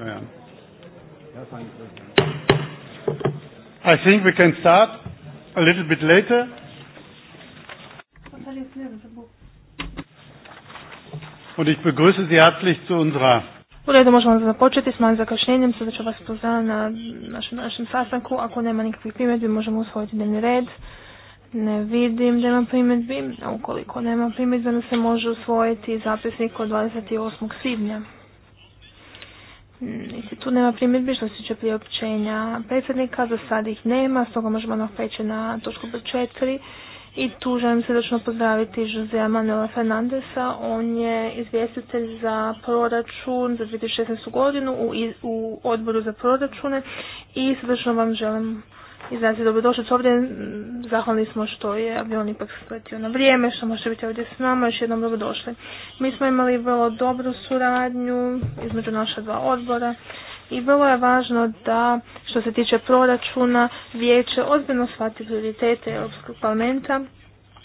Yeah. I think we can start a little bit later. Und ich begrüße Sie herzlich zu unserer u redu možemo započeti s malim zakašnjenjem, sada ću vas pozdraviti na našem, našem sastanku. Ako nema nikakvih primjedbi, možemo usvojiti dnevni red. Ne vidim da imam primjedbi, a ukoliko nema primjedbi, onda se može usvojiti zapisnik od 28. svibnja tu nema primjedbi što se tiče priopćenja predsjednika, za sad ih nema, stoga možemo odmah na točku broj 4. I tu želim srdečno pozdraviti Josea Manuela Fernandesa, on je izvjestitelj za proračun za 2016. godinu u, u odboru za proračune i srdečno vam želim i dobrodošli dobrodošlicu ovdje. Zahvalni smo što je avion ipak sletio na vrijeme, što možete biti ovdje s nama, još jednom dobrodošli. Mi smo imali vrlo dobru suradnju između naša dva odbora i vrlo je važno da što se tiče proračuna vijeće ozbiljno shvati prioritete Europskog parlamenta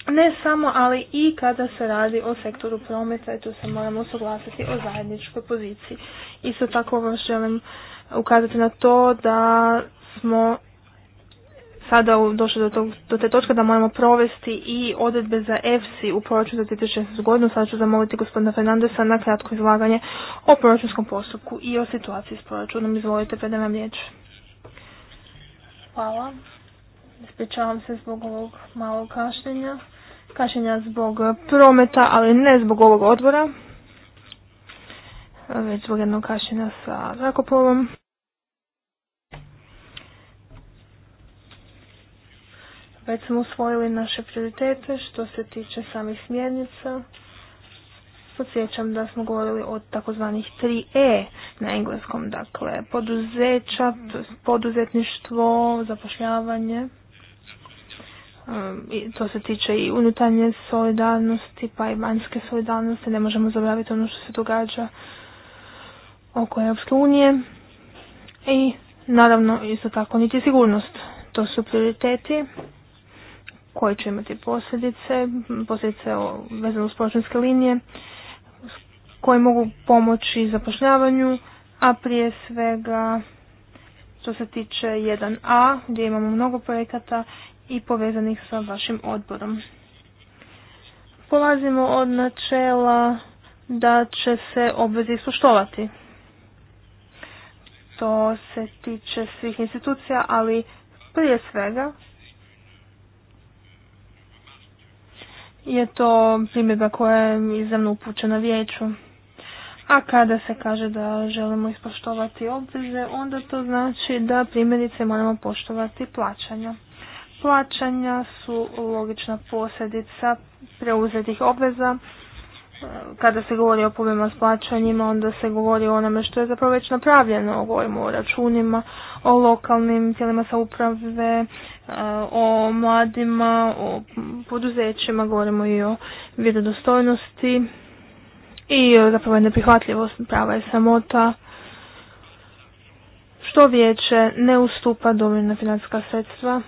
ne samo, ali i kada se radi o sektoru prometa i tu se moramo suglasiti o zajedničkoj poziciji. Isto tako vam želim ukazati na to da smo sada došli do, tog, do te točke da moramo provesti i odredbe za EFSI u proračunu za 2016. godinu. Sada ću zamoliti gospodina Fernandesa na kratko izlaganje o proračunskom postupku i o situaciji s proračunom. Izvolite, predam vam riječ. Hvala. Ispričavam se zbog ovog malog kašljenja. Kašljenja zbog prometa, ali ne zbog ovog odbora. Već zbog jednog kašljenja sa zrakoplovom. Već smo usvojili naše prioritete što se tiče samih smjernica. Podsjećam da smo govorili o takozvanih 3E na engleskom, dakle poduzeća, poduzetništvo, zapošljavanje. Um, I to se tiče i unutarnje solidarnosti, pa i vanjske solidarnosti. Ne možemo zaboraviti ono što se događa oko Europske unije. I naravno isto tako niti sigurnost. To su prioriteti koje će imati posljedice, posljedice vezano uz proračunske linije, koje mogu pomoći zapošljavanju, a prije svega što se tiče 1A, gdje imamo mnogo projekata i povezanih sa vašim odborom. Polazimo od načela da će se obveze ispoštovati. To se tiče svih institucija, ali prije svega je to primjedba koja je izravno upućena vijeću. A kada se kaže da želimo ispoštovati obveze, onda to znači da primjerice moramo poštovati plaćanja. Plaćanja su logična posljedica preuzetih obveza kada se govori o problemima s plaćanjima, onda se govori o onome što je zapravo već napravljeno. Govorimo o računima, o lokalnim tijelima sa uprave, e, o mladima, o poduzećima, govorimo i o vjerodostojnosti i e, zapravo je neprihvatljivost prava je samota što vijeće ne ustupa dovoljna financijska sredstva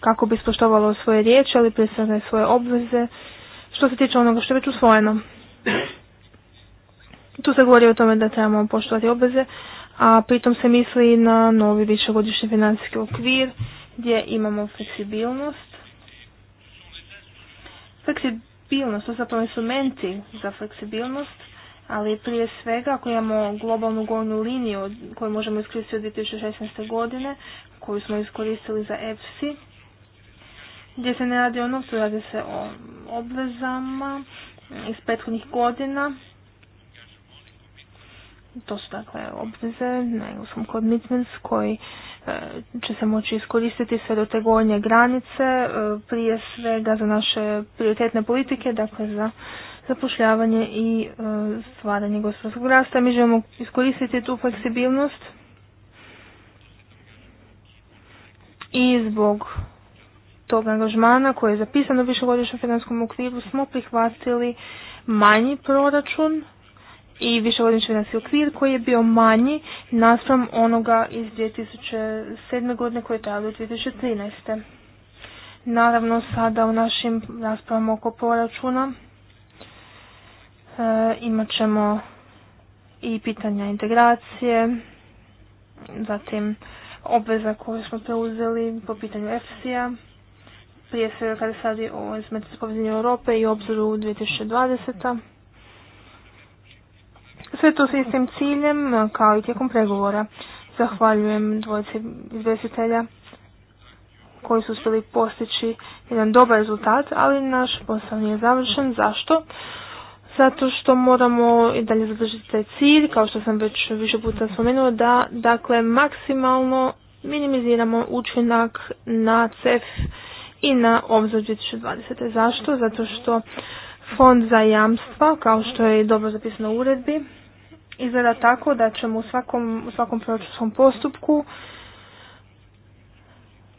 kako bi ispoštovalo svoje riječi, ali prije svoje obveze što se tiče onoga što je već usvojeno. Tu se govori o tome da trebamo poštovati obveze, a pritom se misli i na novi višegodišnji financijski okvir gdje imamo fleksibilnost. Fleksibilnost, to su zapravo instrumenti za fleksibilnost, ali prije svega ako imamo globalnu gornju liniju koju možemo iskoristiti od 2016. godine, koju smo iskoristili za epsi gdje se ne radi o novcu, radi se o obvezama iz prethodnih godina. To su dakle obveze na engleskom commitments koji e, će se moći iskoristiti sve do te granice, e, prije svega za naše prioritetne politike, dakle za zapošljavanje i e, stvaranje gospodarskog rasta. Mi želimo iskoristiti tu fleksibilnost i zbog tog angažmana koji je zapisano u višegodišnjem financijskom okviru smo prihvatili manji proračun i višegodišnji financijski okvir koji je bio manji naspram onoga iz 2007. godine koji je trajao do 2013. Naravno sada u našim raspravama oko proračuna e, imat ćemo i pitanja integracije, zatim obveza koje smo preuzeli po pitanju EFSI-a prije svega kada se radi o instrumentu Europe i obzoru 2020. Sve to s istim ciljem kao i tijekom pregovora. Zahvaljujem dvojci izvjestitelja koji su uspjeli postići jedan dobar rezultat, ali naš posao nije završen. Zašto? Zato što moramo i dalje zadržati taj cilj, kao što sam već više puta spomenula, da dakle maksimalno minimiziramo učinak na CEF i na obzor 2020. Zašto? Zato što fond za jamstva, kao što je dobro zapisano u uredbi, izgleda tako da ćemo u svakom, u svakom proračunskom postupku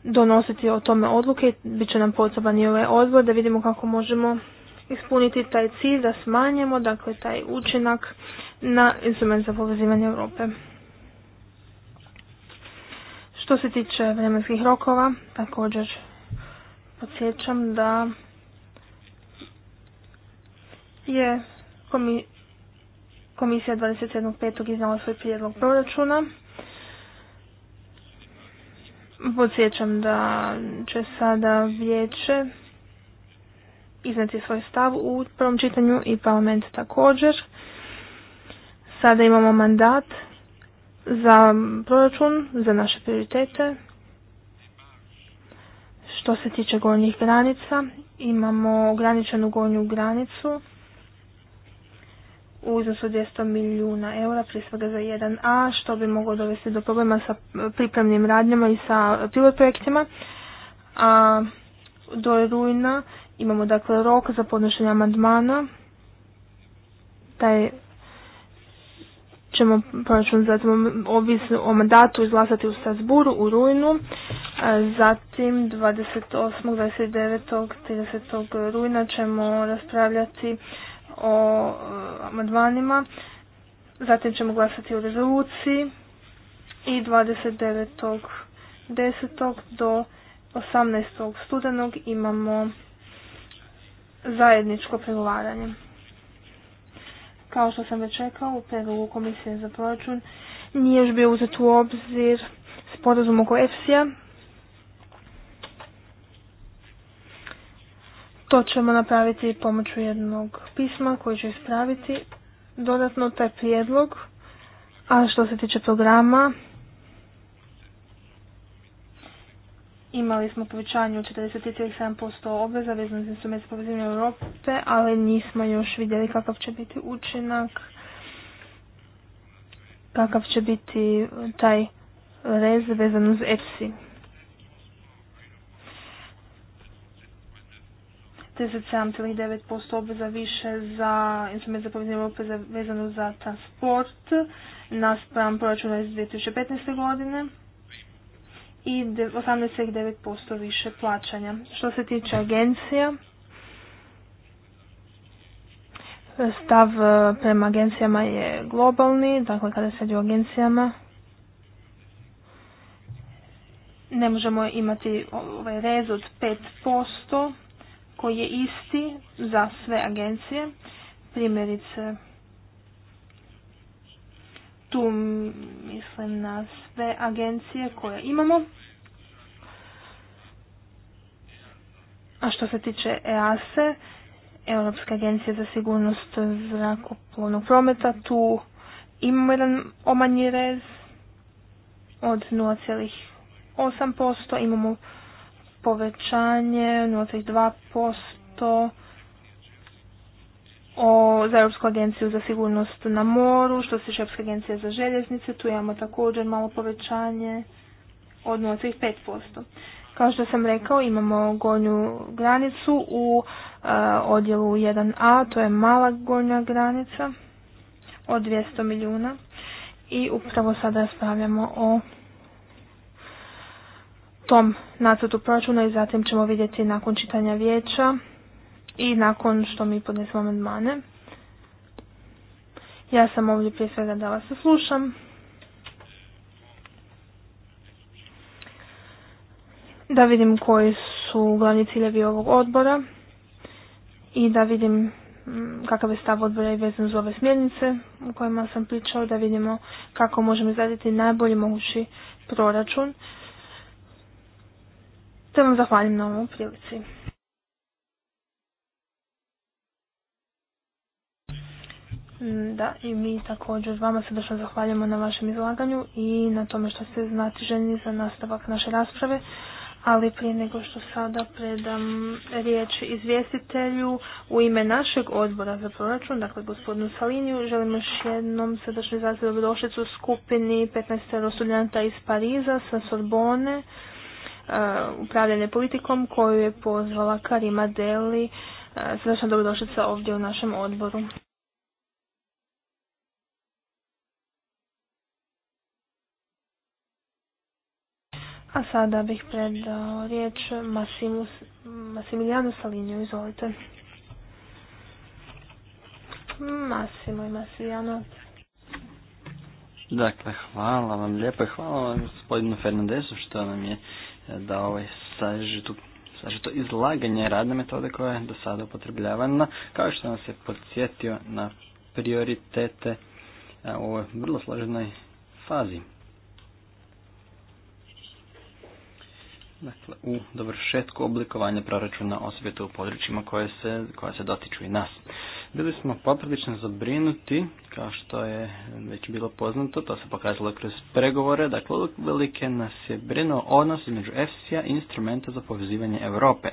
donositi o tome odluke bit će nam potreban i ovaj odbor da vidimo kako možemo ispuniti taj cilj da smanjimo dakle taj učinak na instrument za povezivanje Europe. Što se tiče vremenskih rokova, također podsjećam da je komisija 27.5. iznala svoj prijedlog proračuna. Podsjećam da će sada vijeće izneti svoj stav u prvom čitanju i parlament također. Sada imamo mandat za proračun, za naše prioritete što se tiče gornjih granica, imamo ograničenu gornju granicu u iznosu 200 milijuna eura, prije svega za 1A, što bi moglo dovesti do problema sa pripremnim radnjama i sa pilot projektima. A do rujna imamo dakle rok za podnošenje amandmana. Taj ćemo proračun zatim ovis o mandatu izglasati u Strasburu u rujnu, e, zatim 28. 29. 30. rujna ćemo raspravljati o e, amandmanima, zatim ćemo glasati o rezoluciji i 29. 10. do 18. studenog imamo zajedničko pregovaranje. Kao što sam već rekao, u predlogu komisije za proračun nije još bio uzet u obzir sporazum oko EFSI-a. To ćemo napraviti pomoću jednog pisma koji će ispraviti dodatno taj prijedlog. A što se tiče programa Imali smo povećanje u 43,7% obveza vezano za instrument za Europe, ali nismo još vidjeli kakav će biti učinak, kakav će biti taj rez vezan uz EPSI. posto obveza više za instrument za povezivanje Europe vezano za transport naspram proračuna iz 2015. godine i 18,9% više plaćanja. Što se tiče agencija, stav e, prema agencijama je globalni, dakle kada se radi o agencijama ne možemo imati ovaj rez od 5% koji je isti za sve agencije. Primjerice, tu mislim na sve agencije koje imamo. A što se tiče EASE, Europska agencija za sigurnost zrakoplovnog prometa, tu imamo jedan omanji rez od 0,8%, imamo povećanje 0,2%, o, za Europsku agenciju za sigurnost na moru, što se tiče Europske agencije za željeznice, tu imamo također malo povećanje od 0,5%. Kao što sam rekao, imamo gornju granicu u e, odjelu 1a, to je mala gornja granica od 200 milijuna i upravo sada raspravljamo o tom nacrtu proračuna i zatim ćemo vidjeti nakon čitanja vijeća i nakon što mi podnesemo amandmane. Ja sam ovdje prije svega da vas slušam. Da vidim koji su glavni ciljevi ovog odbora i da vidim mm, kakav je stav odbora i vezan za ove smjernice u kojima sam pričao, da vidimo kako možemo izraditi najbolji mogući proračun. Te vam zahvaljujem na ovom prilici. Mm, da, i mi također vama srdečno zahvaljujemo na vašem izlaganju i na tome što ste znati za nastavak naše rasprave. Ali prije nego što sada predam riječ izvjestitelju u ime našeg odbora za proračun, dakle gospodinu Saliniju, želim još jednom srdečno izraziti u skupini 15 studenta iz Pariza sa Sorbone, eh, upravljanje politikom koju je pozvala Karima Deli, eh, srdečna dobrodošlica ovdje u našem odboru. A sada bih predao riječ Masimilijanu Salinju, izvolite. Masimo i Masijano. Dakle, hvala vam lijepo i hvala vam gospodinu Fernandezu, što nam je e, dao ovaj to izlaganje radne metode koja je do sada upotrebljavana, kao što nas je podsjetio na prioritete e, u ovoj vrlo složenoj fazi. dakle, u dovršetku oblikovanja proračuna osobito u područjima koje se, koja se dotiču i nas. Bili smo poprilično zabrinuti, kao što je već bilo poznato, to se pokazalo kroz pregovore, dakle velike nas je brinuo odnos između EFSI-a i instrumenta za povezivanje Europe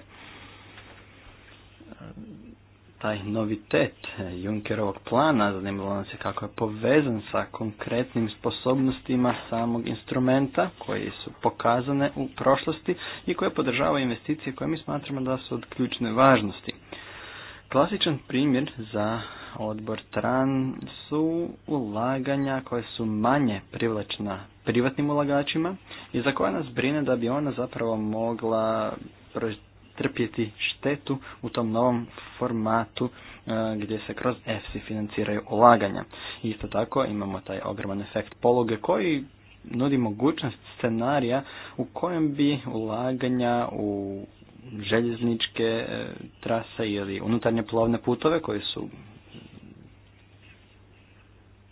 taj novitet Junkerovog plana, zanimljivo nas kako je povezan sa konkretnim sposobnostima samog instrumenta koji su pokazane u prošlosti i koje podržava investicije koje mi smatramo da su od ključne važnosti. Klasičan primjer za odbor TRAN su ulaganja koje su manje privlačna privatnim ulagačima i za koja nas brine da bi ona zapravo mogla trpjeti štetu u tom novom formatu e, gdje se kroz EFSI financiraju ulaganja. Isto tako imamo taj ogroman efekt pologe koji nudi mogućnost scenarija u kojem bi ulaganja u željezničke e, trase ili unutarnje plovne putove koji su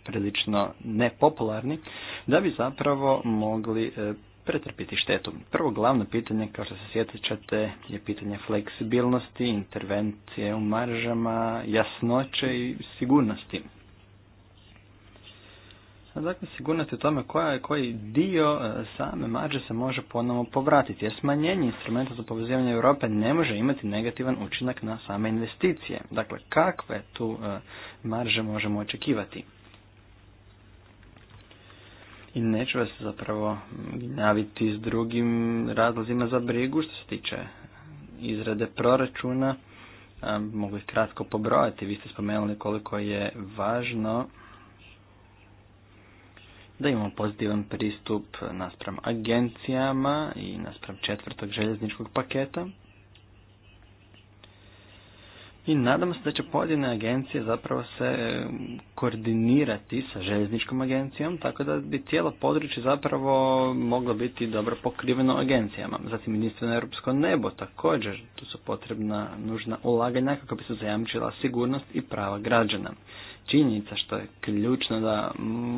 prilično nepopularni, da bi zapravo mogli e, pretrpiti štetu. Prvo glavno pitanje, kao što se ćete je pitanje fleksibilnosti, intervencije u maržama, jasnoće i sigurnosti. dakle, sigurnost je u tome koja, koji dio e, same marže se može ponovno povratiti, jer smanjenje instrumenta za povezivanje Europe ne može imati negativan učinak na same investicije. Dakle, kakve tu e, marže možemo očekivati? i neću vas zapravo gnjaviti s drugim razlozima za brigu što se tiče izrade proračuna. Mogu ih kratko pobrojati. Vi ste spomenuli koliko je važno da imamo pozitivan pristup naspram agencijama i naspram četvrtog željezničkog paketa. I nadamo se da će pojedine agencije zapravo se e, koordinirati sa željezničkom agencijom, tako da bi cijelo područje zapravo moglo biti dobro pokriveno agencijama. Zatim na europsko nebo također, tu su potrebna nužna ulaganja kako bi se zajamčila sigurnost i prava građana. Činjenica što je ključno da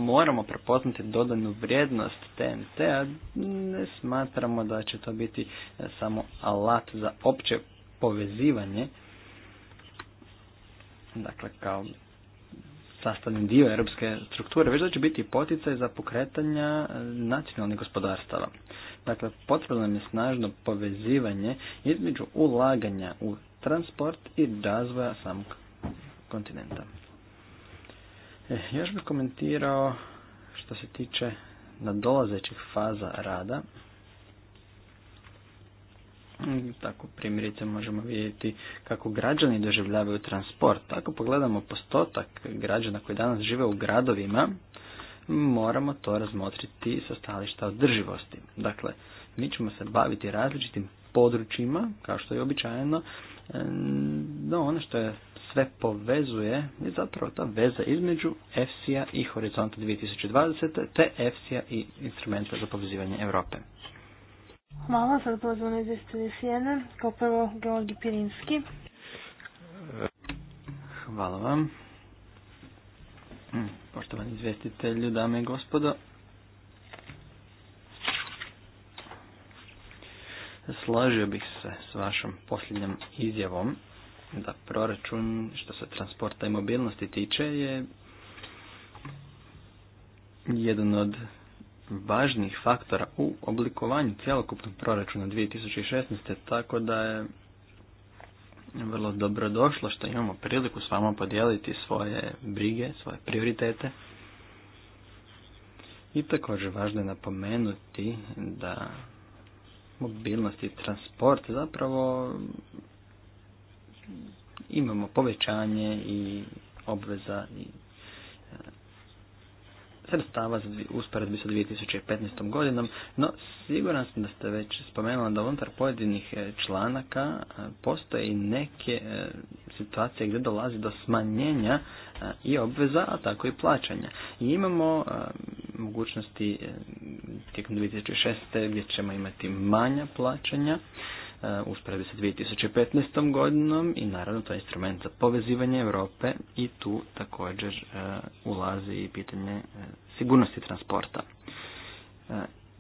moramo prepoznati dodanu vrijednost TNT-a, ne smatramo da će to biti e, samo alat za opće povezivanje, dakle kao sastavni dio europske strukture, već da će biti poticaj za pokretanja e, nacionalnih gospodarstava. Dakle, potrebno nam je snažno povezivanje između ulaganja u transport i razvoja samog kontinenta. E, još bih komentirao što se tiče nadolazećih faza rada Mm, tako primjerice možemo vidjeti kako građani doživljavaju transport. Ako pogledamo postotak građana koji danas žive u gradovima, moramo to razmotriti sa stališta održivosti. Dakle, mi ćemo se baviti različitim područjima, kao što je običajeno, mm, no ono što je sve povezuje je zapravo ta veza između EFSI-a i Horizonta 2020. te EFSI-a i instrumenta za povezivanje Europe. Hvala, sad pozvam na sjene. Kao prvo, Pirinski. Hvala vam. Mm, poštovani izvestitelju, dame i gospodo. Slažio bih se s vašom posljednjom izjavom da proračun što se transporta i mobilnosti tiče je jedan od važnih faktora u oblikovanju cjelokupnog proračuna 2016. tako da je vrlo došlo što imamo priliku s vama podijeliti svoje brige, svoje prioritete. I također važno je napomenuti da mobilnost i transport zapravo imamo povećanje i obveza i sredstava u usporedbi sa 2015. godinom, no siguran sam da ste već spomenuli da unutar pojedinih e, članaka e, postoje i neke e, situacije gdje dolazi do smanjenja i obveza, a tako i plaćanja. I imamo mogućnosti tijekom 2006. gdje ćemo imati manja plaćanja, Uh, usporedbi sa 2015. godinom i naravno to je instrument za povezivanje Europe i tu također uh, ulazi i pitanje uh, sigurnosti transporta.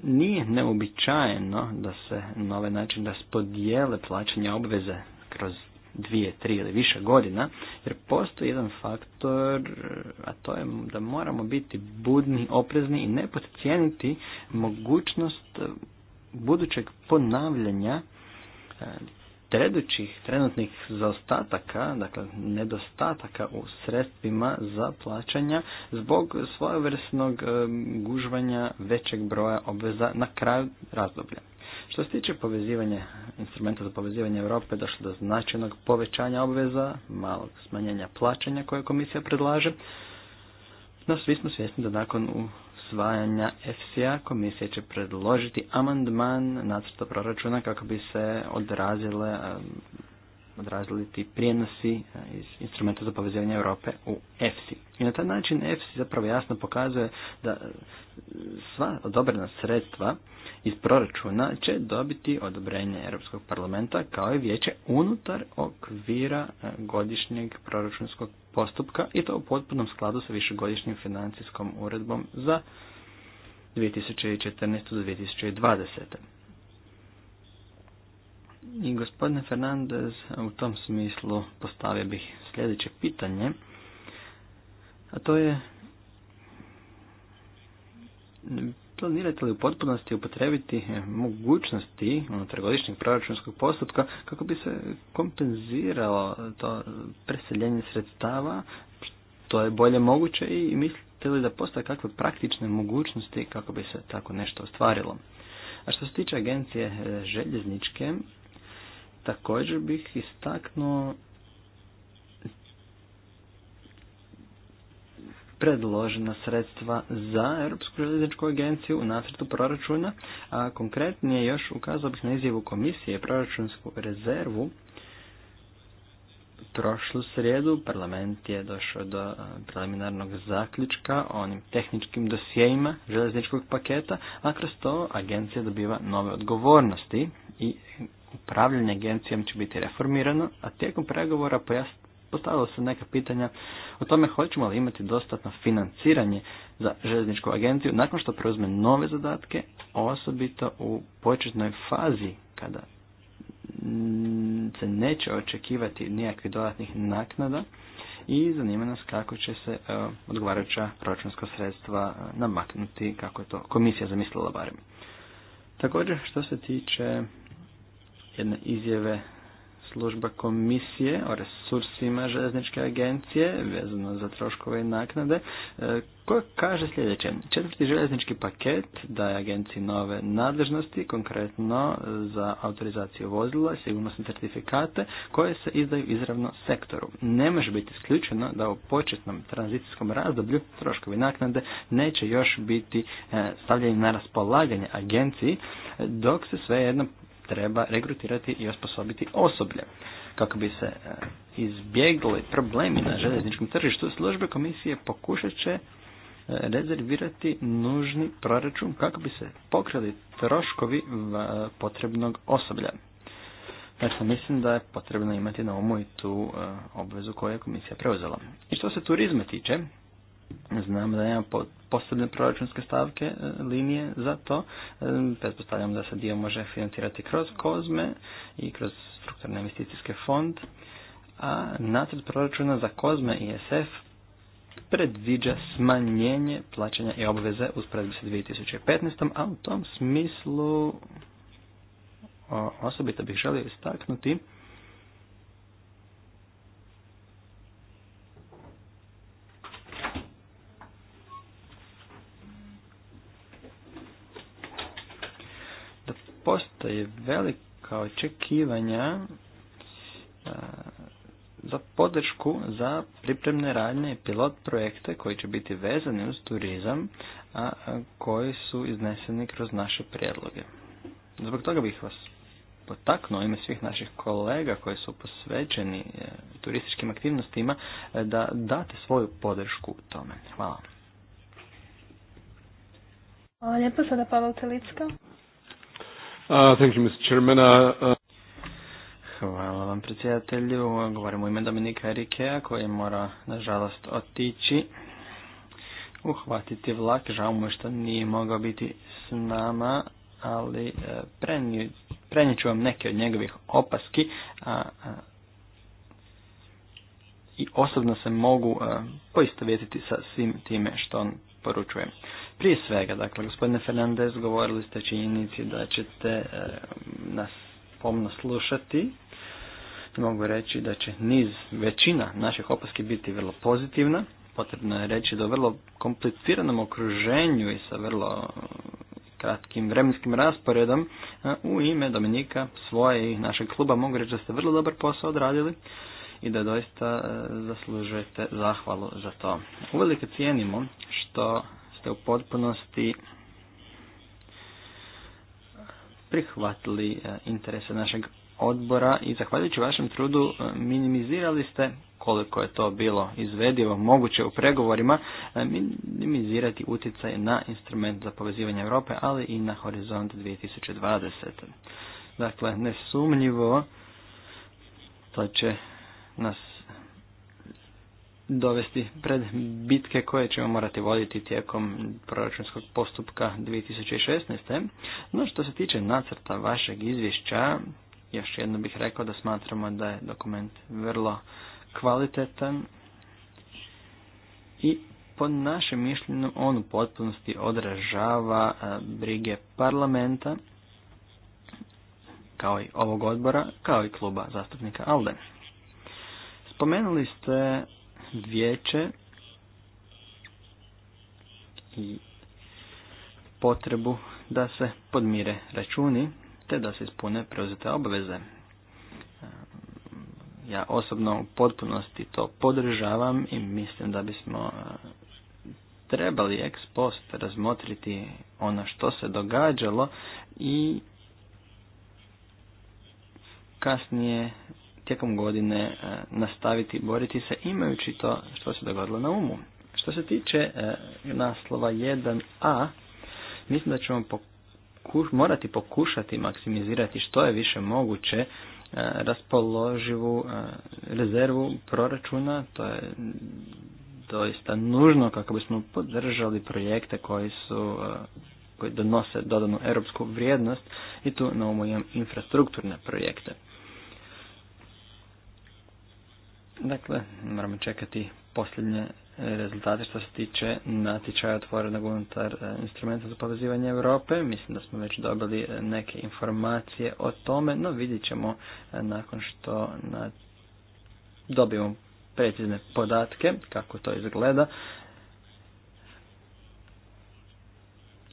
Nije neobičajeno da se na ovaj način raspodijele plaćanje obveze kroz dvije, tri ili više godina, jer postoji jedan faktor, a to je da moramo biti budni, oprezni i ne podcijeniti mogućnost budućeg ponavljanja tredućih, trenutnih zaostataka, dakle nedostataka u sredstvima za plaćanja zbog svojevrsnog gužvanja većeg broja obveza na kraju razdoblja. Što se tiče povezivanja, instrumenta za povezivanje Europe došlo do značajnog povećanja obveza, malog smanjenja plaćanja koje komisija predlaže, no svi smo svjesni da nakon u usvajanja FCA komisija će predložiti amandman nacrta proračuna kako bi se odrazile odrazili ti prijenosi e, iz instrumenta za povezivanje Europe u EFSI. I na taj način EFSI zapravo jasno pokazuje da e, sva odobrena sredstva iz proračuna će dobiti odobrenje Europskog parlamenta kao i vijeće unutar okvira e, godišnjeg proračunskog postupka i to u potpunom skladu sa višegodišnjim financijskom uredbom za 2014. do 2020. I gospodine Fernandez, u tom smislu postavio bih sljedeće pitanje, a to je planirate li u potpunosti upotrebiti mogućnosti unutar proračunskog postupka kako bi se kompenziralo to preseljenje sredstava što je bolje moguće i mislite li da postoje kakve praktične mogućnosti kako bi se tako nešto ostvarilo. A što se tiče agencije eh, željezničke, Također bih istaknuo predložena sredstva za Europsku željezničku agenciju u nacrtu proračuna, a konkretnije još ukazao bih na izjavu komisije proračunsku rezervu. Prošlu srijedu parlament je došao do preliminarnog zaključka o onim tehničkim dosjejima željezničkog paketa, a kroz to agencija dobiva nove odgovornosti i upravljanje agencijom će biti reformirano, a tijekom pregovora postavilo se neka pitanja o tome hoćemo li imati dostatno financiranje za željezničku agenciju nakon što preuzme nove zadatke, osobito u početnoj fazi kada se neće očekivati nijakvih dodatnih naknada i zanima nas kako će se e, odgovarajuća proračunska sredstva e, namaknuti kako je to komisija zamislila barem. Također što se tiče jedne izjave služba komisije o resursima železničke agencije vezano za troškove i naknade e, koja kaže sljedeće. Četvrti železnički paket daje agenciji nove nadležnosti, konkretno za autorizaciju vozila i sigurnosne certifikate koje se izdaju izravno sektoru. Ne može biti isključeno da u početnom tranzicijskom razdoblju troškovi naknade neće još biti e, stavljeni na raspolaganje agenciji dok se sve svejedno treba rekrutirati i osposobiti osoblje. Kako bi se e, izbjegli problemi na željezničkom tržištu, službe komisije pokušat će e, rezervirati nužni proračun kako bi se pokrili troškovi e, potrebnog osoblja. Znači, mislim da je potrebno imati na umu i tu obvezu koju je komisija preuzela. I što se turizma tiče, Znam da nema posebne proračunske stavke, e, linije za to. E, pretpostavljam da se dio može financirati kroz kozme i kroz strukturne investicijski fond. A nacrt proračuna za kozme i SF predviđa smanjenje plaćanja i obveze uz spredbi sa 2015. A u tom smislu osobito bih želio istaknuti postoje velika očekivanja za podršku za pripremne radnje i pilot projekte koji će biti vezani uz turizam, a koji su izneseni kroz naše prijedloge. Zbog toga bih vas potaknuo ime svih naših kolega koji su posvećeni e, turističkim aktivnostima e, da date svoju podršku u tome. Hvala. Hvala lijepo, sada Pavel Celicka. Uh, uh, uh, Hvala vam predsjedatelju. Govorim u ime Dominika Rikea koji mora nažalost otići. Uhvatiti vlak. Žao mu što nije mogao biti s nama, ali prenjeću vam neke od njegovih opaski. I osobno se mogu poistovjetiti sa svim time što on poručuje. Prije svega, dakle, gospodine Fernandez, govorili ste činjenici da ćete e, nas pomno slušati. Mogu reći da će niz, većina naših opaski biti vrlo pozitivna. Potrebno je reći da u vrlo kompliciranom okruženju i sa vrlo e, kratkim vremenskim rasporedom e, u ime Dominika, svoje i našeg kluba mogu reći da ste vrlo dobar posao odradili i da doista zaslužujete zahvalu za to. Uvelike cijenimo što ste u potpunosti prihvatili e, interese našeg odbora i zahvaljujući vašem trudu e, minimizirali ste koliko je to bilo izvedivo moguće u pregovorima e, minimizirati utjecaj na instrument za povezivanje Europe ali i na horizont 2020. Dakle, nesumnjivo to će nas dovesti pred bitke koje ćemo morati voditi tijekom proračunskog postupka 2016. No što se tiče nacrta vašeg izvješća, još jedno bih rekao da smatramo da je dokument vrlo kvalitetan i po našem mišljenju on u potpunosti odražava e, brige parlamenta kao i ovog odbora, kao i kluba zastupnika ALDE. Spomenuli ste vijeće i potrebu da se podmire računi te da se ispune preuzete obveze. Ja osobno u potpunosti to podržavam i mislim da bismo e, trebali ex post razmotriti ono što se događalo i kasnije tijekom godine e, nastaviti boriti se imajući to što se dogodilo na umu. Što se tiče e, naslova 1a, mislim da ćemo pokuš, morati pokušati maksimizirati što je više moguće e, raspoloživu rezervu proračuna, to je doista nužno kako bismo podržali projekte koji su koji donose dodanu europsku vrijednost i tu na umu imam infrastrukturne projekte. Dakle, moramo čekati posljednje e, rezultate što se tiče natječaja otvorenog unutar e, instrumenta za povezivanje Europe. Mislim da smo već dobili e, neke informacije o tome, no vidjet ćemo nakon što na... dobijemo precizne podatke, kako to izgleda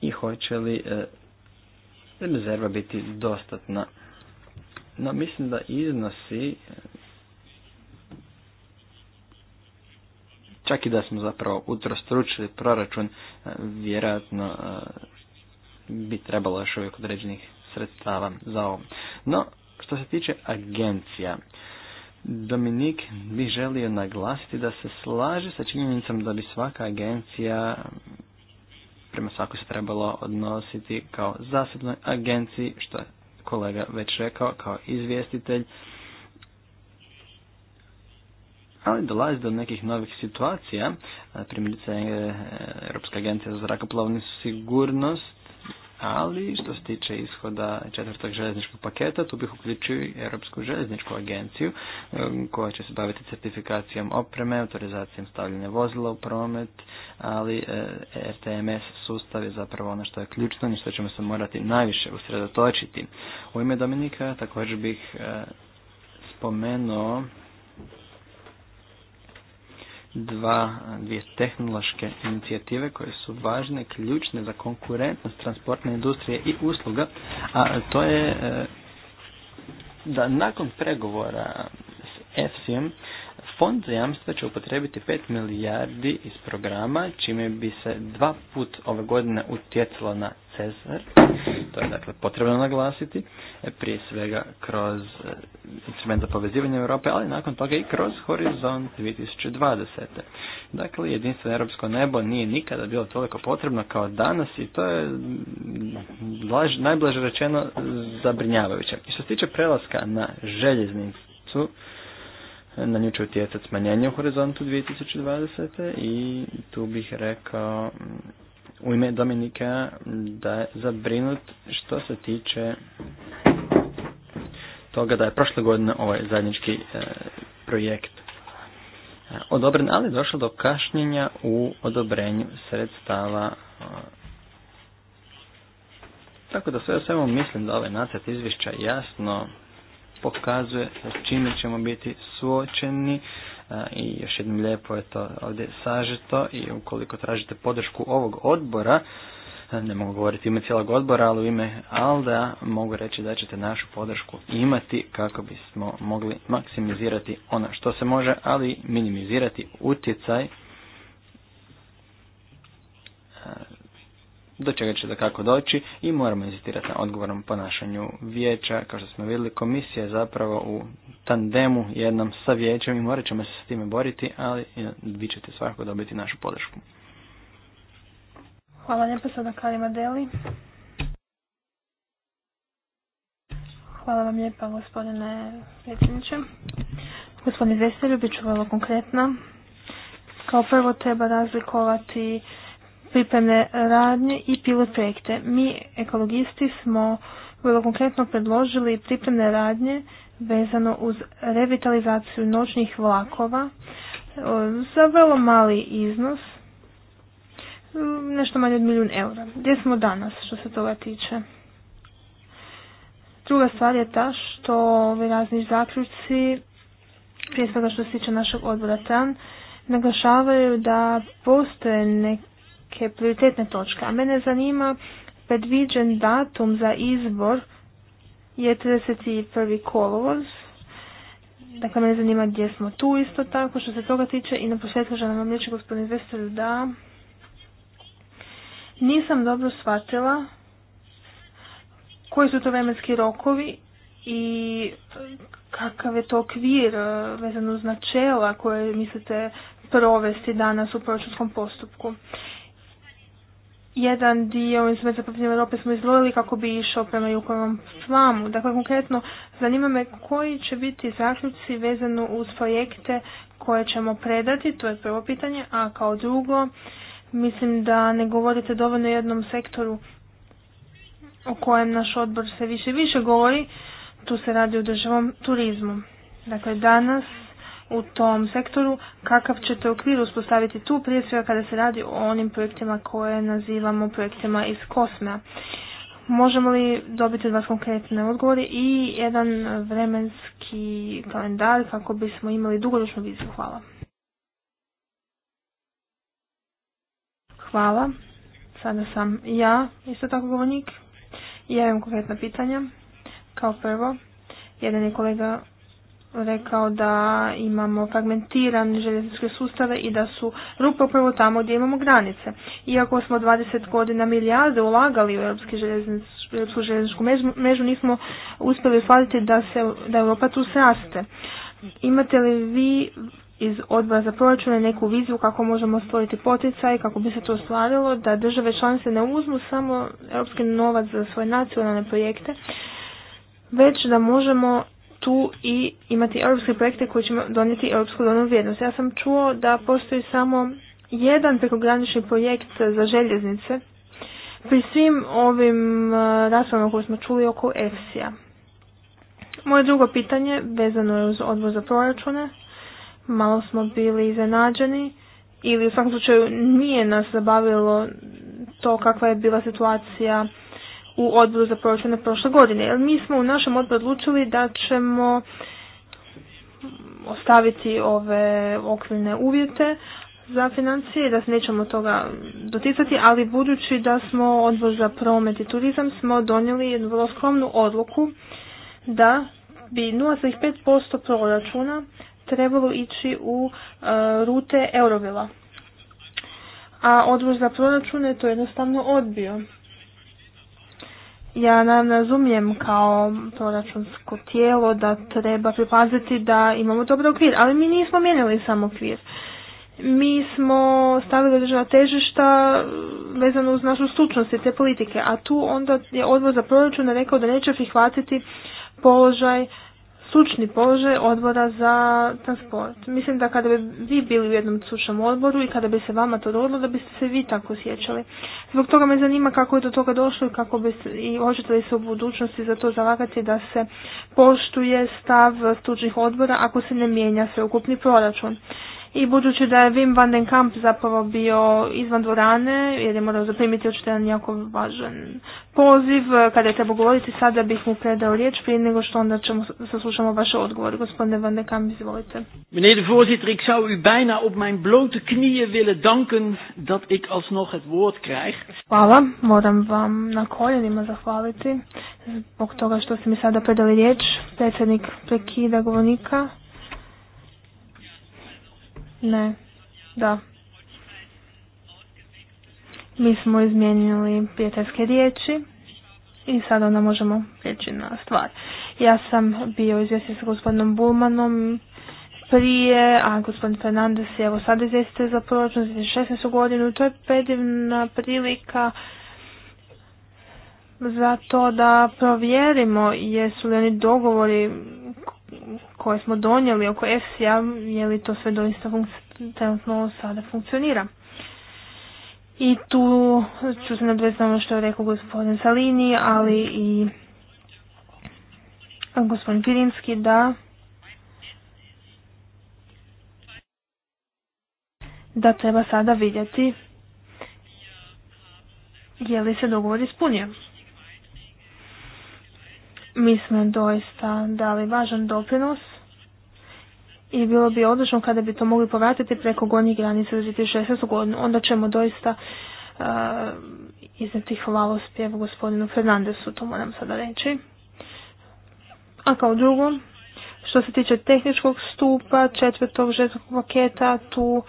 i hoće li rezerva biti dostatna. No mislim da iznosi čak i da smo zapravo utrostručili proračun, e, vjerojatno e, bi trebalo još uvijek određenih sredstava za ovo. No, što se tiče agencija, Dominik bi želio naglasiti da se slaže sa činjenicom da bi svaka agencija prema svakoj se trebalo odnositi kao zasebnoj agenciji, što je kolega već rekao, kao izvjestitelj ali dolazi do nekih novih situacija, primjerice e, Europska agencija za zrakoplovnu sigurnost, ali što se tiče ishoda četvrtog željezničkog paketa, tu bih uključio i Europsku željezničku agenciju e, koja će se baviti certifikacijom opreme, autorizacijom stavljanja vozila u promet, ali e, RTMS sustav je zapravo ono što je ključno i što ćemo se morati najviše usredotočiti. U ime Dominika također bih spomenuo dva, dvije tehnološke inicijative koje su važne, ključne za konkurentnost transportne industrije i usluga, a to je e, da nakon pregovora s efsi Fond za jamstva će upotrebiti 5 milijardi iz programa, čime bi se dva put ove godine utjecalo na Cezar, to je dakle potrebno naglasiti, prije svega kroz e, instrument za Europe, ali nakon toga i kroz Horizont 2020. Dakle, jedinstveno europsko nebo nije nikada bilo toliko potrebno kao danas i to je najblaže rečeno zabrinjavajuće. I što se tiče prelaska na željeznicu, na nju će utjecati smanjenje u horizontu 2020. i tu bih rekao mm, u ime Dominika da je zabrinut što se tiče toga da je prošle godine ovaj zajednički e, projekt e, odobren, ali došlo do kašnjenja u odobrenju sredstava. E, tako da sve o svemu mislim da ovaj nacrt izvješća jasno pokazuje s čime ćemo biti suočeni e, i još jednom lijepo je to ovdje sažeto i ukoliko tražite podršku ovog odbora, e, ne mogu govoriti ime cijelog odbora, ali u ime Alda mogu reći da ćete našu podršku imati kako bismo mogli maksimizirati ono što se može, ali minimizirati utjecaj e, do čega će da kako doći i moramo insistirati na odgovornom ponašanju vijeća. Kao što smo vidjeli, komisija je zapravo u tandemu jednom sa vijećem i morat ćemo se s time boriti, ali vi ćete svakako dobiti našu podršku. Hvala lijepo sada Karima Deli. Hvala vam lijepa gospodine predsjedniče. Gospodine Veselju, bit ću vrlo konkretna. Kao prvo treba razlikovati pripremne radnje i pilot projekte. Mi ekologisti smo vrlo konkretno predložili pripremne radnje vezano uz revitalizaciju noćnih vlakova e, za vrlo mali iznos, nešto manje od milijun eura. Gdje smo danas što se toga tiče? Druga stvar je ta što ovi razni zaključci, prije svega što se tiče našeg odbora naglašavaju da postoje neke neke prioritetne točke. A mene zanima predviđen datum za izbor je 31. kolovoz. Dakle, mene zanima gdje smo tu isto tako što se toga tiče i na posljedku želim vam reći gospodin Vester da nisam dobro shvatila koji su to vremenski rokovi i kakav je to okvir eh, vezano uz načela koje mislite provesti danas u proračunskom postupku jedan dio iz za Europe smo izdvojili kako bi išao prema Jukovom slamu. Dakle, konkretno, zanima me koji će biti zaključci vezano uz projekte koje ćemo predati, to je prvo pitanje, a kao drugo, mislim da ne govorite dovoljno o jednom sektoru o kojem naš odbor se više i više govori, tu se radi o državom turizmu. Dakle, danas u tom sektoru, kakav ćete okvir uspostaviti tu, prije svega kada se radi o onim projektima koje nazivamo projektima iz kosmea. Možemo li dobiti vas konkretne odgovore i jedan vremenski kalendar kako bismo imali dugoročnu viziju? Hvala. Hvala. Sada sam ja, isto tako govornik. Ja imam konkretna pitanja. Kao prvo, jedan je kolega rekao da imamo fragmentirane željezničke sustave i da su rupe upravo tamo gdje imamo granice. Iako smo 20 godina milijarde ulagali u europski željeznič, europsku željezničku mežu, nismo uspjeli shvatiti da, se, da Europa tu sraste. Imate li vi iz odbora za proračune neku viziju kako možemo stvoriti poticaj, kako bi se to ostvarilo, da države članice ne uzmu samo europski novac za svoje nacionalne projekte, već da možemo tu i imati europske projekte koji će donijeti europsku donu vrijednost. Ja sam čuo da postoji samo jedan prekogranični projekt za željeznice pri svim ovim e, raspravama koje smo čuli oko EFSI-a. Moje drugo pitanje vezano je uz odbor za proračune. Malo smo bili iznenađeni ili u svakom slučaju nije nas zabavilo to kakva je bila situacija u odboru za proračune prošle godine. mi smo u našem odboru odlučili da ćemo ostaviti ove okvirne uvjete za financije, da se nećemo toga doticati, ali budući da smo odbor za promet i turizam smo donijeli jednu vrlo skromnu odluku da bi 0,5% proračuna trebalo ići u e, rute Eurovila. A odbor za proračune to jednostavno odbio ja nam razumijem kao proračunsko tijelo da treba pripaziti da imamo dobar okvir, ali mi nismo mijenjali samo okvir. Mi smo stavili određena težišta vezano uz našu stručnost i te politike, a tu onda je odbor za proračun rekao da neće prihvatiti položaj stručni položaj odbora za transport. Mislim da kada bi vi bili u jednom stručnom odboru i kada bi se vama to dogodilo, da biste se vi tako osjećali. Zbog toga me zanima kako je do toga došlo i kako bi se, i hoćete li se u budućnosti za to zalagati da se poštuje stav stručnih odbora ako se ne mijenja sveukupni proračun. I budući da je Wim van den Kamp zapravo bio izvan dvorane, jer je morao zaprimiti očito jedan jako važan poziv, eh, kada je trebao govoriti, sada bih mu predao riječ prije nego što onda ćemo saslušamo vaš odgovor. Gospodine van den Kamp, izvolite. Meneer de voorzitter, u bijna op mijn blote knieën willen danken dat ik alsnog het woord krijg. Hvala, moram vam na koljenima zahvaliti zbog toga što ste mi sada predali riječ. Predsjednik prekida govornika. Ne. Da. Mi smo izmijenili prijateljske riječi i sada onda možemo prijeći na stvar. Ja sam bio izvjesni sa gospodinom Bulmanom prije, a gospodin Fernandez je evo sad za proračun za 2016. godinu. To je predivna prilika za to da provjerimo jesu li oni dogovori koje smo donijeli oko EFSI-a, je li to sve doista trenutno sada funkcionira. I tu ću se nadvesti ono što je rekao gospodin Salini, ali i gospodin Kirinski da da treba sada vidjeti je li se dogovor ispunio. Mi smo doista dali važan doprinos i bilo bi odlično kada bi to mogli povratiti preko granice granica 2016. godinu. Onda ćemo doista uh, izneti hvalospjev gospodinu Fernandesu, to moram sada reći. A kao drugo, što se tiče tehničkog stupa, četvrtog žetog paketa, tu uh,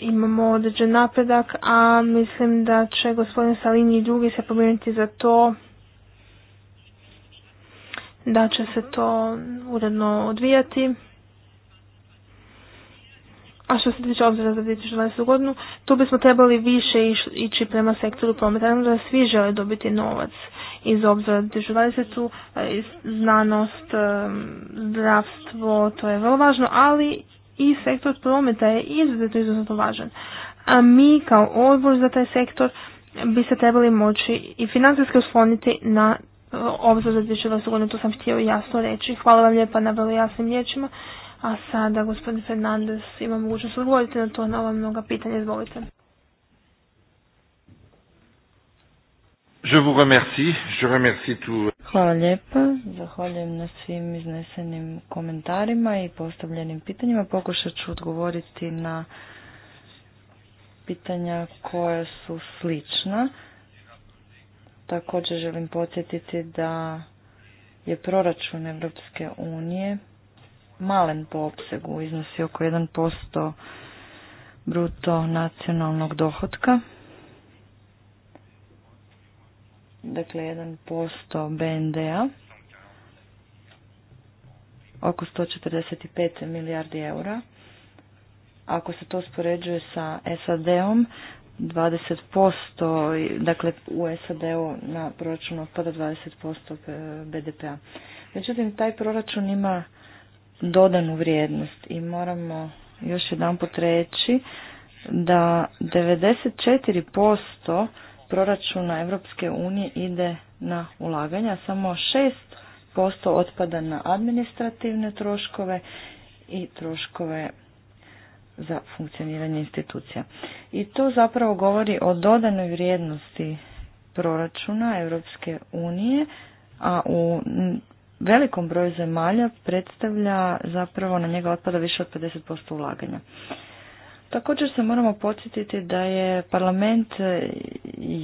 imamo određen napredak, a mislim da će gospodin Salini i drugi se pobrinuti za to da će se to uredno odvijati. A što se tiče obzira za 2020. godinu, tu bismo trebali više ići prema sektoru prometa. da svi žele dobiti novac iz obzira 2020. Znanost, zdravstvo, to je vrlo važno, ali i sektor prometa je izuzetno, izuzetno važan. A mi kao odbor za taj sektor bi se trebali moći i financijski osloniti na e, obzor za 2020. godinu. To sam htio jasno reći. Hvala vam lijepa na vrlo jasnim riječima a sada gospodin Fernandez ima mogućnost odgovoriti na to na ova mnoga pitanja. Izvolite. Hvala lijepa. Zahvaljujem na svim iznesenim komentarima i postavljenim pitanjima. Pokušat ću odgovoriti na pitanja koja su slična. Također želim podsjetiti da je proračun Europske unije malen po opsegu, iznosi oko 1% bruto nacionalnog dohotka. Dakle, 1% BND-a, oko 145 milijardi eura. Ako se to spoređuje sa SAD-om, 20%, dakle u SAD-u na proračunu otpada 20% BDP-a. Međutim, taj proračun ima dodanu vrijednost i moramo još jedan put reći da 94% proračuna Europske unije ide na ulaganja, samo 6% otpada na administrativne troškove i troškove za funkcioniranje institucija. I to zapravo govori o dodanoj vrijednosti proračuna Europske unije, a u velikom broju zemalja predstavlja zapravo na njega otpada više od 50% ulaganja. Također se moramo podsjetiti da je parlament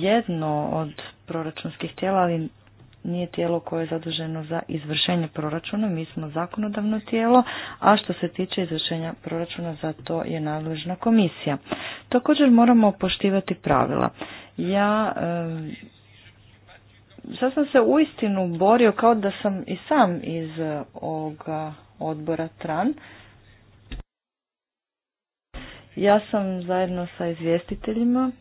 jedno od proračunskih tijela, ali nije tijelo koje je zaduženo za izvršenje proračuna, mi smo zakonodavno tijelo, a što se tiče izvršenja proračuna za to je nadležna komisija. Također moramo poštivati pravila. Ja sad sam se uistinu borio kao da sam i sam iz e, ovoga odbora TRAN. Ja sam zajedno sa izvjestiteljima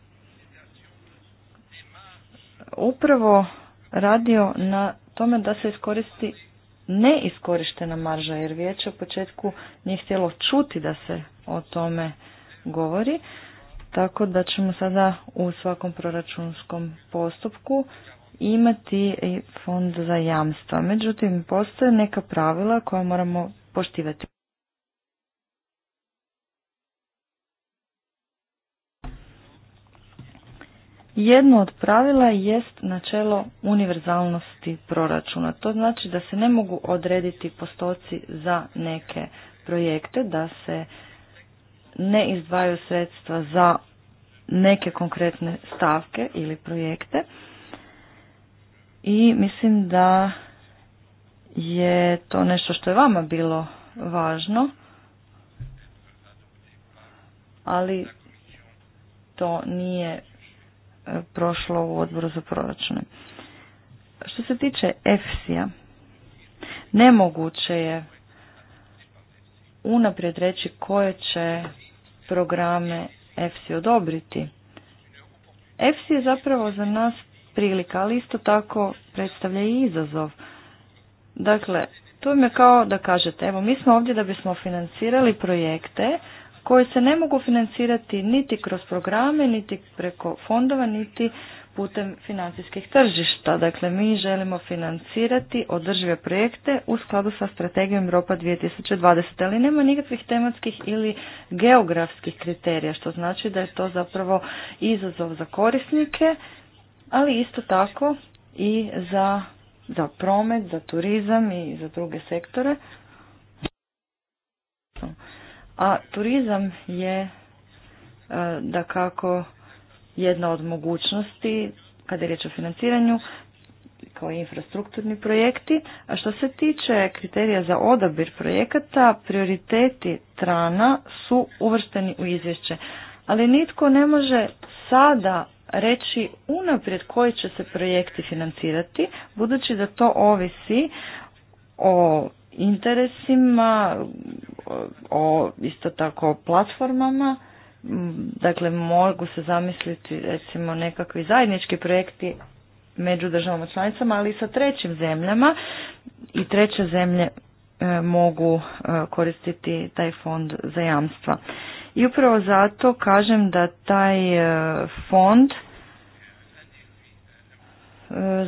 upravo radio na tome da se iskoristi neiskorištena marža, jer vijeće u početku nije htjelo čuti da se o tome govori, tako da ćemo sada u svakom proračunskom postupku imati fond za jamstva. Međutim, postoje neka pravila koja moramo poštivati. Jedno od pravila jest načelo univerzalnosti proračuna. To znači da se ne mogu odrediti postoci za neke projekte, da se ne izdvaju sredstva za neke konkretne stavke ili projekte i mislim da je to nešto što je vama bilo važno, ali to nije e, prošlo u odboru za proračune. Što se tiče EFSI-a, nemoguće je unaprijed reći koje će programe EFSI odobriti. EFSI je zapravo za nas prilika, ali isto tako predstavlja i izazov. Dakle, to vam je kao da kažete, evo mi smo ovdje da bismo financirali projekte koji se ne mogu financirati niti kroz programe, niti preko fondova, niti putem financijskih tržišta. Dakle, mi želimo financirati održive projekte u skladu sa strategijom Europa 2020, ali nema nikakvih tematskih ili geografskih kriterija, što znači da je to zapravo izazov za korisnike ali isto tako i za, za promet, za turizam i za druge sektore. A turizam je e, da kako jedna od mogućnosti kada je riječ o financiranju kao infrastrukturni projekti. A što se tiče kriterija za odabir projekata, prioriteti Trana su uvršteni u izvješće. Ali nitko ne može sada reći unaprijed koji će se projekti financirati, budući da to ovisi o interesima, o isto tako platformama, dakle mogu se zamisliti recimo nekakvi zajednički projekti među državama članicama, ali i sa trećim zemljama i treće zemlje e, mogu e, koristiti taj fond za jamstva. I upravo zato kažem da taj e, fond e,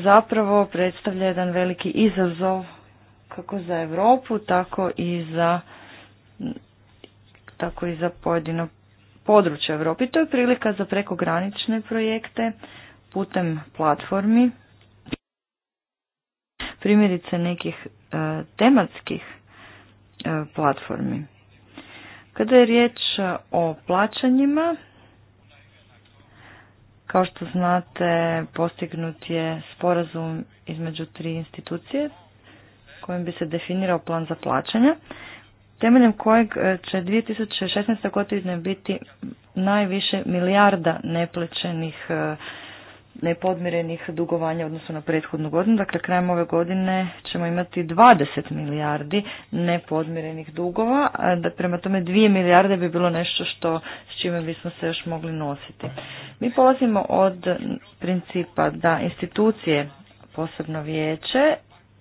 zapravo predstavlja jedan veliki izazov kako za Europu, tako i za tako i za pojedino područje Europi. To je prilika za prekogranične projekte putem platformi, primjerice nekih e, tematskih platformi. Kada je riječ o plaćanjima, kao što znate, postignut je sporazum između tri institucije kojim bi se definirao plan za plaćanja, temeljem kojeg e, će 2016. godine biti najviše milijarda neplaćenih e, nepodmirenih dugovanja odnosno na prethodnu godinu. Dakle, krajem ove godine ćemo imati 20 milijardi nepodmirenih dugova, da prema tome 2 milijarde bi bilo nešto što s čime bismo se još mogli nositi. Mi polazimo od principa da institucije, posebno vijeće,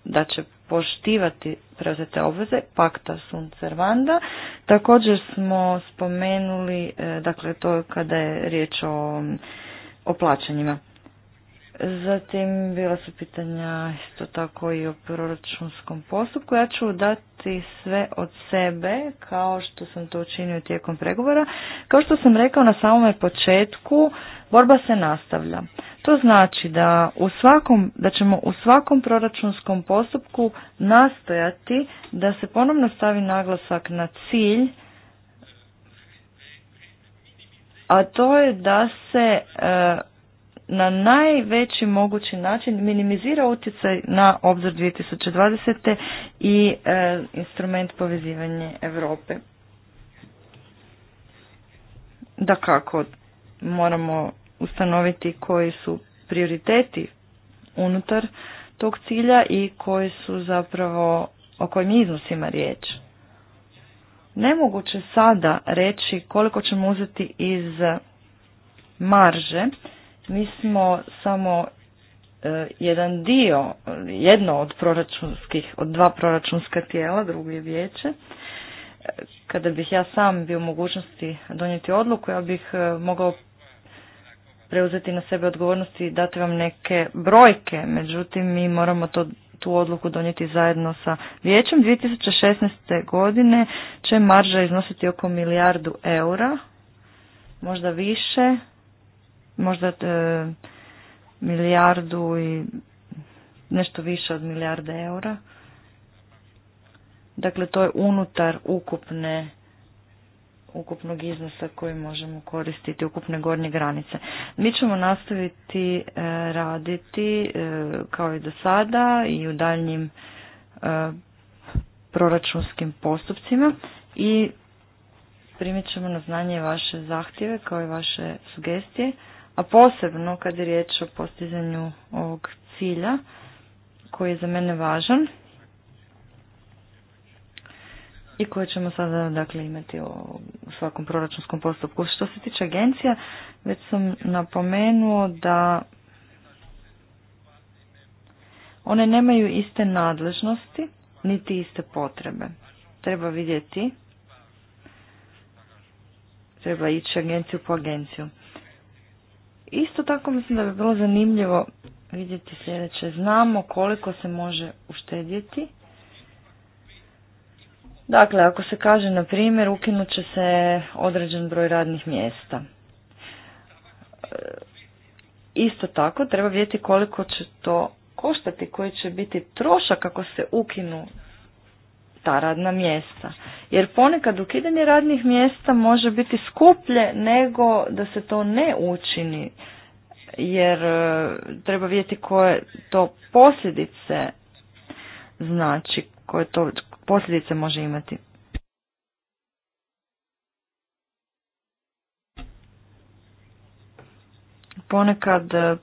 da će poštivati preuzete obveze, pakta sunt servanda. Također smo spomenuli, e, dakle to kada je riječ o, o plaćanjima. Zatim bila su pitanja isto tako i o proračunskom postupku. Ja ću dati sve od sebe kao što sam to učinio tijekom pregovora. Kao što sam rekao na samome početku, borba se nastavlja. To znači da, u svakom, da ćemo u svakom proračunskom postupku nastojati da se ponovno stavi naglasak na cilj a to je da se e, na najveći mogući način minimizira utjecaj na obzor 2020. i e, instrument povezivanje Europe. Da kako moramo ustanoviti koji su prioriteti unutar tog cilja i koji su zapravo o kojim iznosima riječ. Nemoguće sada reći koliko ćemo uzeti iz marže mi smo samo e, jedan dio, jedno od proračunskih, od dva proračunska tijela, drugi je vijeće. E, kada bih ja sam bio u mogućnosti donijeti odluku, ja bih e, mogao preuzeti na sebe odgovornosti i dati vam neke brojke, međutim mi moramo to, tu odluku donijeti zajedno sa vijećem. 2016. godine će marža iznositi oko milijardu eura, možda više, možda e, milijardu i nešto više od milijarde eura. Dakle, to je unutar ukupne ukupnog iznosa koji možemo koristiti, ukupne gornje granice. Mi ćemo nastaviti e, raditi e, kao i do sada i u daljnjim proračunskim postupcima i primit ćemo na znanje vaše zahtjeve kao i vaše sugestije a posebno kad je riječ o postizanju ovog cilja koji je za mene važan i koje ćemo sada dakle, imati u svakom proračunskom postupku. Što se tiče agencija, već sam napomenuo da one nemaju iste nadležnosti, niti iste potrebe. Treba vidjeti, treba ići agenciju po agenciju. Isto tako mislim da bi bilo zanimljivo vidjeti sljedeće. Znamo koliko se može uštedjeti. Dakle, ako se kaže, na primjer, ukinut će se određen broj radnih mjesta. E, isto tako, treba vidjeti koliko će to koštati, koji će biti trošak ako se ukinu ta radna mjesta. Jer ponekad ukidanje radnih mjesta može biti skuplje nego da se to ne učini, jer e, treba vidjeti koje to posljedice znači, koje to posljedice može imati. Ponekad e,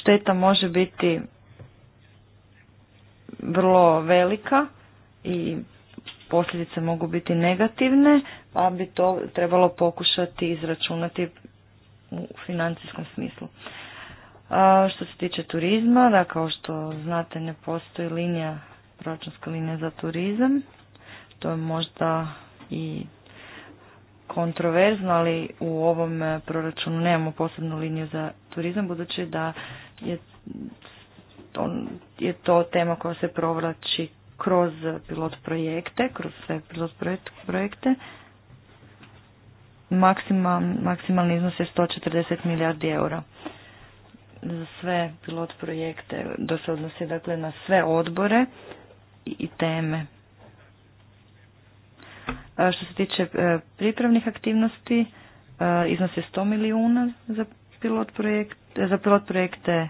šteta može biti vrlo velika i posljedice mogu biti negativne, pa bi to trebalo pokušati izračunati u financijskom smislu. A što se tiče turizma, da kao što znate ne postoji linija, proračunska linija za turizam, to je možda i kontroverzno, ali u ovom proračunu nemamo posebnu liniju za turizam, budući da je, je to tema koja se provlači kroz pilot projekte, kroz sve pilot projekte. Maksimal, maksimalni iznos je 140 milijardi eura za sve pilot projekte, da se odnosi dakle na sve odbore i teme. A što se tiče e, pripravnih aktivnosti, e, iznos je 100 milijuna za pilot, projekt, za pilot projekte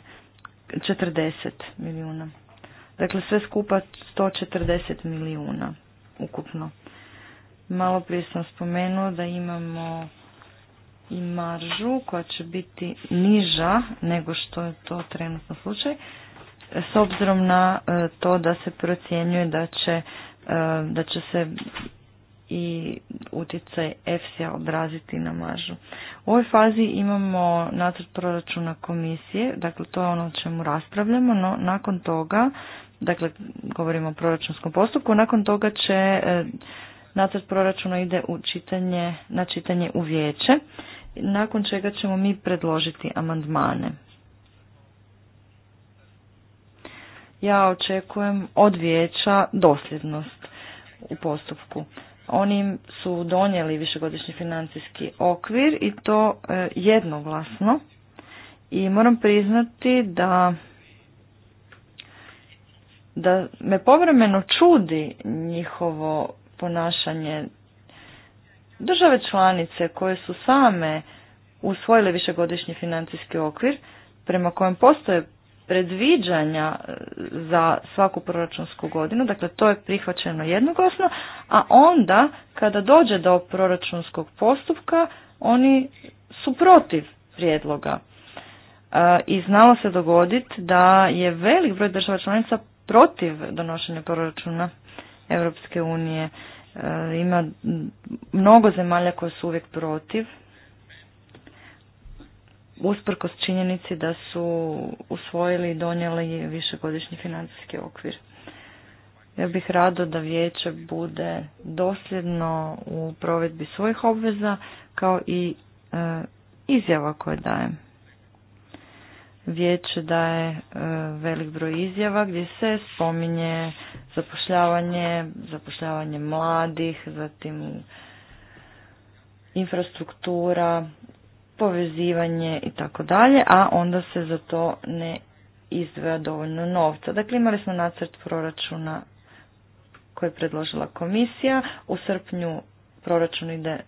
40 milijuna. Dakle, sve skupa 140 milijuna ukupno. Malo prije sam spomenuo da imamo i maržu koja će biti niža nego što je to trenutno slučaj, s obzirom na e, to da se procjenjuje da će, e, da će se i utjecaj EFSI-a odraziti na maržu. U ovoj fazi imamo nacrt proračuna komisije, dakle to je ono o čemu raspravljamo, no nakon toga dakle govorimo o proračunskom postupku, nakon toga će e, nacrt proračuna ide u čitanje, na čitanje u vijeće, nakon čega ćemo mi predložiti amandmane. Ja očekujem od vijeća dosljednost u postupku. Oni su donijeli višegodišnji financijski okvir i to e, jednoglasno i moram priznati da da me povremeno čudi njihovo ponašanje države članice koje su same usvojile višegodišnji financijski okvir prema kojem postoje predviđanja e, za svaku proračunsku godinu, dakle to je prihvaćeno jednoglasno, a onda kada dođe do proračunskog postupka oni su protiv prijedloga. E, I znalo se dogoditi da je velik broj država članica protiv donošenja proračuna Europske unije. E, ima mnogo zemalja koje su uvijek protiv, usprkos činjenici da su usvojili i donijeli višegodišnji financijski okvir. Ja bih rado da vijeće bude dosljedno u provedbi svojih obveza kao i e, izjava koje dajem vijeće daje e, velik broj izjava gdje se spominje zapošljavanje, zapošljavanje mladih, zatim infrastruktura, povezivanje i tako dalje, a onda se za to ne izdvaja dovoljno novca. Dakle, imali smo nacrt proračuna koji je predložila komisija. U srpnju proračun ide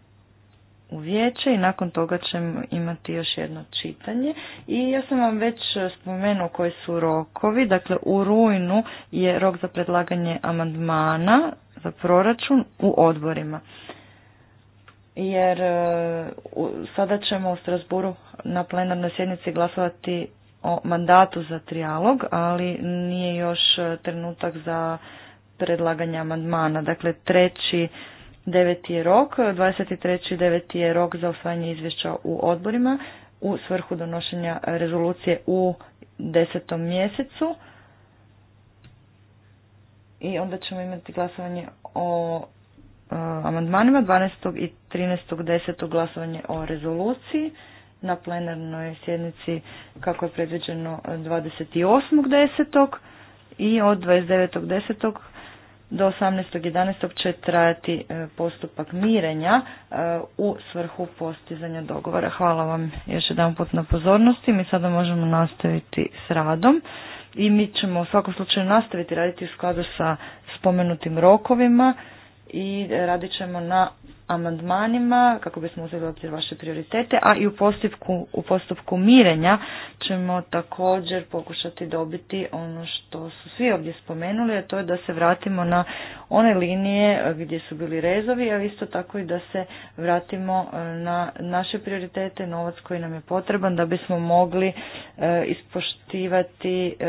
u vijeće i nakon toga ćemo imati još jedno čitanje. I ja sam vam već spomenuo koji su rokovi, dakle u rujnu je rok za predlaganje amandmana za proračun u odborima. Jer e, sada ćemo u Strasburu na plenarnoj sjednici glasovati o mandatu za trijalog, ali nije još trenutak za predlaganje amandmana. Dakle, treći Deveti je rok, 23. deveti je rok za osvajanje izvješća u odborima u svrhu donošenja rezolucije u 10. mjesecu. I onda ćemo imati glasovanje o e, amandmanima 12. i 13. 10. glasovanje o rezoluciji na plenarnoj sjednici kako je predviđeno 28. desetog i od 29. desetog do 18.11. će trajati e, postupak mirenja e, u svrhu postizanja dogovora. Hvala vam još jedan put na pozornosti. Mi sada možemo nastaviti s radom i mi ćemo u svakom slučaju nastaviti raditi u skladu sa spomenutim rokovima i radit ćemo na amandmanima kako bismo uzeli obzir vaše prioritete, a i u postupku, u postupku mirenja ćemo također pokušati dobiti ono što su svi ovdje spomenuli, a to je da se vratimo na one linije gdje su bili rezovi, a isto tako i da se vratimo e, na naše prioritete, novac koji nam je potreban da bismo mogli e, ispoštivati e,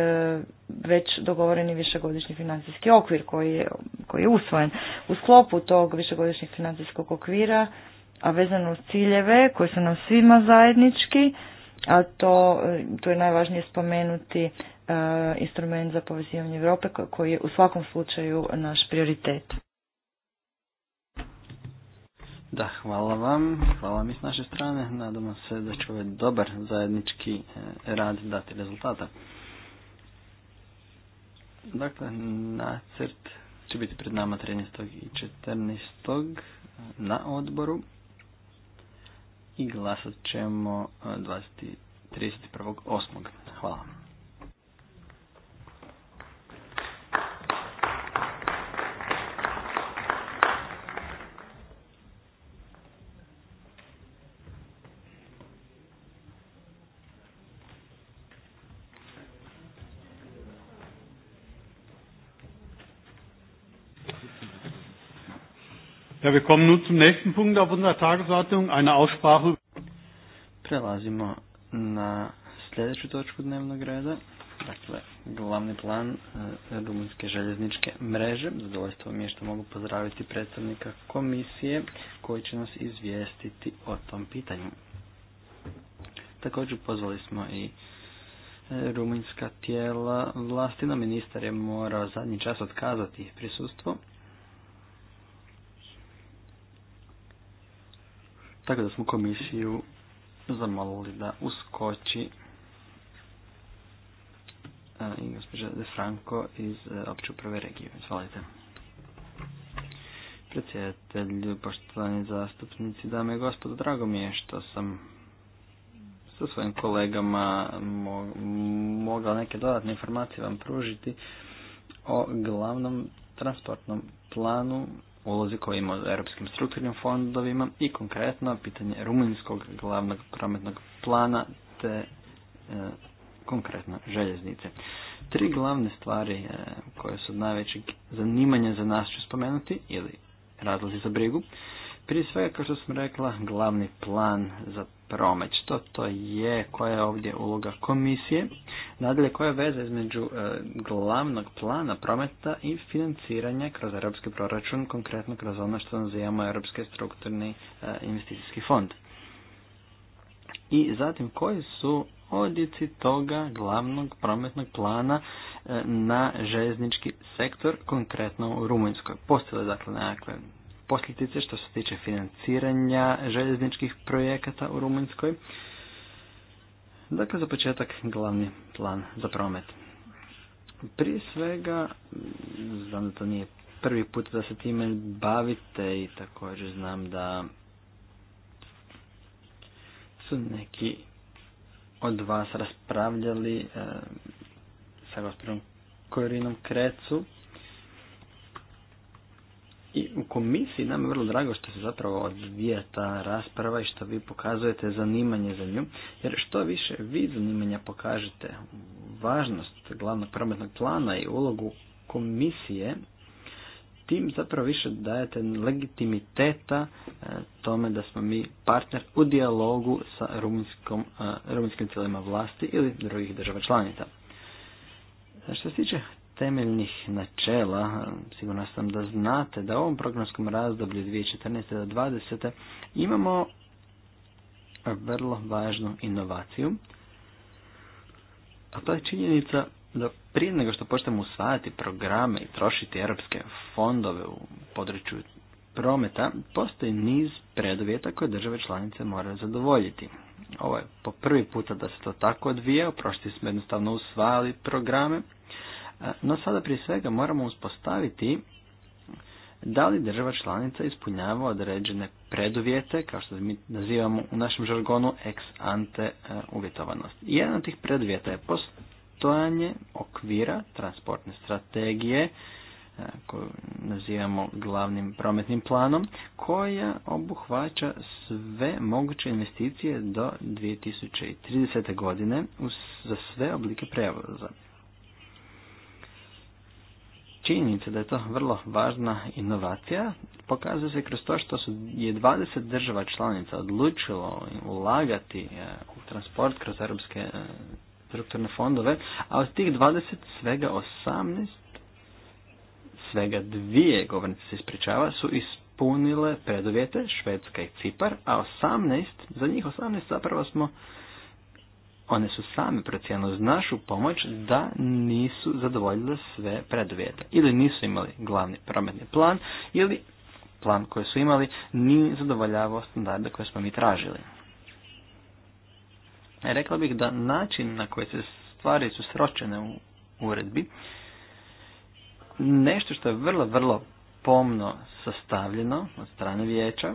već dogovoreni višegodišnji financijski okvir koji je, koji je usvojen. U sklopu tog višegodišnjeg financijskog okvira, a vezano uz ciljeve koji su nam svima zajednički, a to, e, to je najvažnije spomenuti e, instrument za povezivanje Europe koji je u svakom slučaju naš prioritet. Da, hvala vam. Hvala mi s naše strane. Nadamo se da će ovaj dobar zajednički e, rad dati rezultata. Dakle, nacrt će biti pred nama 13. i 14 na odboru i glasat ćemo 31.8. Eh, Hvala. Ja, wir kommen nun zum nächsten Punkt auf unserer Tagesordnung, eine Aussprache. Prelazimo na sljedeću točku dnevnog reda, dakle glavni plan e, rumunjske željezničke mreže. Zadovoljstvo mi je što mogu pozdraviti predstavnika komisije koji će nas izvijestiti o tom pitanju. Također pozvali smo i e, rumunjska tijela vlasti, no ministar je morao zadnji čas otkazati prisustvo Tako da smo komisiju zamolili da uskoči e, i gospođa De Franco iz e, opće uprave regije. Izvolite. Predsjedatelju, poštovani zastupnici, dame i gospodo, drago mi je što sam sa svojim kolegama mogao neke dodatne informacije vam pružiti o glavnom transportnom planu ulozi koje ima u europskim strukturnim fondovima i konkretno pitanje rumunjskog glavnog prometnog plana te e, konkretno željeznice. Tri glavne stvari e, koje su od najvećeg zanimanja za nas ću spomenuti ili razlozi za brigu. Prije svega, kao što sam rekla, glavni plan za promet. Što to je? Koja je ovdje uloga komisije? Nadalje, koja je veza između e, glavnog plana prometa i financiranja kroz europski proračun, konkretno kroz ono što nazivamo Europski strukturni e, investicijski fond? I zatim, koji su odjeci toga glavnog prometnog plana e, na željeznički sektor, konkretno u Rumunjskoj. Postoje dakle nekakve posljedice što se tiče financiranja željezničkih projekata u Rumunjskoj. Dakle, za početak glavni plan za promet. Prije svega, znam da to nije prvi put da se time bavite i također znam da su neki od vas raspravljali eh, sa gospodinom Korinom Krecu i u komisiji nam je vrlo drago što se zapravo odvija ta rasprava i što vi pokazujete zanimanje za nju, jer što više vi zanimanja pokažete važnost glavnog prometnog plana i ulogu komisije, tim zapravo više dajete legitimiteta e, tome da smo mi partner u dijalogu sa e, rumunjskim cijelima vlasti ili drugih država članica. Što se tiče temeljnih načela, sigurno sam da znate da u ovom programskom razdoblju 2014. do 2020. imamo vrlo važnu inovaciju, a to je činjenica da prije nego što počnemo usvajati programe i trošiti europske fondove u području prometa, postoji niz preduvjeta koje države članice moraju zadovoljiti. Ovo je po prvi puta da se to tako odvija, prošli smo jednostavno usvajali programe no sada prije svega moramo uspostaviti da li država članica ispunjava određene preduvjete, kao što mi nazivamo u našem žargonu ex ante e, uvjetovanost. Jedan od tih preduvjeta je postojanje okvira transportne strategije, e, koju nazivamo glavnim prometnim planom, koja obuhvaća sve moguće investicije do 2030. godine za sve oblike prevoza činjenica da je to vrlo važna inovacija pokazuje se kroz to što su je 20 država članica odlučilo ulagati e, u transport kroz europske e, strukturne fondove, a od tih 20 svega 18 svega dvije govornice se ispričava su ispunile preduvjete Švedska i Cipar, a 18, za njih 18 zapravo smo one su same procijenile uz našu pomoć da nisu zadovoljile sve preduvjete. Ili nisu imali glavni prometni plan, ili plan koji su imali nije zadovoljavao standarde koje smo mi tražili. Rekla bih da način na koji se stvari su sročene u uredbi, nešto što je vrlo, vrlo pomno sastavljeno od strane vijeća,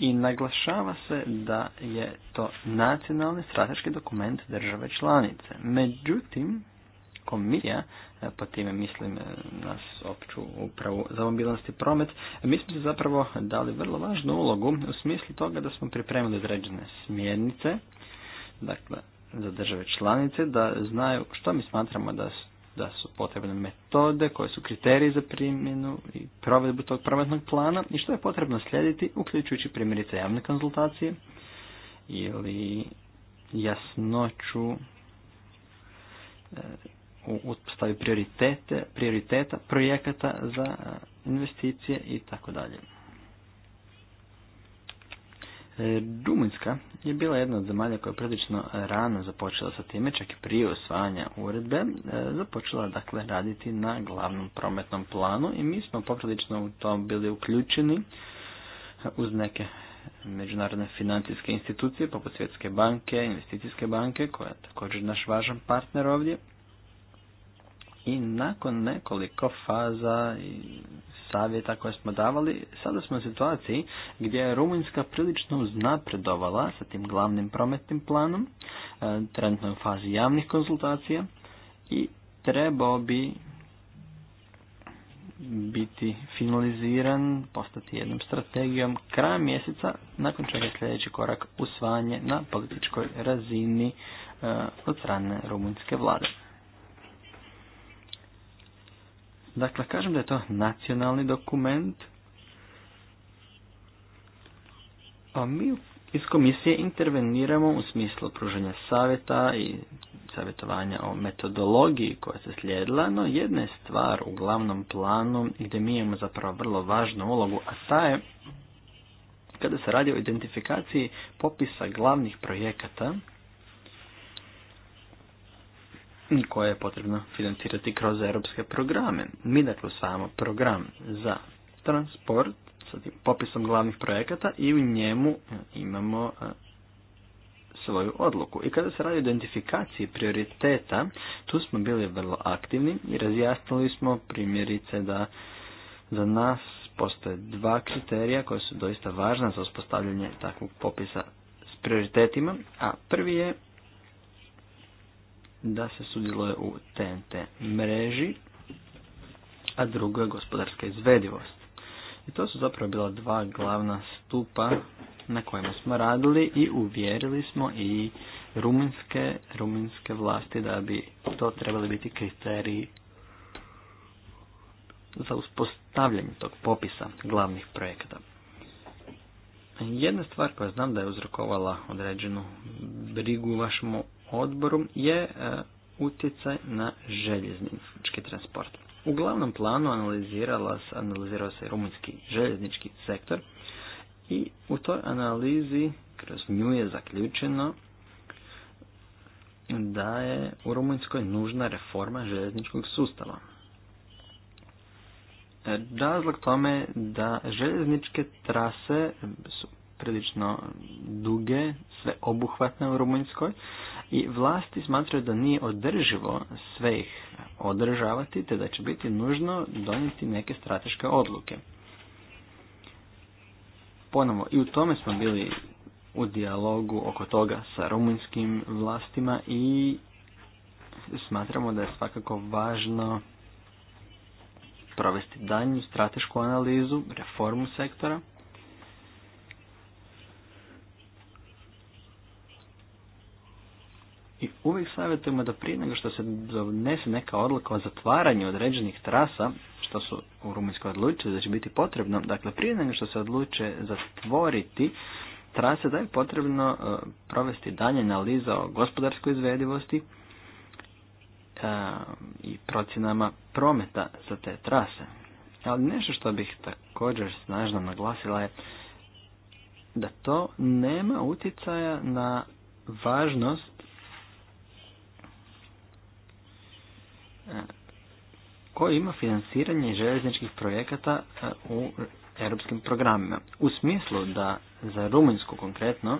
i naglašava se da je to nacionalni strateški dokument države članice. Međutim, komisija, e, po time mislim e, nas opću upravu za mobilnost i promet, mi smo se zapravo dali vrlo važnu ulogu u smislu toga da smo pripremili određene smjernice, dakle, za države članice, da znaju što mi smatramo da da su potrebne metode, koje su kriteriji za primjenu i provedbu tog prometnog plana i što je potrebno slijediti, uključujući primjerice javne konzultacije ili jasnoću e, u stavi prioriteta projekata za e, investicije i tako dalje. E, Rumunjska je bila jedna od zemalja koja je prilično rano započela sa time, čak i prije osvajanja uredbe, e, započela dakle raditi na glavnom prometnom planu i mi smo poprilično u tom bili uključeni uz neke međunarodne financijske institucije poput Svjetske banke, Investicijske banke koja je također naš važan partner ovdje i nakon nekoliko faza i savjeta koje smo davali, sada smo u situaciji gdje je Rumunjska prilično uznapredovala sa tim glavnim prometnim planom, e, trenutno u fazi javnih konzultacija i trebao bi biti finaliziran, postati jednom strategijom krajem mjeseca, nakon čega je sljedeći korak usvajanje na političkoj razini e, od strane rumunjske vlade. Dakle, kažem da je to nacionalni dokument, a mi iz komisije interveniramo u smislu pružanja savjeta i savjetovanja o metodologiji koja se slijedila, no jedna je stvar u glavnom planu gdje mi imamo zapravo vrlo važnu ulogu, a ta je kada se radi o identifikaciji popisa glavnih projekata koje je potrebno financirati kroz europske programe. Mi dakle samo program za transport sa popisom glavnih projekata i u njemu e, imamo e, svoju odluku. I kada se radi o identifikaciji prioriteta, tu smo bili vrlo aktivni i razjasnili smo primjerice da za nas postoje dva kriterija koja su doista važna za uspostavljanje takvog popisa s prioritetima, a prvi je da se sudjeluje u TNT mreži, a drugo je gospodarska izvedivost. I to su zapravo bila dva glavna stupa na kojima smo radili i uvjerili smo i ruminske rumunjske vlasti da bi to trebali biti kriteriji za uspostavljanje tog popisa glavnih projekata. Jedna stvar koja znam da je uzrokovala određenu brigu vašemu odboru je e, utjecaj na željeznički transport. U glavnom planu analizirala se, analizirao se rumunjski željeznički sektor i u toj analizi kroz nju je zaključeno da je u Rumunjskoj nužna reforma željezničkog sustava. E, razlog tome je da željezničke trase su prilično duge, sve obuhvatne u Rumunjskoj i vlasti smatraju da nije održivo sve ih održavati, te da će biti nužno donijeti neke strateške odluke. Ponovo, i u tome smo bili u dijalogu oko toga sa rumunjskim vlastima i smatramo da je svakako važno provesti danju stratešku analizu, reformu sektora I uvijek savjetujemo da prije nego što se donese neka odluka o zatvaranju određenih trasa, što su u Rumunjskoj odlučili da će biti potrebno, dakle prije nego što se odluče zatvoriti trase, da je potrebno e, provesti dalje analiza o gospodarskoj izvedivosti e, i procjenama prometa za te trase. Ali nešto što bih također snažno naglasila je da to nema utjecaja na važnost koji ima financiranje željezničkih projekata e, u europskim programima. U smislu da za Rumunjsku konkretno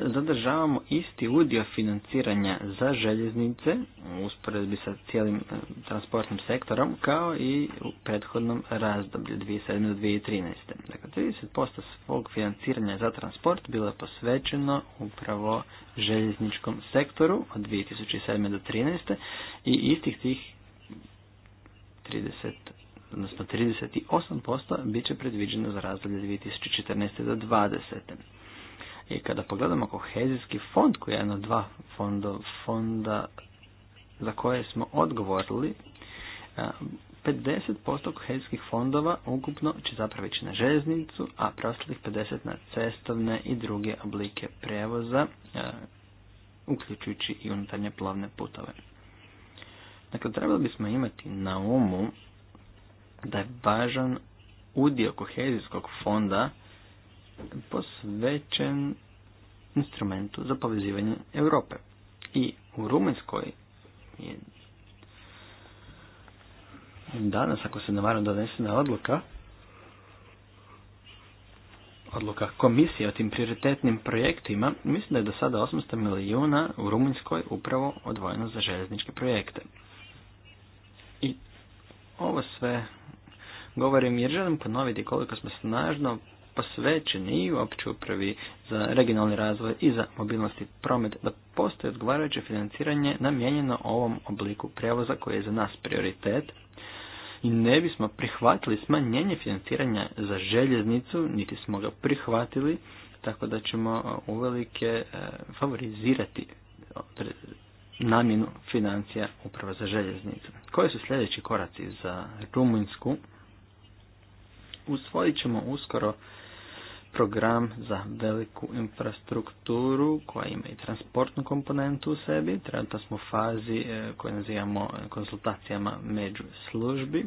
zadržavamo isti udio financiranja za željeznice u usporedbi sa cijelim e, transportnim sektorom kao i u prethodnom razdoblju 2007. do 2013. Dakle, 30% svog financiranja za transport bilo je posvećeno upravo željezničkom sektoru od 2007. do 2013. i istih tih 30 odnosno 38% bit će predviđeno za razdoblje 2014. do 2020. I kada pogledamo kohezijski fond koji je jedan od dva fondo, fonda za koje smo odgovorili, 50% eh, kohezijskih fondova ukupno će zapravo ići na željeznicu, a preostalih 50% na cestovne i druge oblike prevoza, eh, uključujući i unutarnje plovne putove. Dakle, trebali bismo imati na umu da je važan udio kohezijskog fonda posvećen instrumentu za povezivanje Europe. I u Rumunjskoj je danas, ako se ne varam, donesena odluka odluka komisije o tim prioritetnim projektima, mislim da je do sada 800 milijuna u Rumunjskoj upravo odvojeno za željezničke projekte. I ovo sve govorim jer želim ponoviti koliko smo snažno posvećeni pa i u upravi za regionalni razvoj i za mobilnost i promet da postoje odgovarajuće financiranje namijenjeno ovom obliku prijevoza koji je za nas prioritet i ne bismo prihvatili smanjenje financiranja za željeznicu, niti smo ga prihvatili, tako da ćemo e, uvelike e, favorizirati namjenu financija upravo za željeznicu. Koji su sljedeći koraci za Rumunjsku? Usvojit ćemo uskoro program za veliku infrastrukturu koja ima i transportnu komponentu u sebi. Trenutno smo u fazi e, koju nazivamo konsultacijama među službi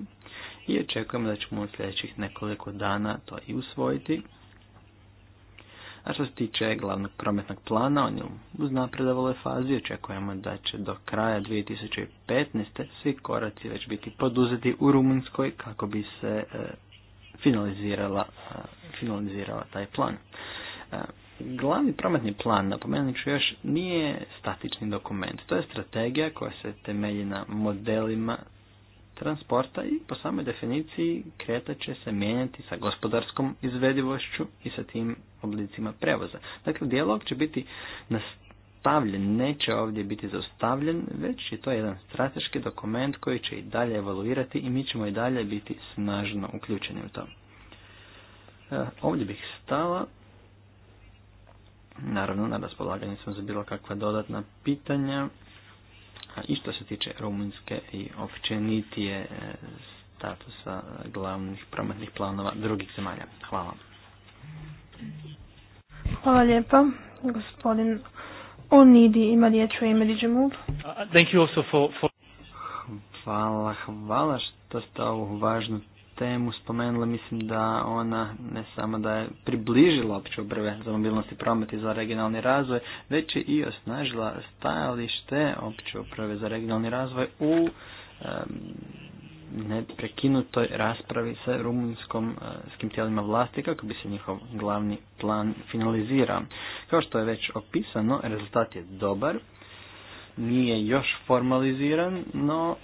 i očekujemo da ćemo u sljedećih nekoliko dana to i usvojiti. A što se tiče glavnog prometnog plana, on je u napredovaloj fazi očekujemo da će do kraja 2015. svi koraci već biti poduzeti u Rumunjskoj kako bi se e, finalizirala, finalizirala taj plan. Glavni prometni plan, napomenut ću još, nije statični dokument. To je strategija koja se temelji na modelima transporta i po samoj definiciji kreta će se mijenjati sa gospodarskom izvedivošću i sa tim oblicima prevoza. Dakle, dijalog će biti na zaustavljen, neće ovdje biti zaustavljen, već je to jedan strateški dokument koji će i dalje evaluirati i mi ćemo i dalje biti snažno uključeni u to. E, ovdje bih stala. Naravno, na raspolaganju sam za bilo kakva dodatna pitanja. I što se tiče rumunjske i općenitije e, statusa glavnih prometnih planova drugih zemalja. Hvala. Hvala lijepa, gospodin on Nidi ima riječ o ime uh, Thank you Hvala, hvala što ste ovu važnu temu spomenuli. Mislim da ona ne samo da je približila opće obrve za mobilnost i promet i za regionalni razvoj, već je i osnažila stajalište opće obrve za regionalni razvoj u neprekinutoj raspravi sa rumunskim tijelima vlasti kako bi se njihov glavni plan finalizirao. Kao što je već opisano, rezultat je dobar, nije još formaliziran, no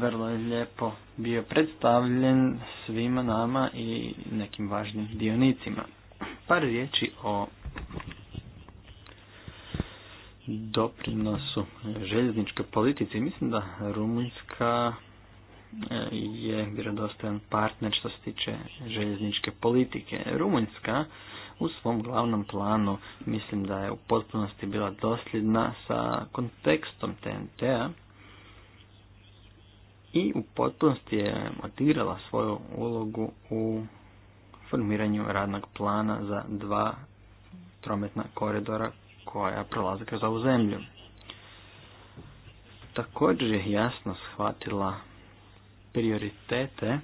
vrlo je lijepo bio predstavljen svima nama i nekim važnim dionicima. Par riječi o doprinosu željezničke politici. Mislim da Rumunjska e, je vjerodostojan partner što se tiče željezničke politike. Rumunjska u svom glavnom planu mislim da je u potpunosti bila dosljedna sa kontekstom TNT-a i u potpunosti je odigrala svoju ulogu u formiranju radnog plana za dva prometna koridora koja prolaze kroz ovu zemlju. Također je jasno shvatila prioritete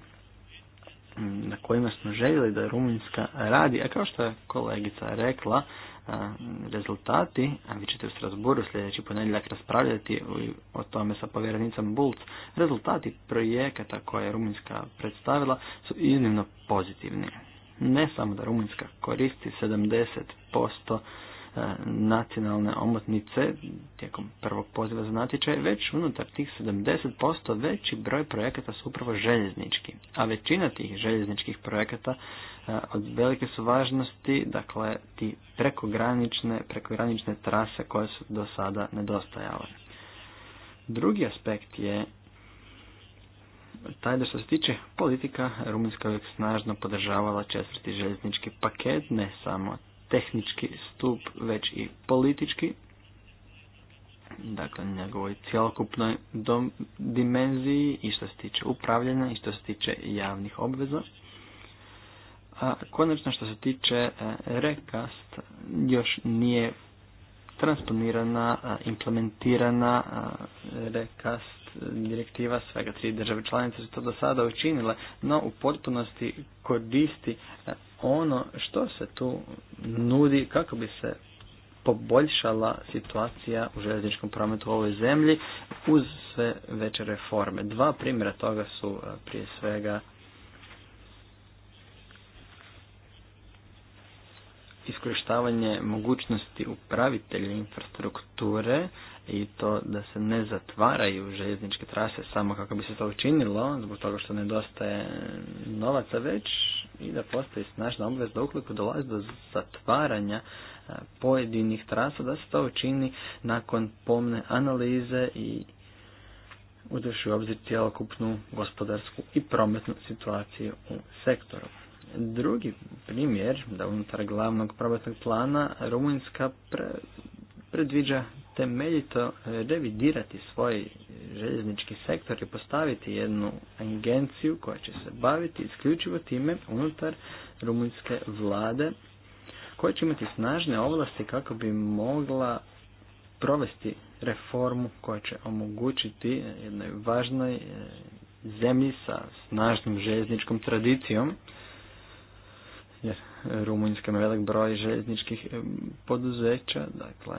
mm, na kojima smo željeli da Rumunjska radi, a kao što je kolegica rekla, rezultati, a vi ćete u Strasburu sljedeći ponedjeljak raspravljati o tome sa povjerenicom Bulc, rezultati projekata koje je Rumunjska predstavila su iznimno pozitivni. Ne samo da Rumunjska koristi 70% E, nacionalne omotnice tijekom prvog poziva za natječaj, već unutar tih 70% veći broj projekata su upravo željeznički. A većina tih željezničkih projekata e, od velike su važnosti, dakle, ti prekogranične, prekogranične trase koje su do sada nedostajale. Drugi aspekt je taj da što se tiče politika, Rumunjska je snažno podržavala četvrti željeznički paket, ne samo tehnički stup, već i politički, dakle njegovoj cjelokupnoj dimenziji i što se tiče upravljanja i što se tiče javnih obveza. A konačno što se tiče e, rekast, još nije transponirana, implementirana rekast direktiva, svega tri države članice su to do sada učinile, no u potpunosti koristi ono što se tu nudi kako bi se poboljšala situacija u željezničkom prometu u ovoj zemlji uz sve veće reforme. Dva primjera toga su prije svega iskorištavanje mogućnosti upravitelja infrastrukture i to da se ne zatvaraju željezničke trase samo kako bi se to učinilo, zbog toga što nedostaje novaca već i da postoji snažna obveza da ukoliko dolazi do zatvaranja pojedinih trasa, da se to učini nakon pomne analize i uzevši u obzir cjelokupnu gospodarsku i prometnu situaciju u sektoru. Drugi primjer da unutar glavnog probatnog plana Rumunjska predviđa temeljito revidirati svoj željeznički sektor i postaviti jednu agenciju koja će se baviti isključivo time unutar rumunjske vlade koja će imati snažne ovlasti kako bi mogla provesti reformu koja će omogućiti jednoj važnoj eh, zemlji sa snažnom željezničkom tradicijom jer Rumunjska ima velik broj željezničkih poduzeća, dakle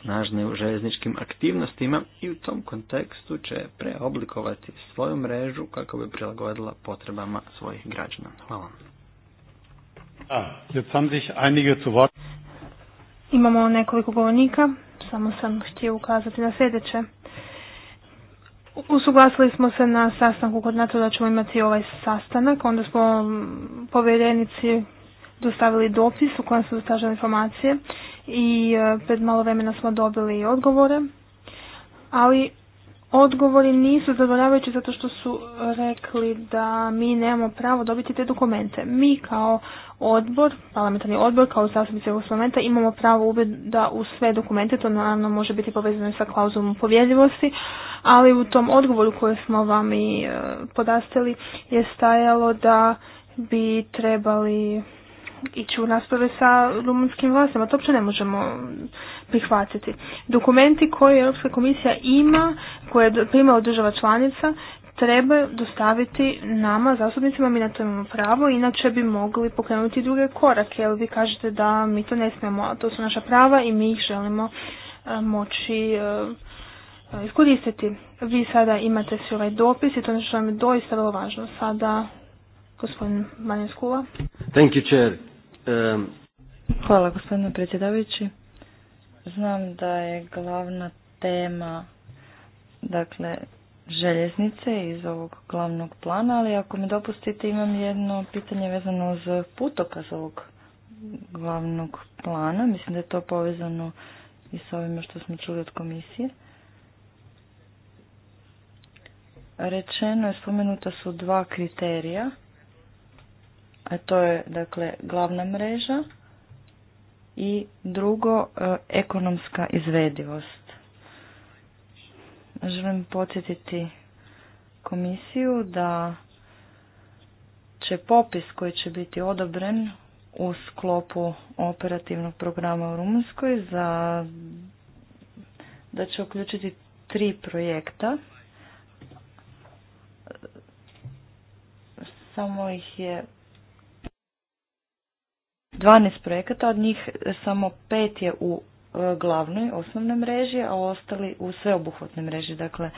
snažne u željezničkim aktivnostima i u tom kontekstu će preoblikovati svoju mrežu kako bi prilagodila potrebama svojih građana. Hvala. Imamo nekoliko govornika, samo sam htio ukazati na sljedeće. Usuglasili smo se na sastanku kod NATO da ćemo imati ovaj sastanak, onda smo povjerenici dostavili dopis u kojem su dostažene informacije i e, pred malo vremena smo dobili odgovore, ali odgovori nisu zadovoljavajući zato što su rekli da mi nemamo pravo dobiti te dokumente. Mi kao odbor, parlamentarni odbor kao zastupnici ovog parlamenta imamo pravo da u sve dokumente, to naravno može biti povezano sa klauzulom povjerljivosti, ali u tom odgovoru koji smo vam i e, podastili je stajalo da bi trebali ići u rasprave sa rumunskim vlastima. To uopće ne možemo prihvatiti. Dokumenti koje Europska komisija ima, koje je od država članica, treba dostaviti nama, zastupnicima, mi na to imamo pravo, inače bi mogli pokrenuti druge korake, jer vi kažete da mi to ne smijemo, a to su naša prava i mi ih želimo e, moći e, e, iskoristiti. Vi sada imate svi ovaj dopis i to nešto vam je doista vrlo važno. Sada gospodin Manjan Skula. Thank you, um, Hvala gospodine predsjedavajući. Znam da je glavna tema dakle željeznice iz ovog glavnog plana, ali ako mi dopustite imam jedno pitanje vezano uz putokaz ovog glavnog plana. Mislim da je to povezano i s ovime što smo čuli od komisije. Rečeno je, spomenuta su dva kriterija, a to je dakle glavna mreža i drugo e, ekonomska izvedivost. Želim podsjetiti komisiju da će popis koji će biti odobren u sklopu operativnog programa u Rumunskoj za da će uključiti tri projekta. Samo ih je 12 projekata, od njih samo pet je u E, glavnoj osnovnoj mreži, a ostali u sveobuhvatnoj mreži. Dakle,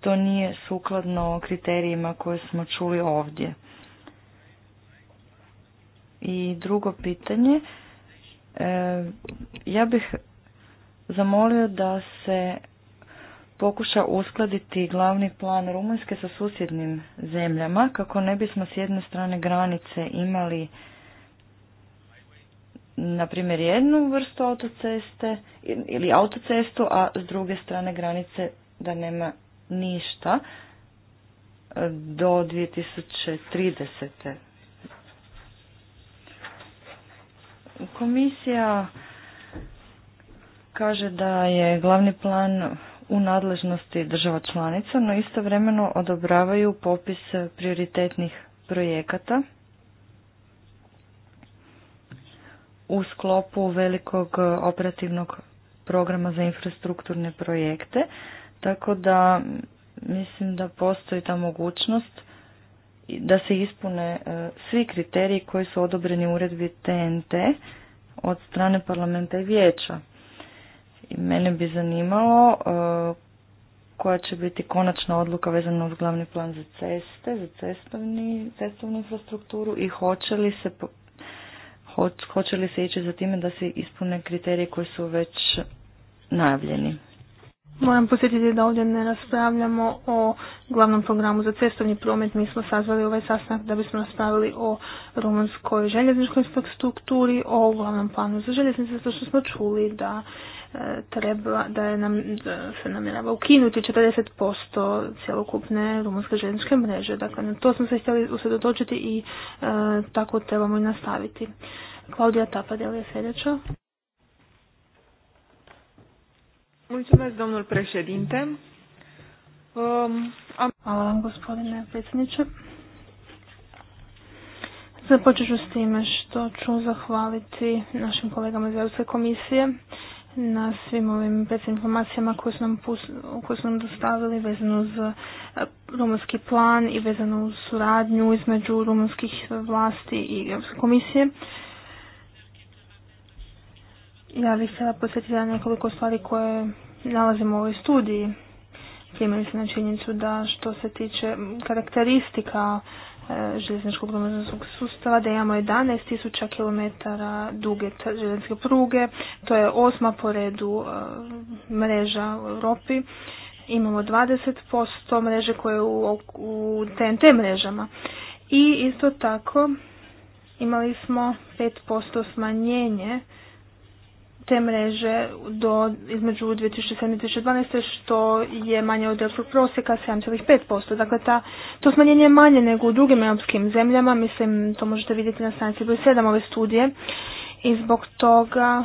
to nije sukladno kriterijima koje smo čuli ovdje. I drugo pitanje, e, ja bih zamolio da se pokuša uskladiti glavni plan Rumunjske sa susjednim zemljama kako ne bismo s jedne strane granice imali na primjer jednu vrstu autoceste ili autocestu, a s druge strane granice da nema ništa do 2030. Komisija kaže da je glavni plan u nadležnosti država članica, no istovremeno odobravaju popis prioritetnih projekata u sklopu velikog e, operativnog programa za infrastrukturne projekte, tako da mislim da postoji ta mogućnost da se ispune e, svi kriteriji koji su odobreni u uredbi TNT od strane parlamenta i vijeća. I mene bi zanimalo e, koja će biti konačna odluka vezana uz glavni plan za ceste, za cestovni, cestovnu infrastrukturu i hoće li se hoće li se ići za time da se ispune kriteriji koji su već najavljeni? Moram posjetiti da ovdje ne raspravljamo o glavnom programu za cestovni promet. Mi smo sazvali ovaj sastanak da bismo raspravili o rumunskoj željezničkoj infrastrukturi, o glavnom planu za željeznice, što smo čuli da treba, da je nam, se namjerava ukinuti 40% cjelokupne rumunske željezničke mreže. Dakle, na to smo se htjeli usredotočiti i e, tako trebamo i nastaviti. Klaudija Tapadel je sljedeća. Mulțumesc, domnul președinte. Um, am... Hvala gospodine predsjedniče. započeću s time što ću zahvaliti našim kolegama iz Europske komisije na svim ovim predsjednim informacijama koje su, nam nam dostavili vezano uz e, rumunski plan i vezano uz suradnju između rumunskih vlasti i Europske komisije. Ja bih htjela posjetiti na nekoliko stvari koje nalazimo u ovoj studiji. Primjeri se na činjenicu da što se tiče karakteristika E, željezničkog prometnog sustava, da imamo 11.000 km duge željezničke pruge, to je osma po redu e, mreža u Europi. Imamo 20% mreže koje je u, u TNT mrežama. I isto tako imali smo 5% smanjenje te mreže do između 2007. i 2012. što je manje od europskog prosjeka 7,5%. Dakle, ta, to smanjenje je manje nego u drugim europskim zemljama, mislim to možete vidjeti na stranici broj 7 ove studije i zbog toga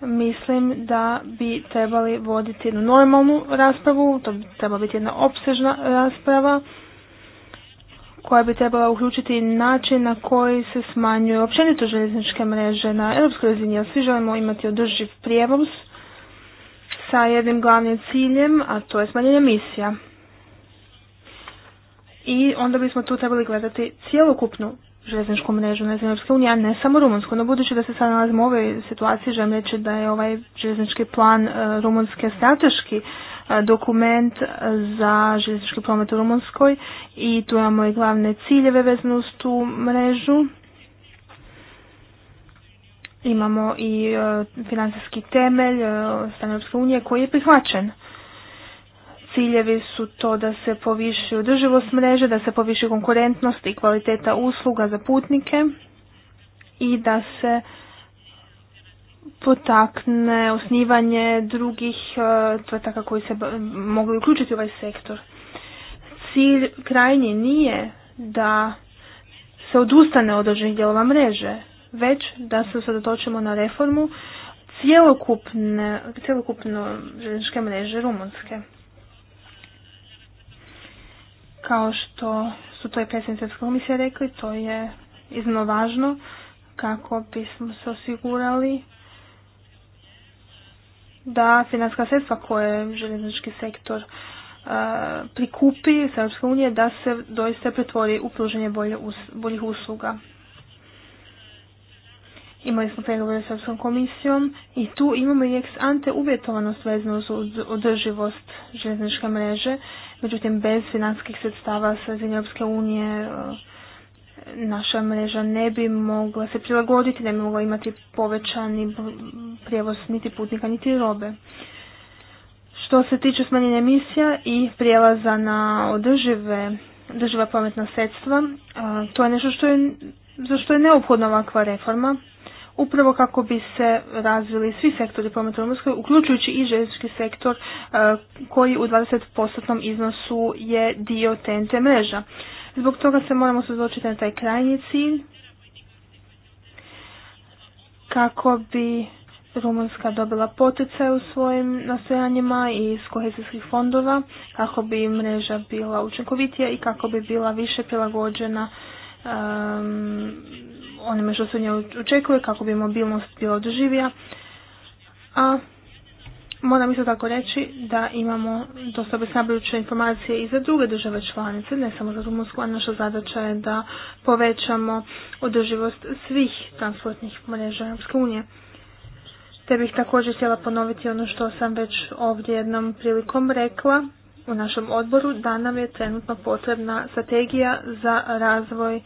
mislim da bi trebali voditi jednu normalnu raspravu, to bi trebala biti jedna opsežna rasprava koja bi trebala uključiti način na koji se smanjuje općenito željezničke mreže na europskoj razini, jer svi želimo imati održiv prijevoz sa jednim glavnim ciljem, a to je smanjenje emisija. I onda bismo tu trebali gledati cijelokupnu željezničku mrežu na Europske unije, a ne samo rumunsku. No budući da se sad nalazimo u ovoj situaciji, želim reći da je ovaj željeznički plan e, Rumunske strateški dokument za željeznički promet u Rumunskoj i tu imamo i glavne ciljeve vezano uz tu mrežu. Imamo i e, financijski temelj e, strane Europske unije koji je prihvaćen. Ciljevi su to da se poviši održivost mreže, da se poviši konkurentnost i kvaliteta usluga za putnike i da se potakne osnivanje drugih e, tvrtaka koji se mogu uključiti u ovaj sektor. Cilj krajnji nije da se odustane od određenih dijelova mreže, već da se usredotočimo na reformu cjelokupne, cjelokupno željezničke mreže Rumunske. Kao što su to i predsjednice komisije rekli, to je iznimno važno kako bismo se osigurali da finanska sredstva koje željeznički sektor e, prikupi s Europske unije da se doista pretvori u pruženje boljih usluga. Imali smo pregovore s Europskom komisijom i tu imamo i ex ante uvjetovanost vezano uz održivost željezničke mreže, međutim bez financijskih sredstava sa Europske unije e, naša mreža ne bi mogla se prilagoditi, ne bi mogla imati povećani prijevoz niti putnika niti robe. Što se tiče smanjenja emisija i prijelaza na održive, održiva pametna sredstva, to je nešto što je, za što je neophodna ovakva reforma, upravo kako bi se razvili svi sektori prometa u uključujući i željeznički sektor koji u 20% iznosu je dio TNT mreža. Zbog toga se moramo suzločiti na taj krajnji cilj kako bi Rumunska dobila poticaj u svojim nastojanjima iz kohezijskih fondova, kako bi mreža bila učinkovitija i kako bi bila više prilagođena um, onime što se nje očekuje, kako bi mobilnost bila održivija. A Moram isto tako reći da imamo dosta obesnabrujuće informacije i za druge države članice, ne samo za Rumunsku, a naša zadaća je da povećamo održivost svih transportnih mreža Europske unije. Te bih također htjela ponoviti ono što sam već ovdje jednom prilikom rekla u našem odboru, da nam je trenutno potrebna strategija za razvoj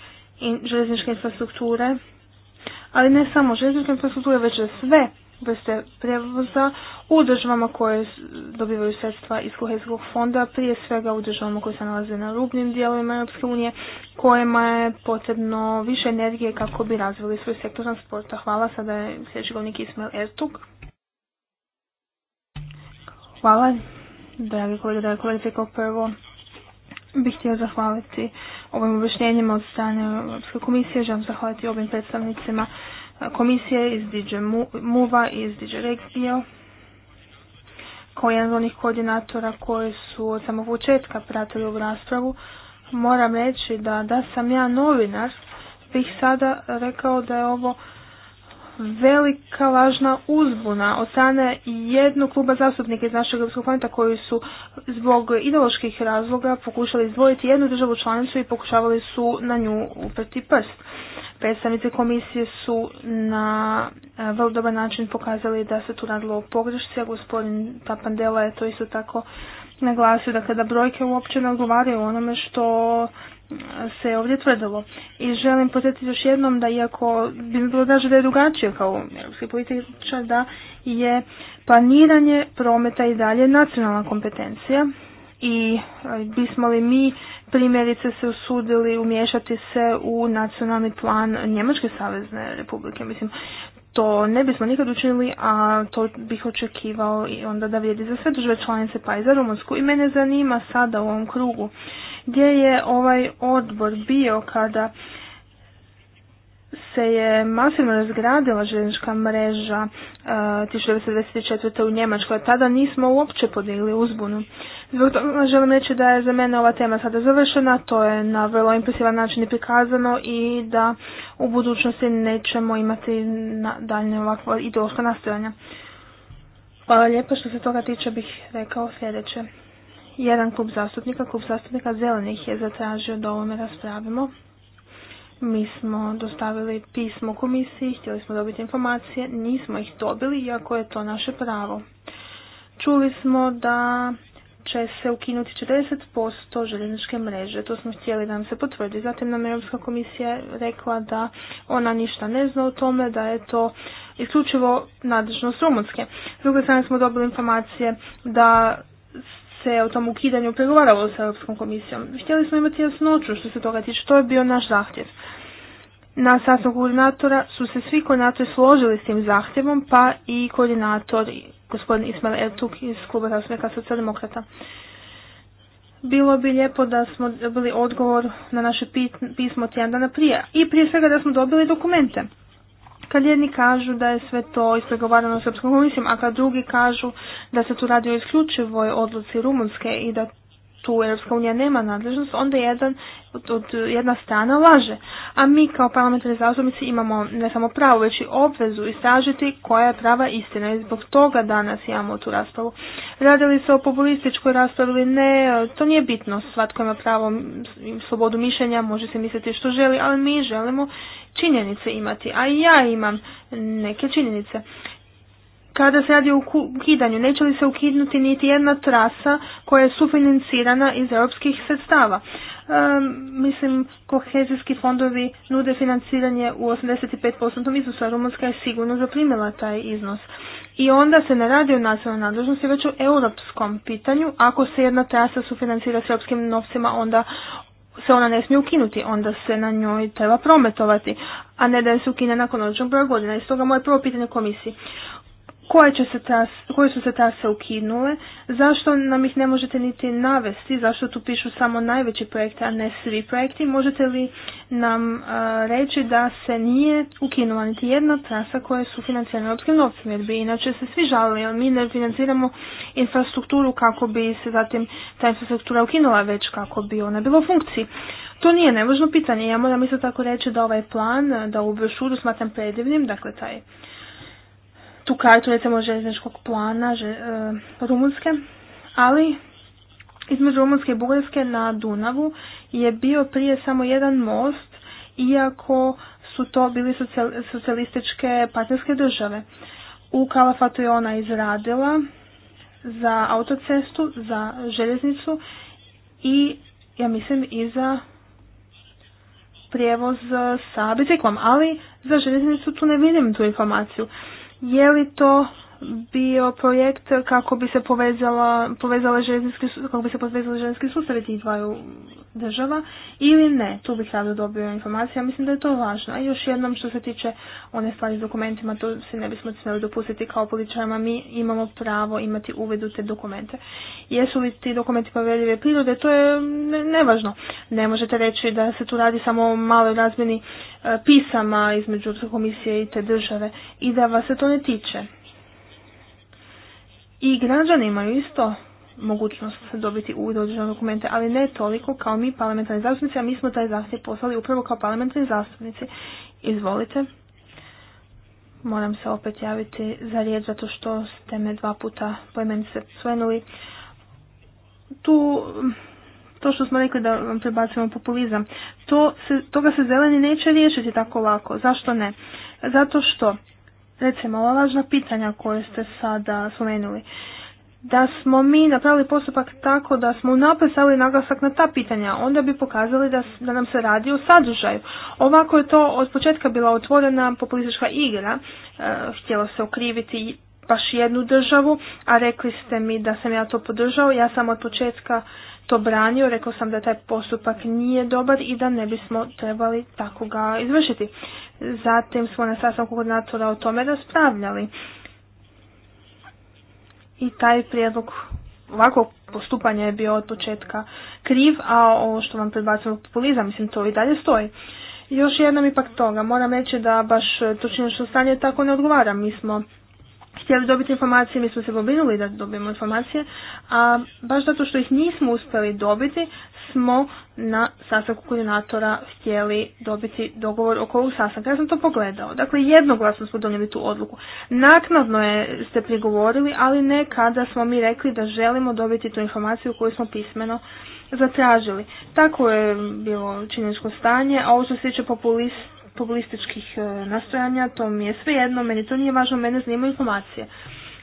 željezničke infrastrukture, ali ne samo željezničke infrastrukture, već za sve vrste prevoza u državama koje dobivaju sredstva iz kohezijskog fonda, prije svega u državama koje se nalaze na rubnim dijelovima Europske unije, kojima je potrebno više energije kako bi razvili svoj sektor transporta. Hvala, sada je sljedeći govornik Ismail Ertug. Hvala, dragi kolega, dragi prvo bih htio zahvaliti ovim objašnjenjima od strane Europske komisije, želim zahvaliti ovim predstavnicima komisije, iz DJ Muva i iz DJ Regio kao jedan od onih koordinatora koji su od samog početka pratili ovu raspravu, moram reći da, da sam ja novinar, bih sada rekao da je ovo velika lažna uzbuna od strane jednog kluba zastupnika iz našeg Europskog planeta koji su zbog ideoloških razloga pokušali izdvojiti jednu državu članicu i pokušavali su na nju uprti prst. Predstavnice komisije su na e, vrlo dobar način pokazali da se tu radilo o pogrešci, a gospodin Tapandela je to isto tako naglasio, dakle da brojke uopće ne odgovaraju onome što se ovdje tvrdilo. I želim podsjetiti još jednom da iako bi mi bilo draže da je drugačije kao europski političar, da je planiranje prometa i dalje nacionalna kompetencija i e, bismo li mi primjerice se usudili umješati se u nacionalni plan Njemačke savezne republike. Mislim, to ne bismo nikad učinili, a to bih očekivao i onda da vrijedi za sve države članice, pa i za Rumunsku. I mene zanima sada u ovom krugu gdje je ovaj odbor bio kada se je masivno razgradila željeznička mreža e, uh, 1924. u Njemačkoj, tada nismo uopće podigli uzbunu. Zbog toga želim reći da je za mene ova tema sada završena, to je na vrlo impresivan način i prikazano i da u budućnosti nećemo imati na daljne ovakva ideološka nastojanja. Hvala lijepo što se toga tiče bih rekao sljedeće. Jedan klub zastupnika, klub zastupnika zelenih je zatražio da ovome raspravimo. Mi smo dostavili pismo komisiji, htjeli smo dobiti informacije, nismo ih dobili, iako je to naše pravo. Čuli smo da će se ukinuti 40% željezničke mreže. To smo htjeli da nam se potvrdi. Zatim nam je Europska komisija rekla da ona ništa ne zna o tome, da je to isključivo nadležnost Rumunske. S druge strane smo dobili informacije da se o tom ukidanju pregovaralo sa Europskom komisijom. Htjeli smo imati jasnoću što se toga tiče, to je bio naš zahtjev. Na sastavu koordinatora su se svi koordinatori složili s tim zahtjevom, pa i koordinator gospodin Ismail Ertuk iz kluba zastupnika socijaldemokrata. Bilo bi lijepo da smo dobili odgovor na naše pismo tjedan dana prije i prije svega da smo dobili dokumente. Kad jedni kažu da je sve to ispregovarano u Srpskom komisijom, a kad drugi kažu da se tu radi o isključivoj odluci Rumunske i da tu Europska unija nema nadležnost, onda jedan od, od jedna strana laže. A mi kao parlamentarni zastupnici imamo ne samo pravo, već i obvezu istražiti koja je prava istina i zbog toga danas imamo tu raspravu. Radili se o populističkoj raspravi ili ne, to nije bitno. Svatko ima pravo slobodu mišljenja, može se misliti što želi, ali mi želimo činjenice imati, a ja imam neke činjenice kada se radi o ukidanju? Neće li se ukidnuti niti jedna trasa koja je sufinancirana iz europskih sredstava? mislim, kohezijski fondovi nude financiranje u 85% iznosu, a Rumunska je sigurno zaprimila taj iznos. I onda se ne radi o nacionalnoj nadležnosti, već o europskom pitanju. Ako se jedna trasa sufinancira s europskim novcima, onda se ona ne smije ukinuti, onda se na njoj treba prometovati, a ne da se ukine nakon određenog broja godina. I stoga moje prvo pitanje komisiji koje, će se ta koje su se tase ukinule, zašto nam ih ne možete niti navesti, zašto tu pišu samo najveći projekti, a ne svi projekti. Možete li nam e, reći da se nije ukinula niti jedna trasa koja su financirane europskim novcem, jer bi inače se svi žalili, jer mi ne financiramo infrastrukturu kako bi se zatim ta infrastruktura ukinula, već kako bi ona bila u funkciji. To nije nevažno pitanje. Ja moram isto tako reći da ovaj plan, da u brošuru smatram predivnim, dakle taj tu kartu recimo željezničkog plana e, Rumunske, ali između Rumunske i Bugarske na Dunavu je bio prije samo jedan most, iako su to bili socijalističke partnerske države. U Kalafatu je ona izradila za autocestu, za željeznicu i ja mislim i za prijevoz e, sa biciklom, ali za željeznicu tu ne vidim tu informaciju. Je li to bio projekt kako bi se povezala, povezala kako bi se povezali ženski sustav tih dvaju država ili ne. Tu bih rado dobio informaciju, ja mislim da je to važno. A još jednom što se tiče one stvari s dokumentima, to se ne bismo smjeli dopustiti kao političarima, mi imamo pravo imati uvid u te dokumente. Jesu li ti dokumenti povjerljive prirode, to je nevažno. Ne možete reći da se tu radi samo o maloj razmjeni e, pisama između komisije i te države i da vas se to ne tiče i građani imaju isto mogućnost dobiti u određene dokumente, ali ne toliko kao mi parlamentarni zastupnici, a mi smo taj zahtjev poslali upravo kao parlamentarni zastupnici. Izvolite. Moram se opet javiti za riječ zato što ste me dva puta po se svenuli. Tu to što smo rekli da vam prebacujemo populizam, to se, toga se zeleni neće riješiti tako lako. Zašto ne? Zato što recimo ova važna pitanja koje ste sada spomenuli, da smo mi napravili postupak tako da smo napisali naglasak na ta pitanja, onda bi pokazali da, da nam se radi o sadržaju. Ovako je to od početka bila otvorena populistička igra, e, htjelo se okriviti baš jednu državu, a rekli ste mi da sam ja to podržao. Ja sam od početka to branio, rekao sam da taj postupak nije dobar i da ne bismo trebali tako ga izvršiti. Zatim smo na sastanku koordinatora o tome raspravljali. I taj prijedlog ovakvog postupanja je bio od početka kriv, a ovo što vam predbacimo populizam, mislim to i dalje stoji. Još jednom ipak toga, moram reći da baš točno što stanje tako ne odgovara. Mi smo htjeli dobiti informacije, mi smo se pobrinuli da dobijemo informacije, a baš zato što ih nismo uspjeli dobiti, smo na sastanku koordinatora htjeli dobiti dogovor oko ovog sastanka. Ja sam to pogledao. Dakle, jednoglasno smo donijeli tu odluku. Naknadno je, ste prigovorili, ali ne kada smo mi rekli da želimo dobiti tu informaciju koju smo pismeno zatražili. Tako je bilo činjeničko stanje, a ovo što se tiče populist populističkih e, nastojanja, to mi je jedno, meni to nije važno, mene zanimaju informacije.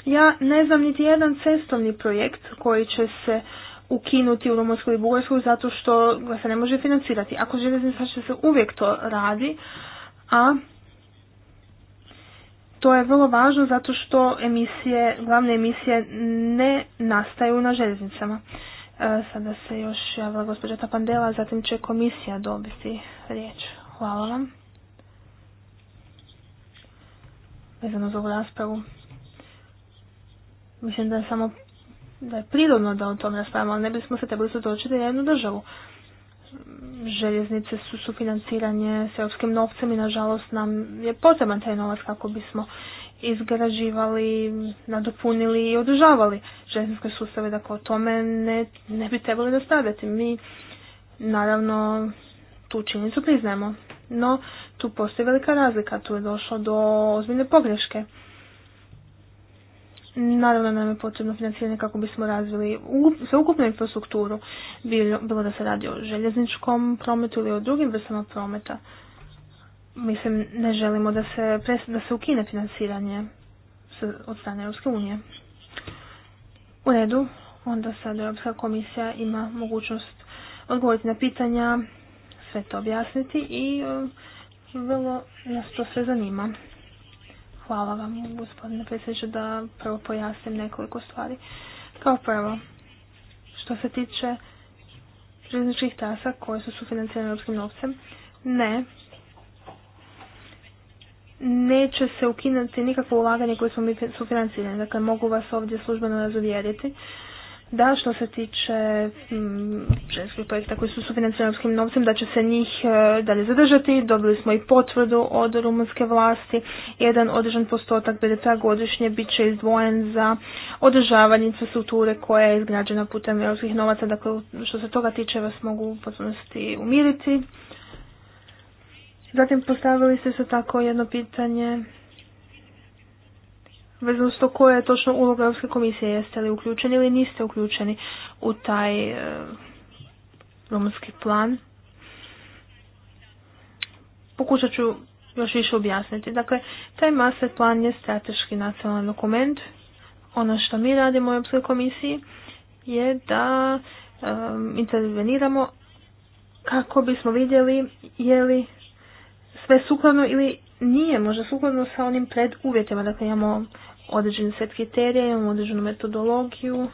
Ja ne znam niti jedan cestovni projekt koji će se ukinuti u Rumunjskoj i Bugarskoj zato što ga se ne može financirati. Ako železnica će se uvijek to radi, a to je vrlo važno zato što emisije, glavne emisije ne nastaju na željeznicama. E, sada se još javila gospođa Tapandela, zatim će komisija dobiti riječ. Hvala vam. vezano za ovu raspravu. Mislim da je samo da je prirodno da o tome raspravljamo, ali ne bismo se trebali sudočiti na jednu državu. Željeznice su sufinanciranje s europskim novcem i nažalost nam je potreban taj novac kako bismo izgrađivali, nadopunili i održavali željezničke sustave, dakle o tome ne, ne bi trebali da stavljati. Mi naravno tu činjenicu priznajemo. No, tu postoji velika razlika, tu je došlo do ozbiljne pogreške. Naravno nam je potrebno financiranje kako bismo razvili sveukupnu infrastrukturu, bilo da se radi o željezničkom prometu ili o drugim vrstama prometa. Mislim, ne želimo da se, da se ukine financiranje od strane Europske unije. U redu, onda sad Europska komisija ima mogućnost odgovoriti na pitanja, sve to objasniti i e, vrlo nas to sve zanima. Hvala vam, gospodine predsjedniče, da prvo pojasnim nekoliko stvari. Kao prvo, što se tiče željezničkih tasa koje su sufinancirane europskim novcem, ne, neće se ukinuti nikakvo ulaganje koje smo mi Dakle, mogu vas ovdje službeno razuvjeriti da što se tiče mm, ženskih projekta koji su sufinancirani europskim novcem, da će se njih e, dalje zadržati. Dobili smo i potvrdu od rumunske vlasti. Jedan održan postotak BDP godišnje bit će izdvojen za održavanje infrastrukture koja je izgrađena putem europskih novaca. Dakle, što se toga tiče vas mogu u potpunosti umiriti. Zatim postavili ste se tako jedno pitanje vezano s to koja je točno uloga Europske komisije, jeste li uključeni ili niste uključeni u taj e, romanski plan. Pokušat ću još više objasniti. Dakle, taj master plan je strateški nacionalni dokument. Ono što mi radimo u Europskoj komisiji je da e, interveniramo kako bismo vidjeli je li sve sukladno ili nije možda sukladno sa onim preduvjetima. Dakle, imamo određeni set kriterija, imamo određenu metodologiju.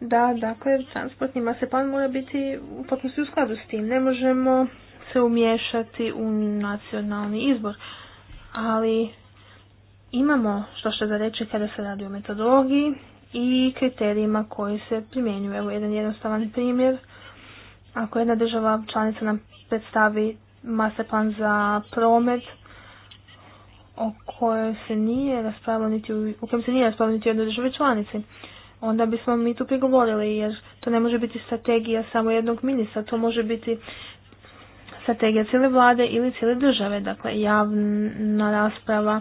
Da, dakle, transportni master plan mora biti u potpunosti u skladu s tim. Ne možemo se umješati u nacionalni izbor, ali imamo što što da reći kada se radi o metodologiji i kriterijima koji se primjenjuju. Evo jedan jednostavan primjer. Ako jedna država članica nam predstavi master za promet, o kojoj se nije raspravljalo niti u, se nije raspravljalo niti u jednoj državi članici. Onda bismo mi tu prigovorili jer to ne može biti strategija samo jednog ministra, to može biti strategija cijele vlade ili cijele države, dakle javna rasprava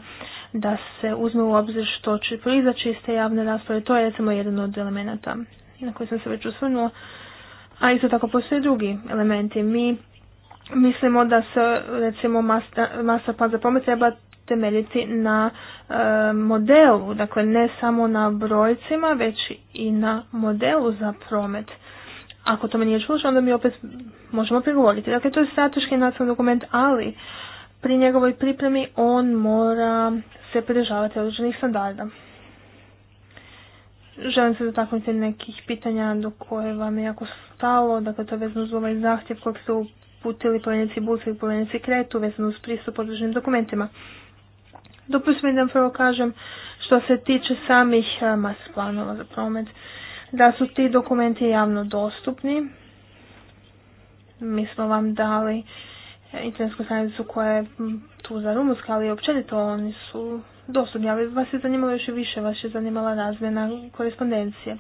da se uzme u obzir što će proizaći iz te javne rasprave, to je recimo jedan od elemenata na koji sam se već osvrnuo. A isto tako postoje drugi elementi. Mi mislimo da se recimo masa master plan za promet treba temeljiti na e, modelu, dakle ne samo na brojcima, već i na modelu za promet. Ako to tome nije slučaj, onda mi opet možemo prigovoriti. Dakle, to je strateški nacionalni dokument, ali pri njegovoj pripremi on mora se pridržavati određenih standarda. Želim se dotaknuti nekih pitanja do koje vam je jako stalo, dakle to je vezano uz ovaj zahtjev kojeg su uputili povjerenici Bulci i povenici Kretu vezano uz pristup određenim dokumentima. Dopustite mi da prvo kažem što se tiče samih eh, mas planova za promet, da su ti dokumenti javno dostupni. Mi smo vam dali eh, internetsku stranicu koja je mm, tu za Rumunska, ali općenito oni su dostupni, ali vas je zanimalo još i više, vas je zanimala razmjena korespondencije.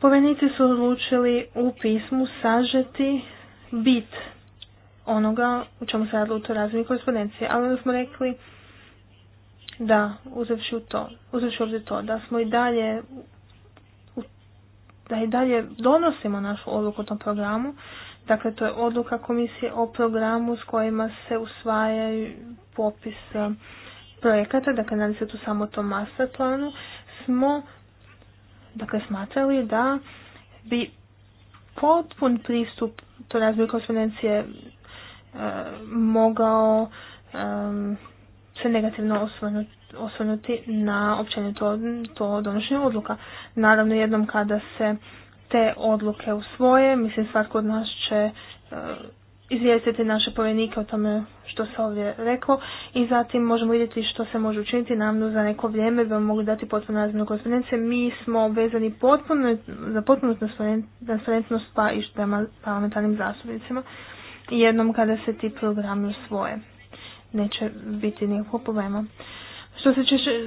Povenici su odlučili u pismu sažeti bit onoga u čemu se radilo u toj razvoju korespondencije. Ali onda smo rekli da, uzevši u to, uzevši to, da smo i dalje da i dalje donosimo našu odluku o tom programu. Dakle, to je odluka komisije o programu s kojima se usvajaju popis projekata, dakle, radi se tu samo to tom master planu, smo, dakle, smatrali da bi potpun pristup to razvoju konferencije mogao se negativno osvrnuti na općenito to donošenje odluka. Naravno jednom kada se te odluke usvoje, mislim svatko od nas će eh, izvijestiti naše povjenike o tome što se ovdje reklo i zatim možemo vidjeti što se može učiniti namno za neko vrijeme bi vam mogli dati potpuno razmjenu konferencije. Mi smo vezani potpuno, za potpuno transparentnost pa i prema parlamentarnim zastupnicima jednom kada se ti programi svoje. Neće biti nikakvog problema. Što se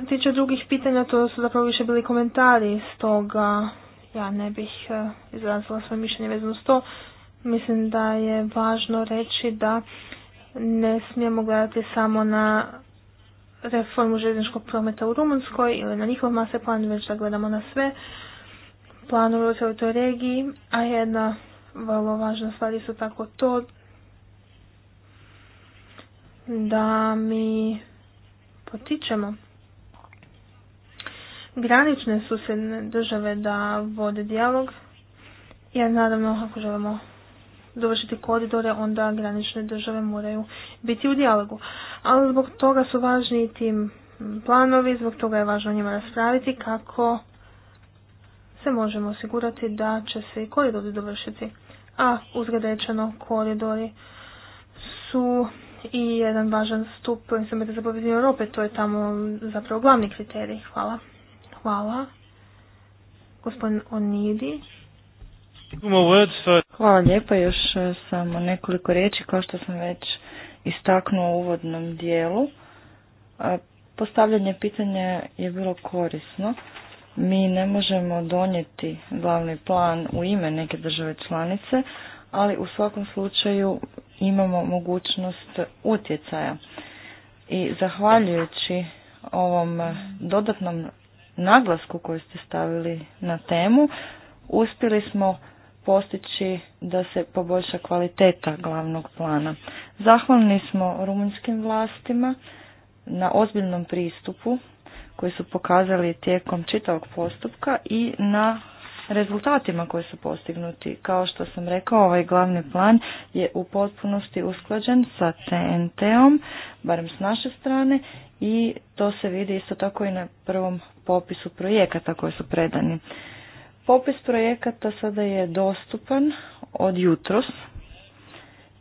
tiče drugih pitanja, to su zapravo više bili komentari, stoga ja ne bih e, izrazila svoje mišljenje vezano s to. Mislim da je važno reći da ne smijemo gledati samo na reformu željezničkog prometa u Rumunskoj ili na njihov mase plan, već da gledamo na sve planove u toj regiji, a jedna vrlo važna stvar su tako to da mi potičemo granične susjedne države da vode dijalog, jer naravno ako želimo dovršiti koridore, onda granične države moraju biti u dijalogu. Ali zbog toga su važni i tim planovi, zbog toga je važno njima raspraviti kako se možemo osigurati da će se i koridori dovršiti. A uzgredečeno koridori su i jedan važan stup instrumenta za povezanje Europe. To je tamo zapravo glavni kriterij. Hvala. Hvala. Gospodin Onidi. Hvala lijepa. Još e, samo nekoliko riječi kao što sam već istaknuo u uvodnom dijelu. E, postavljanje pitanja je bilo korisno. Mi ne možemo donijeti glavni plan u ime neke države članice, ali u svakom slučaju imamo mogućnost utjecaja. I zahvaljujući ovom dodatnom naglasku koji ste stavili na temu, uspjeli smo postići da se poboljša kvaliteta glavnog plana. Zahvalni smo rumunjskim vlastima na ozbiljnom pristupu koji su pokazali tijekom čitavog postupka i na rezultatima koji su postignuti. Kao što sam rekao, ovaj glavni plan je u potpunosti usklađen sa TNT-om, barem s naše strane, i to se vidi isto tako i na prvom popisu projekata koji su predani. Popis projekata sada je dostupan od jutros.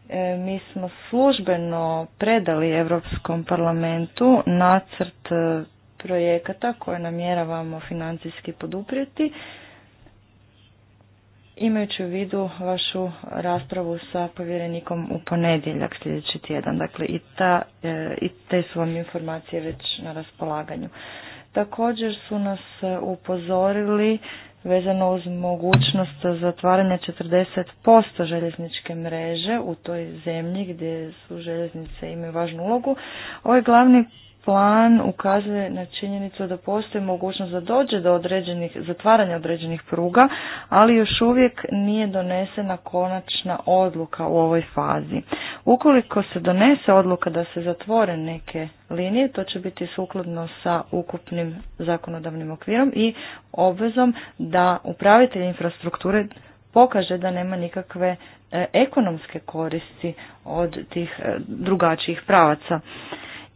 E, mi smo službeno predali Europskom parlamentu nacrt e, projekata koje namjeravamo financijski poduprijeti imajući u vidu vašu raspravu sa povjerenikom u ponedjeljak sljedeći tjedan. Dakle, i, ta, e, i te su vam informacije već na raspolaganju. Također su nas e, upozorili vezano uz mogućnost zatvaranja 40% željezničke mreže u toj zemlji gdje su željeznice imaju važnu ulogu. Ovaj glavni plan ukazuje na činjenicu da postoji mogućnost da dođe do određenih, zatvaranja određenih pruga, ali još uvijek nije donesena konačna odluka u ovoj fazi. Ukoliko se donese odluka da se zatvore neke linije, to će biti sukladno sa ukupnim zakonodavnim okvirom i obvezom da upravitelj infrastrukture pokaže da nema nikakve e, ekonomske koristi od tih e, drugačijih pravaca.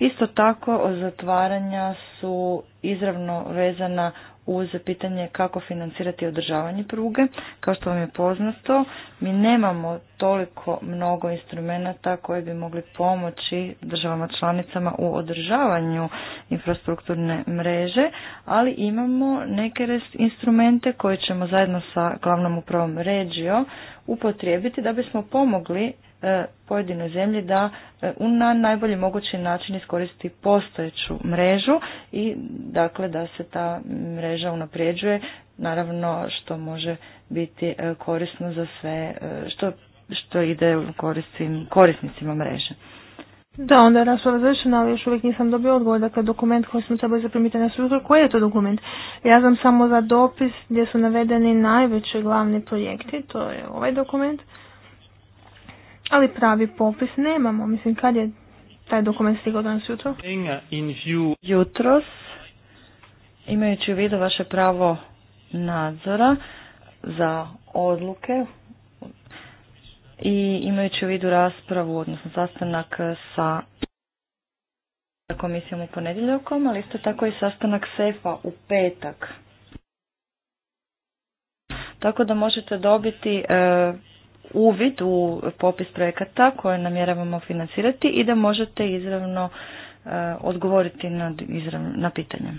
Isto tako, zatvaranja su izravno vezana uz pitanje kako financirati održavanje pruge. Kao što vam je poznato, mi nemamo toliko mnogo instrumenata koje bi mogli pomoći državama članicama u održavanju infrastrukturne mreže, ali imamo neke instrumente koje ćemo zajedno sa glavnom upravom Regio upotrijebiti da bismo pomogli E, pojedine zemlji da e, na najbolji mogući način iskoristi postojeću mrežu i dakle da se ta mreža unapređuje naravno što može biti e, korisno za sve što, što ide u korisnicima mreže. Da, onda je rasprava završena, ali još uvijek nisam dobio odgovor. Dakle, dokument koji smo trebali zaprimiti na sutra, koji je to dokument? Ja znam samo za dopis gdje su navedeni najveći glavni projekti, to je ovaj dokument ali pravi popis nemamo. Mislim, kad je taj dokument stigao danas jutro? Jutros, imajući u vidu vaše pravo nadzora za odluke i imajući u vidu raspravu, odnosno sastanak sa komisijom u ponedjeljokom, ali isto tako i sastanak sefa u petak. Tako da možete dobiti e, uvid u popis projekata koje namjeravamo financirati i da možete izravno e, odgovoriti na, izravno, na pitanje.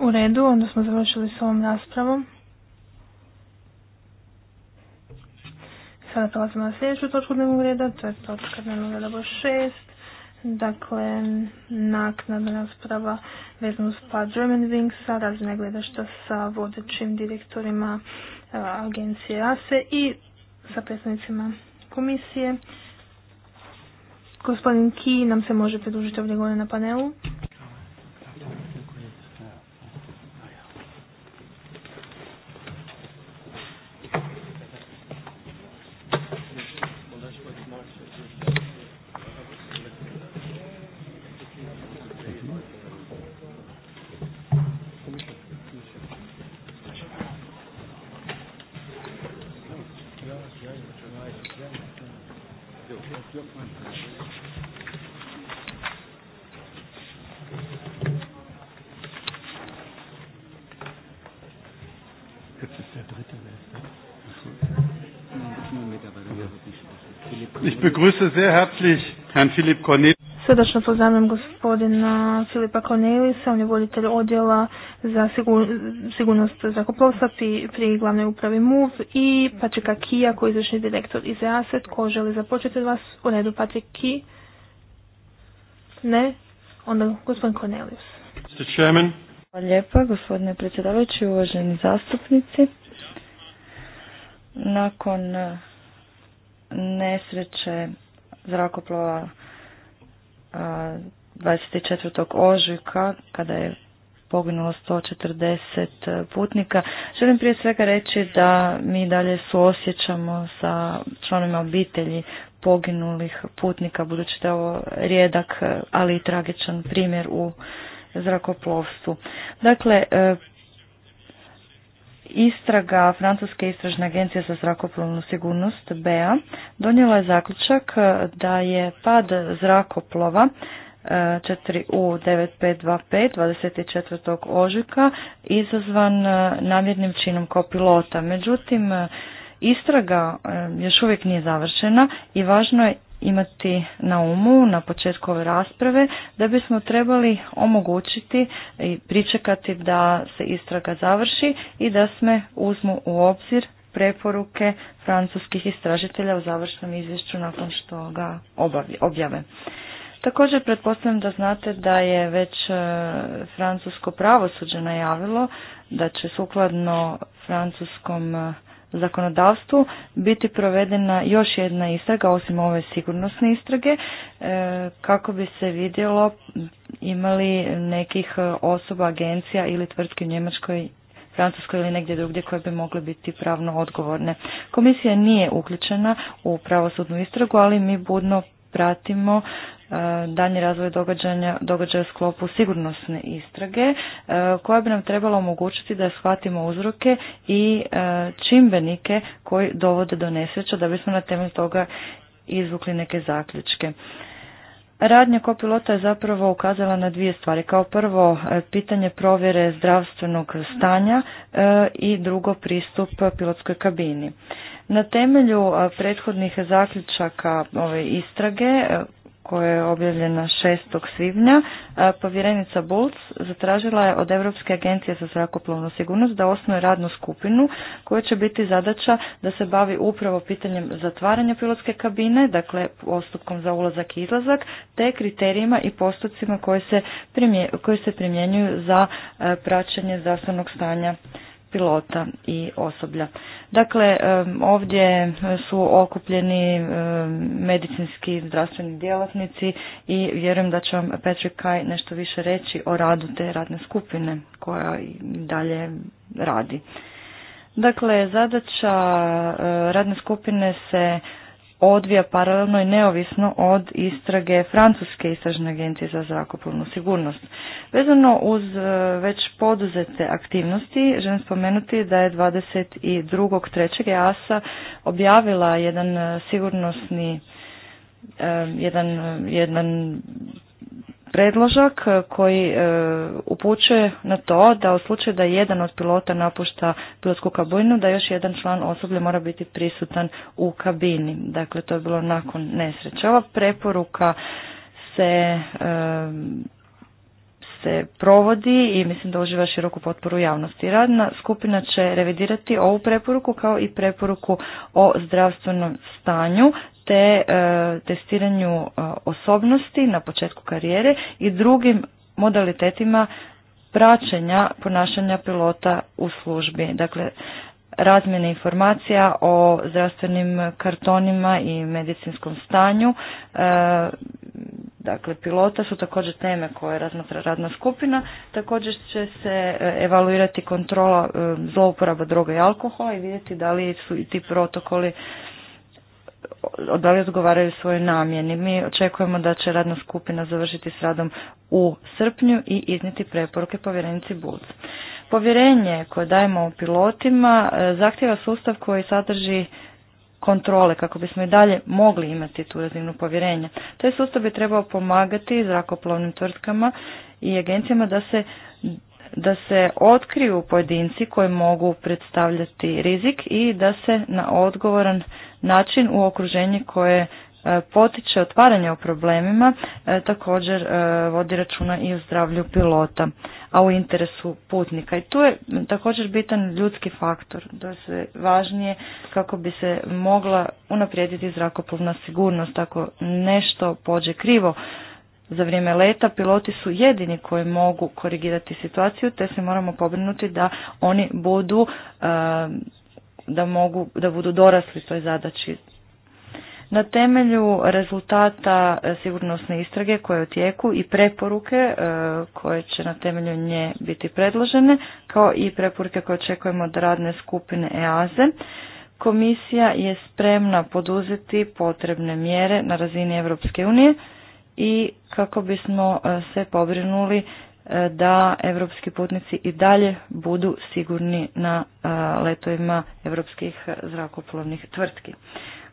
U redu, onda smo završili s ovom raspravom. Sada prelazimo na sljedeću točku dnevnog reda, to je točka dnevnog reda broj 6. Dakle, naknadna rasprava vezano s pa German Wingsa, razine gledašta sa vodećim direktorima e, agencije ASE i sa predstavnicima komisije. Gospodin Ki nam se može pridružiti ovdje gore na panelu. Ich begrüße sehr herzlich Herrn Philipp Cornelius. Srdačno pozdravljam gospodina Filipa Cornelisa, on je voditelj odjela za sigur, sigurnost zrakoplovstva pri, pri glavnoj upravi MUV i Patrika Kija koji je izvršni direktor iz EASET. Ko želi započeti od vas? U redu Patrik Ki? Ne? Onda gospodin Cornelius. Hvala lijepa gospodine predsjedavajući, uvaženi zastupnici. Nakon nesreće zrakoplova 24. ožujka kada je poginulo 140 e, putnika. Želim prije svega reći da mi dalje suosjećamo sa članovima obitelji poginulih putnika, budući da je ovo rijedak, e, ali i tragičan primjer u zrakoplovstvu. Dakle, e, istraga Francuske istražne agencije za zrakoplovnu sigurnost BEA donijela je zaključak e, da je pad zrakoplova 4U9525 e, 24. ožujka izazvan e, namjernim činom kopilota. Međutim, istraga još uvijek nije završena i važno je imati na umu na početku ove rasprave da bismo trebali omogućiti i pričekati da se istraga završi i da sme uzmu u obzir preporuke francuskih istražitelja u završnom izvješću nakon što ga objave. Također pretpostavljam da znate da je već e, francusko pravosuđe najavilo da će sukladno francuskom e, zakonodavstvu biti provedena još jedna istraga osim ove sigurnosne istrage e, kako bi se vidjelo imali nekih osoba, agencija ili tvrtki u Njemačkoj Francuskoj ili negdje drugdje koje bi mogle biti pravno odgovorne. Komisija nije uključena u pravosudnu istragu, ali mi budno pratimo e, danji razvoj događaja, događaja u sklopu sigurnosne istrage e, koja bi nam trebala omogućiti da shvatimo uzroke i e, čimbenike koji dovode do nesreća da bismo na temelju toga izvukli neke zaključke. Radnja kopilota je zapravo ukazala na dvije stvari. Kao prvo pitanje provjere zdravstvenog stanja i drugo pristup pilotskoj kabini. Na temelju prethodnih zaključaka ove istrage, koja je objavljena 6. svibnja, povjerenica Bulc zatražila je od Europske agencije za zrakoplovnu sigurnost da osnuje radnu skupinu koja će biti zadaća da se bavi upravo pitanjem zatvaranja pilotske kabine, dakle postupkom za ulazak i izlazak, te kriterijima i postupcima koji se, primjenjuju za praćenje zdravstvenog stanja pilota i osoblja. Dakle, ovdje su okupljeni medicinski zdravstveni djelatnici i vjerujem da će vam Patrick Kaj nešto više reći o radu te radne skupine koja dalje radi. Dakle, zadaća radne skupine se odvija paralelno i neovisno od istrage Francuske istražne agencije za zrakoplovnu sigurnost. Vezano uz e, već poduzete aktivnosti, želim spomenuti da je 22.3. EASA objavila jedan e, sigurnosni e, jedan, jedan predložak e, koji e, upućuje na to da u slučaju da jedan od pilota napušta pilotsku kabinu, da još jedan član osoblja mora biti prisutan u kabini. Dakle, to je bilo nakon nesreće. Ova preporuka se e, se provodi i mislim da uživa široku potporu javnosti. Radna skupina će revidirati ovu preporuku kao i preporuku o zdravstvenom stanju te e, testiranju e, osobnosti na početku karijere i drugim modalitetima praćenja ponašanja pilota u službi. Dakle, razmjene informacija o zdravstvenim kartonima i medicinskom stanju. E, dakle, pilota su također teme koje razmatra radna skupina. Također će se evaluirati kontrola zlouporaba droga i alkohola i vidjeti da li su i ti protokoli da li odgovaraju svojoj namjeni. Mi očekujemo da će radna skupina završiti s radom u srpnju i izniti preporuke povjerenici Bulc. Povjerenje koje dajemo pilotima e, zahtjeva sustav koji sadrži kontrole kako bismo i dalje mogli imati tu razinu povjerenja. Taj sustav bi trebao pomagati zrakoplovnim tvrtkama i agencijama da se da se otkriju pojedinci koji mogu predstavljati rizik i da se na odgovoran način u okruženje koje e, potiče otvaranje o problemima, e, također e, vodi računa i o zdravlju pilota, a u interesu putnika. I tu je također bitan ljudski faktor, da se važnije kako bi se mogla unaprijediti zrakoplovna sigurnost. Ako nešto pođe krivo za vrijeme leta, piloti su jedini koji mogu korigirati situaciju, te se moramo pobrinuti da oni budu da mogu, da budu dorasli toj zadaći. Na temelju rezultata e, sigurnosne istrage koje je u tijeku i preporuke e, koje će na temelju nje biti predložene, kao i preporuke koje očekujemo od radne skupine EASE, e, komisija je spremna poduzeti potrebne mjere na razini Europske unije i kako bismo se pobrinuli E, da evropski putnici i dalje budu sigurni na e, letovima evropskih zrakoplovnih tvrtki.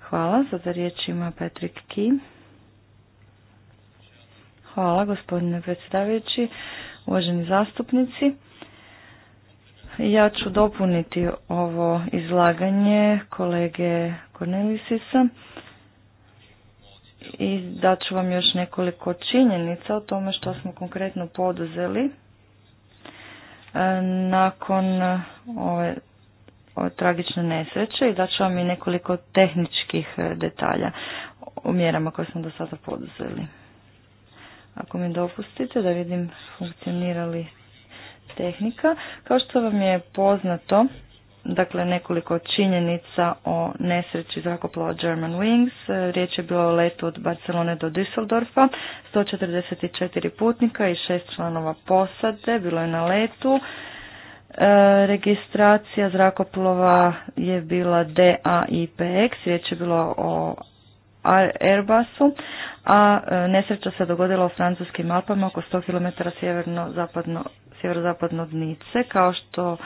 Hvala. za riječ ima Petrik Ki. Hvala gospodine predsjedavajući, uvaženi zastupnici. Ja ću dopuniti ovo izlaganje kolege Cornelisisa i daću vam još nekoliko činjenica o tome što smo konkretno poduzeli e, nakon e, ove, ove tragične nesreće i daću vam i nekoliko tehničkih e, detalja o mjerama koje smo do sada poduzeli. Ako mi dopustite da vidim funkcionirali tehnika. Kao što vam je poznato, Dakle, nekoliko činjenica o nesreći zrakoplova German Wings. Riječ je bilo o letu od Barcelone do Düsseldorfa. 144 putnika i šest članova posade bilo je na letu. E, registracija zrakoplova je bila DAIPX, riječ je bilo o Airbusu, a e, nesreća se dogodila u francuskim Alpama oko 100 km sjeverno-zapadno sjeverozapadno od Nice, kao što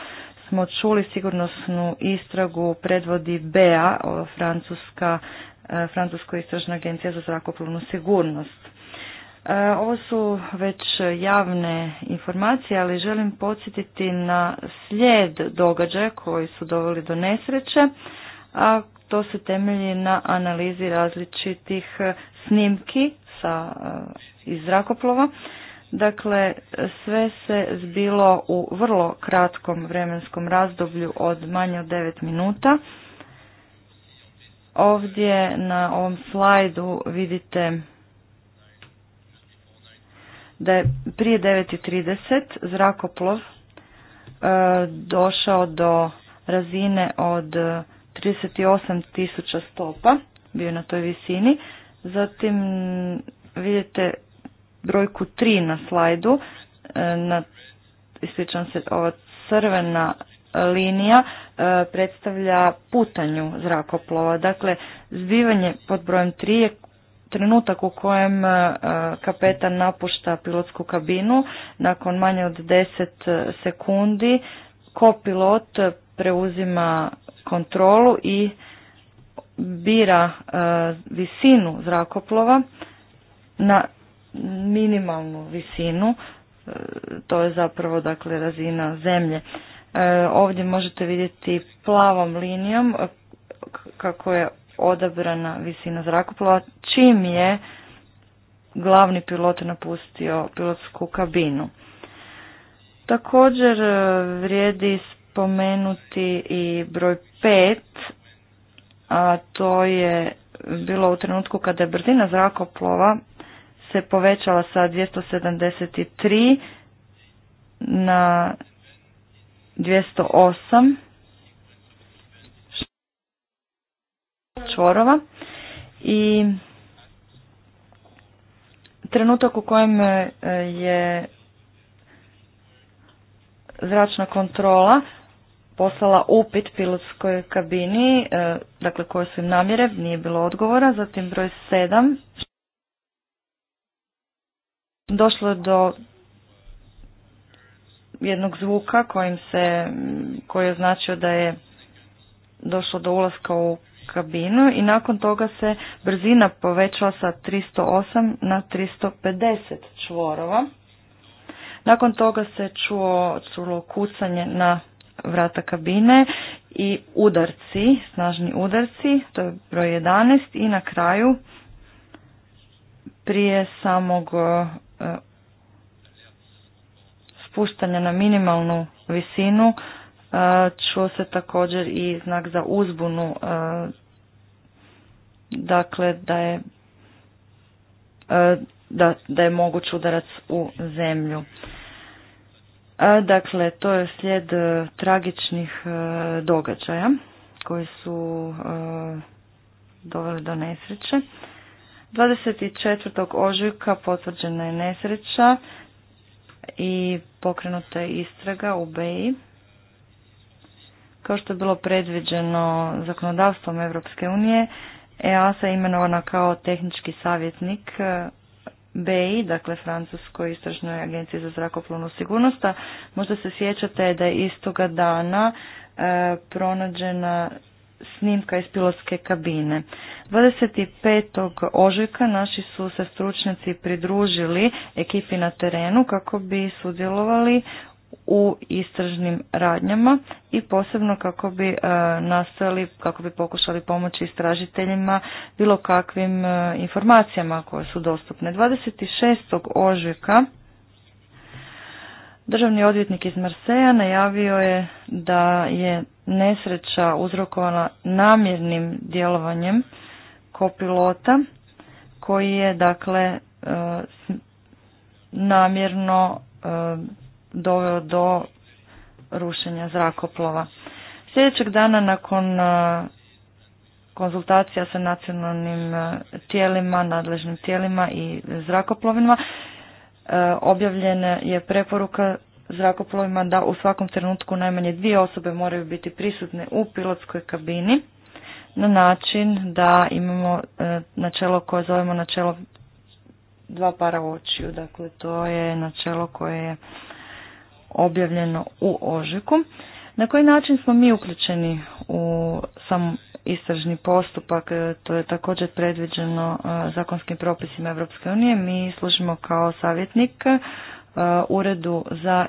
smo čuli sigurnosnu istragu predvodi BEA, Francuska, e, Francuska istražna agencija za zrakoplovnu sigurnost. E, ovo su već javne informacije, ali želim podsjetiti na slijed događaja koji su doveli do nesreće, a to se temelji na analizi različitih snimki sa, e, iz zrakoplova. Dakle, sve se zbilo u vrlo kratkom vremenskom razdoblju od manje od 9 minuta. Ovdje na ovom slajdu vidite da je prije 9.30 zrakoplov e, došao do razine od 38.000 stopa, bio na toj visini. Zatim vidite brojku 3 na slajdu, e, na, ispričam se, ova crvena linija e, predstavlja putanju zrakoplova. Dakle, zbivanje pod brojem 3 je trenutak u kojem e, kapetan napušta pilotsku kabinu. Nakon manje od 10 sekundi kopilot preuzima kontrolu i bira visinu zrakoplova na minimalnu visinu, e, to je zapravo dakle razina zemlje. E, ovdje možete vidjeti plavom linijom e, kako je odabrana visina zrakoplova, čim je glavni pilot napustio pilotsku kabinu. Također vrijedi spomenuti i broj 5, a to je bilo u trenutku kada je brzina zrakoplova se povećala sa 273 na 208 čvorova i trenutak u kojem e, je zračna kontrola poslala upit pilotskoj kabini, e, dakle koje su im namjere, nije bilo odgovora, zatim broj sedam došlo do jednog zvuka kojim se, koji je značio da je došlo do ulaska u kabinu i nakon toga se brzina povećala sa 308 na 350 čvorova. Nakon toga se čuo, čulo kucanje na vrata kabine i udarci, snažni udarci, to je broj 11 i na kraju prije samog E, spuštanja na minimalnu visinu e, čuo se također i znak za uzbunu e, dakle da je da, da je moguć udarac u zemlju. Dakle, to je slijed tragičnih događaja koji su doveli do nesreće. 24. ožujka potvrđena je nesreća i pokrenuta je istraga u BEI. Kao što je bilo predviđeno zakonodavstvom Europske unije, EASA je imenovana kao tehnički savjetnik e, BEI, dakle Francuskoj istražnoj agenciji za zrakoplovnu sigurnost. Možda se sjećate da je istoga dana e, pronađena snimka iz pilotske kabine. 25. ožujka naši su se stručnjaci pridružili ekipi na terenu kako bi sudjelovali u istražnim radnjama i posebno kako bi e, kako bi pokušali pomoći istražiteljima bilo kakvim e, informacijama koje su dostupne. 26. ožujka Državni odvjetnik iz Marseja najavio je da je nesreća uzrokovana namjernim djelovanjem kopilota koji je dakle e, namjerno e, doveo do rušenja zrakoplova. Sljedećeg dana nakon e, konzultacija sa nacionalnim tijelima, nadležnim tijelima i zrakoplovima objavljena je preporuka zrakoplovima da u svakom trenutku najmanje dvije osobe moraju biti prisutne u pilotskoj kabini na način da imamo e, načelo koje zovemo načelo dva para očiju. Dakle, to je načelo koje je objavljeno u ožiku. Na koji način smo mi uključeni u sam istražni postupak, e, to je također predviđeno e, zakonskim propisima Europske unije. Mi služimo kao savjetnik E, uredu za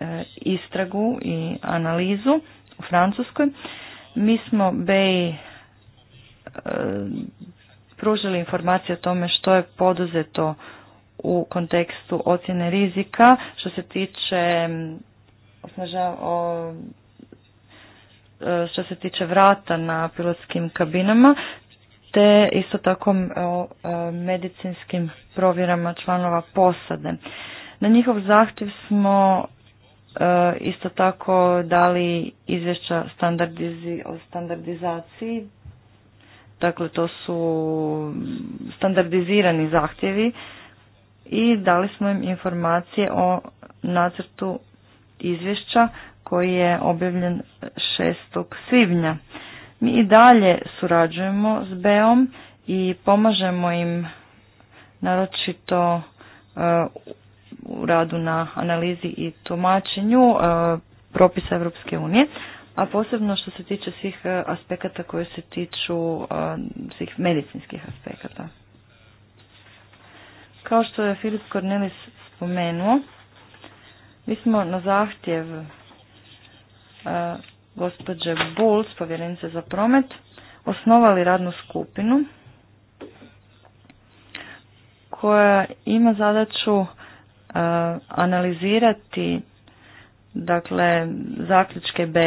e, istragu i analizu u Francuskoj. Mi smo BEI pružili informacije o tome što je poduzeto u kontekstu ocjene rizika što se tiče e, što se tiče vrata na pilotskim kabinama te isto tako o medicinskim provjerama članova posade. Na njihov zahtjev smo e, isto tako dali izvješća o standardizaciji. Dakle, to su standardizirani zahtjevi i dali smo im informacije o nacrtu izvješća koji je objavljen 6. svibnja. Mi i dalje surađujemo s BEOM i pomažemo im naročito e, u radu na analizi i tumačenju e, propisa Europske unije, a posebno što se tiče svih e, aspekata koji se tiču e, svih medicinskih aspekata. Kao što je Filip Cornelis spomenuo, mi smo na zahtjev gospođe Bulls, povjerenice za promet, osnovali radnu skupinu koja ima zadaću Eh, analizirati dakle zaključke B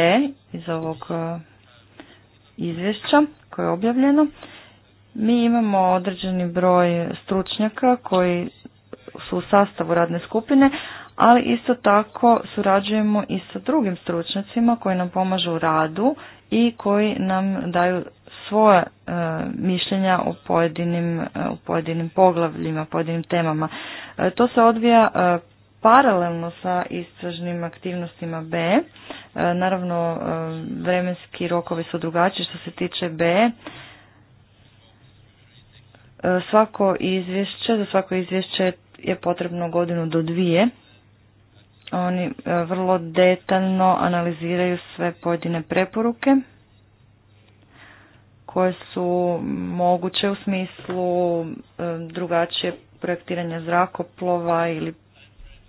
iz ovog eh, izvješća koje je objavljeno. Mi imamo određeni broj stručnjaka koji su u sastavu radne skupine, ali isto tako surađujemo i sa drugim stručnjacima koji nam pomažu u radu i koji nam daju svoje eh, mišljenja u pojedinim, o pojedinim poglavljima, pojedinim temama. E, to se odvija e, paralelno sa istražnim aktivnostima B. E, naravno, vremenski rokovi su drugačiji što se tiče B. Svako izvješće, za svako izvješće je potrebno godinu do dvije. Oni vrlo detaljno analiziraju sve pojedine preporuke koje su moguće u smislu drugačije projektiranja zrakoplova ili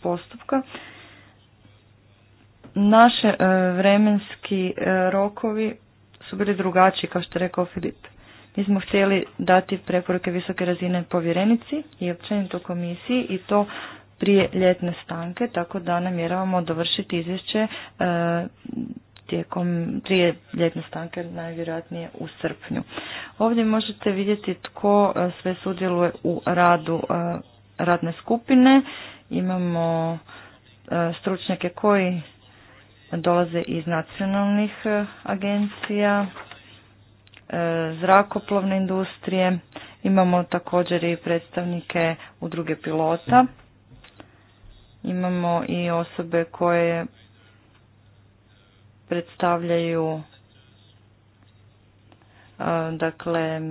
postupka. Naše e, vremenski e, rokovi su bili drugačiji, kao što je rekao Filip. Mi smo htjeli dati preporuke visoke razine povjerenici i općenito komisiji i to prije ljetne stanke, tako da namjeravamo dovršiti izvješće e, tijekom prije ljetne stanke, najvjerojatnije u srpnju. Ovdje možete vidjeti tko e, sve sudjeluje u radu e, radne skupine. Imamo e, stručnjake koji dolaze iz nacionalnih agencija, zrakoplovne industrije, imamo također i predstavnike udruge pilota, imamo i osobe koje predstavljaju dakle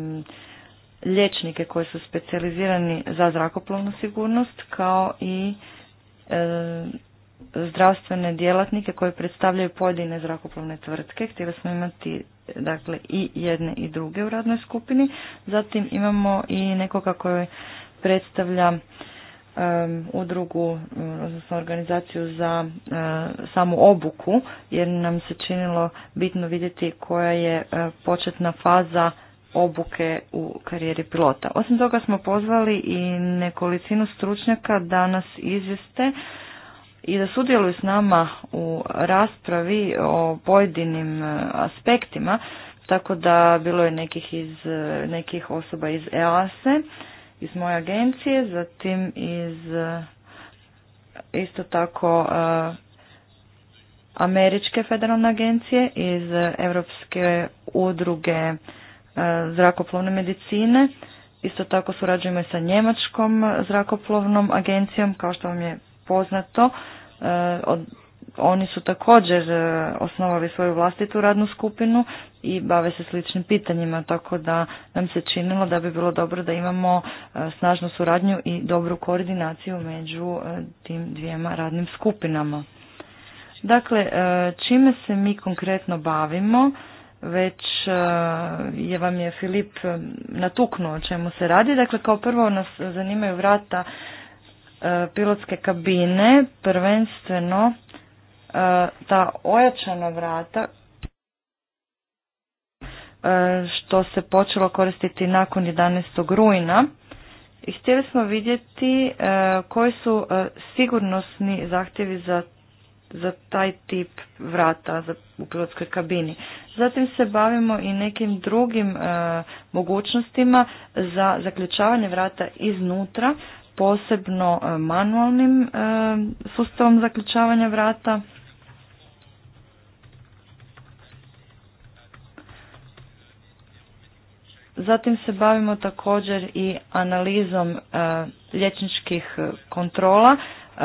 liječnike koji su specijalizirani za zrakoplovnu sigurnost kao i e, zdravstvene djelatnike koji predstavljaju pojedine zrakoplovne tvrtke. Htjeli smo imati dakle i jedne i druge u radnoj skupini. Zatim imamo i nekoga koji predstavlja udrugu, odnosno organizaciju za samu obuku, jer nam se činilo bitno vidjeti koja je e, početna faza obuke u karijeri pilota. Osim toga smo pozvali i nekolicinu stručnjaka da nas izvijeste i da sudjeluju s nama u raspravi o pojedinim e, aspektima, tako da bilo je nekih, e, nekih osoba iz EASE, iz moje agencije, zatim iz eh, isto tako eh, Američke federalne agencije, iz Europske udruge eh, zrakoplovne medicine. Isto tako surađujemo i sa Njemačkom zrakoplovnom agencijom, kao što vam je poznato. Od oni su također e, osnovali svoju vlastitu radnu skupinu i bave se sličnim pitanjima, tako da nam se činilo da bi bilo dobro da imamo e, snažnu suradnju i dobru koordinaciju među e, tim dvijema radnim skupinama. Dakle, čime se mi konkretno bavimo, već je vam je Filip natuknuo o čemu se radi. Dakle, kao prvo nas zanimaju vrata pilotske kabine, prvenstveno E, ta ojačana vrata e, što se počelo koristiti nakon 11. rujna i htjeli smo vidjeti e, koji su sigurnosni zahtjevi za, za taj tip vrata u pilotskoj kabini. Zatim se bavimo i nekim drugim mogućnostima za zaključavanje vrata iznutra, posebno manualnim sustavom zaključavanja vrata Zatim se bavimo također i analizom e, liječničkih kontrola, e,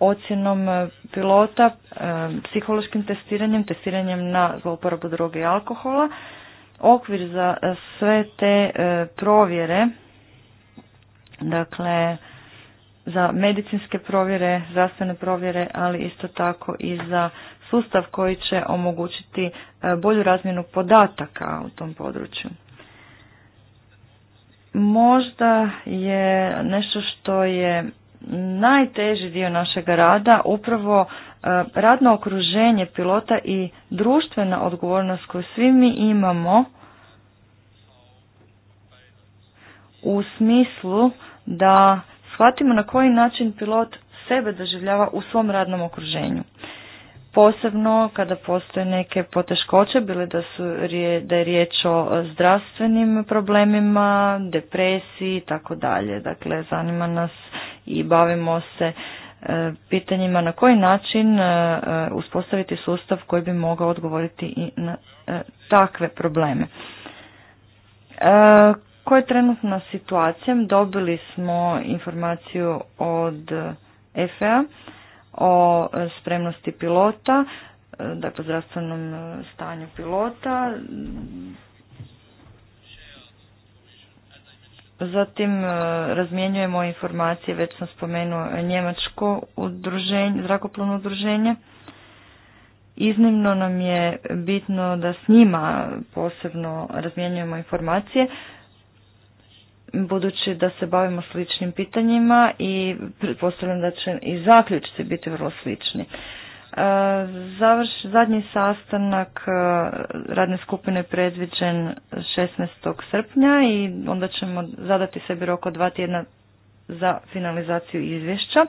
ocjenom pilota, e, psihološkim testiranjem, testiranjem na zlouporabu droge i alkohola. Okvir za sve te provjere, dakle za medicinske provjere, zdravstvene provjere, ali isto tako i za sustav koji će omogućiti e, bolju razmjenu podataka u tom području. Možda je nešto što je najteži dio našeg rada upravo e, radno okruženje pilota i društvena odgovornost koju svi mi imamo u smislu da shvatimo na koji način pilot sebe doživljava u svom radnom okruženju posebno kada postoje neke poteškoće, bile da, su, da je riječ o zdravstvenim problemima, depresiji i tako dalje. Dakle, zanima nas i bavimo se e, pitanjima na koji način e, e, uspostaviti sustav koji bi mogao odgovoriti i na takve probleme. Koja je trenutna situacija? Dobili smo informaciju od efe o spremnosti pilota, e, dakle zdravstvenom e, stanju pilota. Zatim e, razmjenjujemo informacije, već sam spomenuo Njemačko udruženje, zrakoplovno udruženje. Iznimno nam je bitno da s njima posebno razmjenjujemo informacije budući da se bavimo sličnim pitanjima i pretpostavljam da će i zaključci biti vrlo slični. E, zadnji sastanak e, radne skupine predviđen 16. srpnja i onda ćemo zadati sebi rok od dva tjedna za finalizaciju izvješća,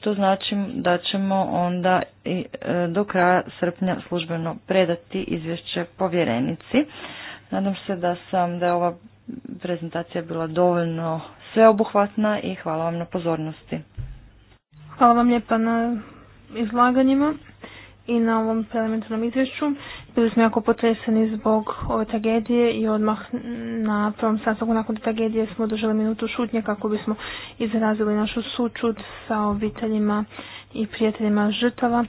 što znači da ćemo onda e, do kraja srpnja službeno predati izvješće povjerenici. Nadam se da sam da je ova prezentacija bila dovoljno sveobuhvatna i hvala vam na pozornosti. Hvala vam lijepa na izlaganjima i na ovom elementarnom izvješću. Bili smo jako potreseni zbog ove tragedije i odmah na prvom sastanku nakon tragedije smo održali minutu šutnje kako bismo izrazili našu sučut sa obiteljima i prijateljima žrtava.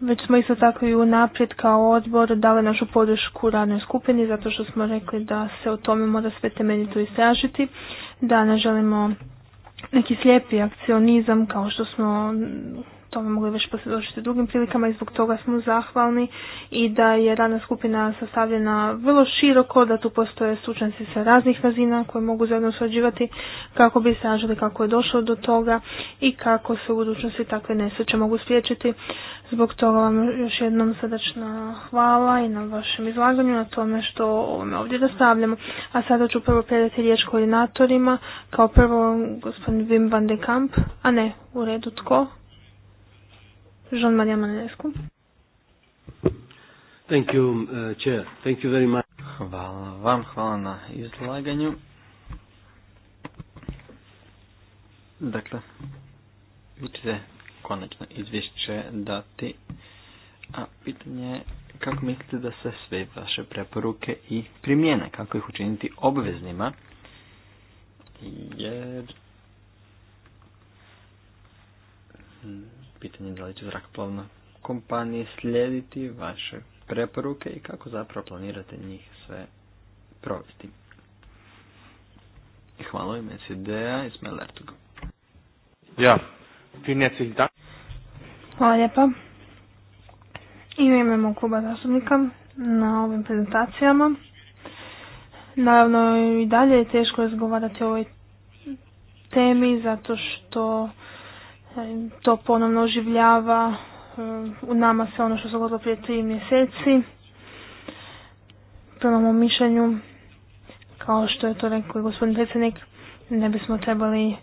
Već smo isto tako i unaprijed kao odbor dali našu podršku radnoj skupini zato što smo rekli da se o tome mora sve temeljito istražiti, da ne želimo neki slijepi akcionizam kao što smo tome mogli već posvjedočiti drugim prilikama i zbog toga smo zahvalni i da je radna skupina sastavljena vrlo široko, da tu postoje stručnjaci sa raznih razina koji mogu zajedno surađivati kako bi sražili kako je došlo do toga i kako se u budućnosti takve nesreće mogu spriječiti. Zbog toga vam još jednom srdačna hvala i na vašem izlaganju, na tome što ovdje dostavljamo. A sada ću prvo predati riječ koordinatorima, kao prvo gospodin Wim van de Kamp, a ne, u redu tko? Jean Maria Manescu. Thank you, uh, chair. Thank you very much. Hvala vam, hvala na izlaganju. Dakle, vi ćete konačno izvješće dati, a pitanje je kako mislite da se sve vaše preporuke i primjene, kako ih učiniti obveznima, jer pitanje da li će zrakoplovna kompanije slijediti vaše preporuke i kako zapravo planirate njih sve provesti. Hvala vam, iz a i Ja, da. Hvala lijepa. I u ime mog kluba zastupnika na ovim prezentacijama. Naravno i dalje je teško razgovarati o ovoj temi zato što E, to ponovno oživljava e, u nama sve ono što se dogodilo prije tri mjeseci. po mom mišljenju, kao što je to rekao i gospodin predsjednik, ne bismo trebali e,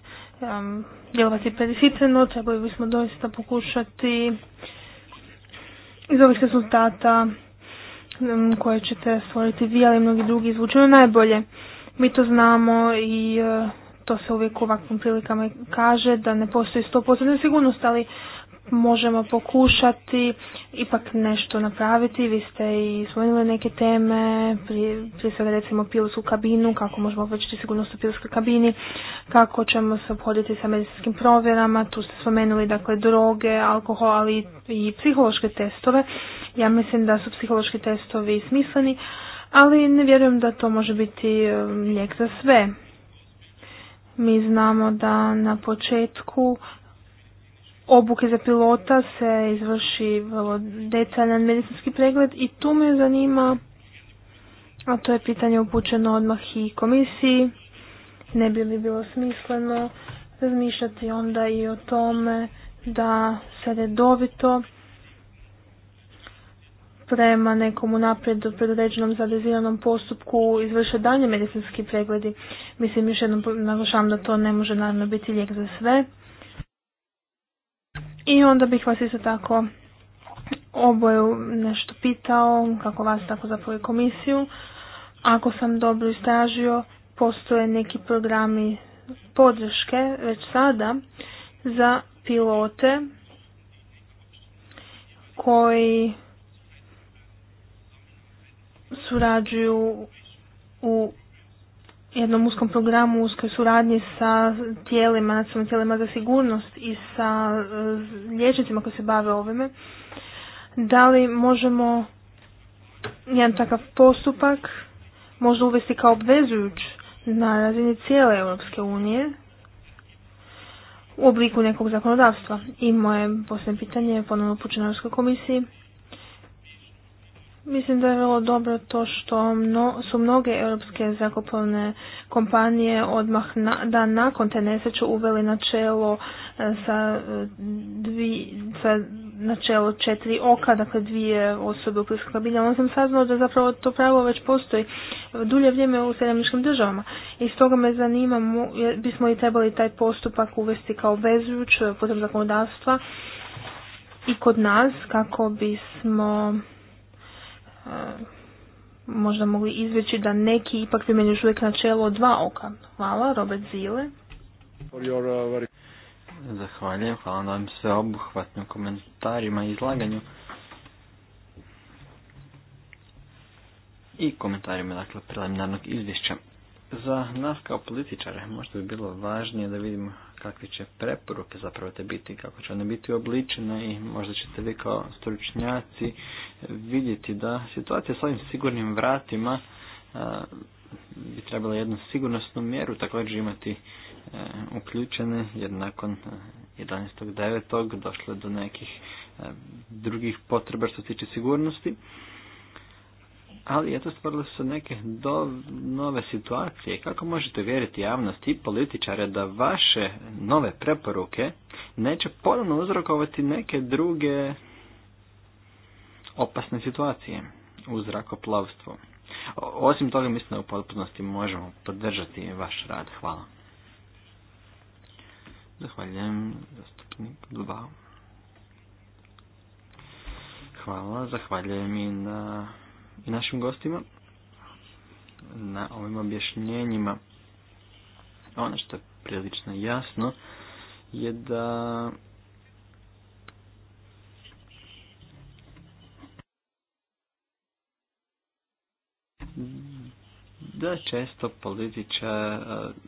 djelovati predisitreno, trebali bismo doista pokušati iz ovih rezultata koje ćete stvoriti vi, ali mnogi drugi izvučeno najbolje. Mi to znamo i to se uvijek u ovakvim prilikama kaže da ne postoji 100% sigurnost, ali možemo pokušati ipak nešto napraviti. Vi ste i spomenuli neke teme, prije, prije svega recimo pilotsku kabinu, kako možemo povećati sigurnost u pilskoj kabini, kako ćemo se obhoditi sa medicinskim provjerama, tu ste spomenuli dakle droge, alkohol, ali i psihološke testove. Ja mislim da su psihološki testovi smisleni, ali ne vjerujem da to može biti e, lijek za sve. Mi znamo da na početku obuke za pilota se izvrši vrlo detaljan medicinski pregled i tu me zanima, a to je pitanje upućeno odmah i komisiji, ne bi li bilo smisleno razmišljati onda i o tome da se redovito prema nekom unaprijed predodređenom zadeziranom postupku izvrše dalje medicinski pregledi. Mislim, još jednom naglašavam da to ne može naravno biti lijek za sve. I onda bih vas isto tako oboje nešto pitao, kako vas tako zapravo komisiju. Ako sam dobro istražio, postoje neki programi podrške već sada za pilote koji surađuju u jednom uskom programu uskoj suradnji sa tijelima, nacionalnim tijelima za sigurnost i sa e, liječnicima koji se bave ovime, da li možemo jedan takav postupak možda uvesti kao obvezujuć na razini cijele Europske unije u obliku nekog zakonodavstva. I moje posljednje pitanje je ponovno upućeno Europskoj komisiji. Mislim da je vrlo dobro to što mno, su mnoge europske zakupovne kompanije odmah na, da nakon te nesreće uveli načelo e, sa, e, dvi, sa načelo četiri oka, dakle dvije osobe u pliskoj kabini, Ono sam saznao da zapravo to pravo već postoji dulje vrijeme u sredemničkim državama. I stoga me zanima, bismo li trebali taj postupak uvesti kao vezujuć e, putem zakonodavstva i kod nas kako bismo E, možda mogli izveći da neki ipak još uvijek načelo dva oka. Hvala, Robert Zile. Uh, Zahvaljujem, hvala na vam se obuhvatnim komentarima i izlaganju. I komentarima, dakle, preliminarnog izvješća. Za nas kao političare možda bi bilo važnije da vidimo kakve će preporuke zapravo te biti, kako će one biti obličene i možda ćete vi kao stručnjaci vidjeti da situacija s ovim sigurnim vratima bi trebala jednu sigurnosnu mjeru također imati e, uključene jer nakon 11.9. E, došlo je do nekih e, drugih potreba što se tiče sigurnosti ali eto stvorile su neke do, nove situacije. Kako možete vjeriti javnosti i političare da vaše nove preporuke neće ponovno uzrokovati neke druge opasne situacije u zrakoplovstvu? Osim toga mislim da u potpunosti možemo podržati vaš rad. Hvala. Zahvaljujem zastupnik Dubao. Hvala, zahvaljujem i na i našim gostima na ovim objašnjenjima. Ono što je prilično jasno je da da često političa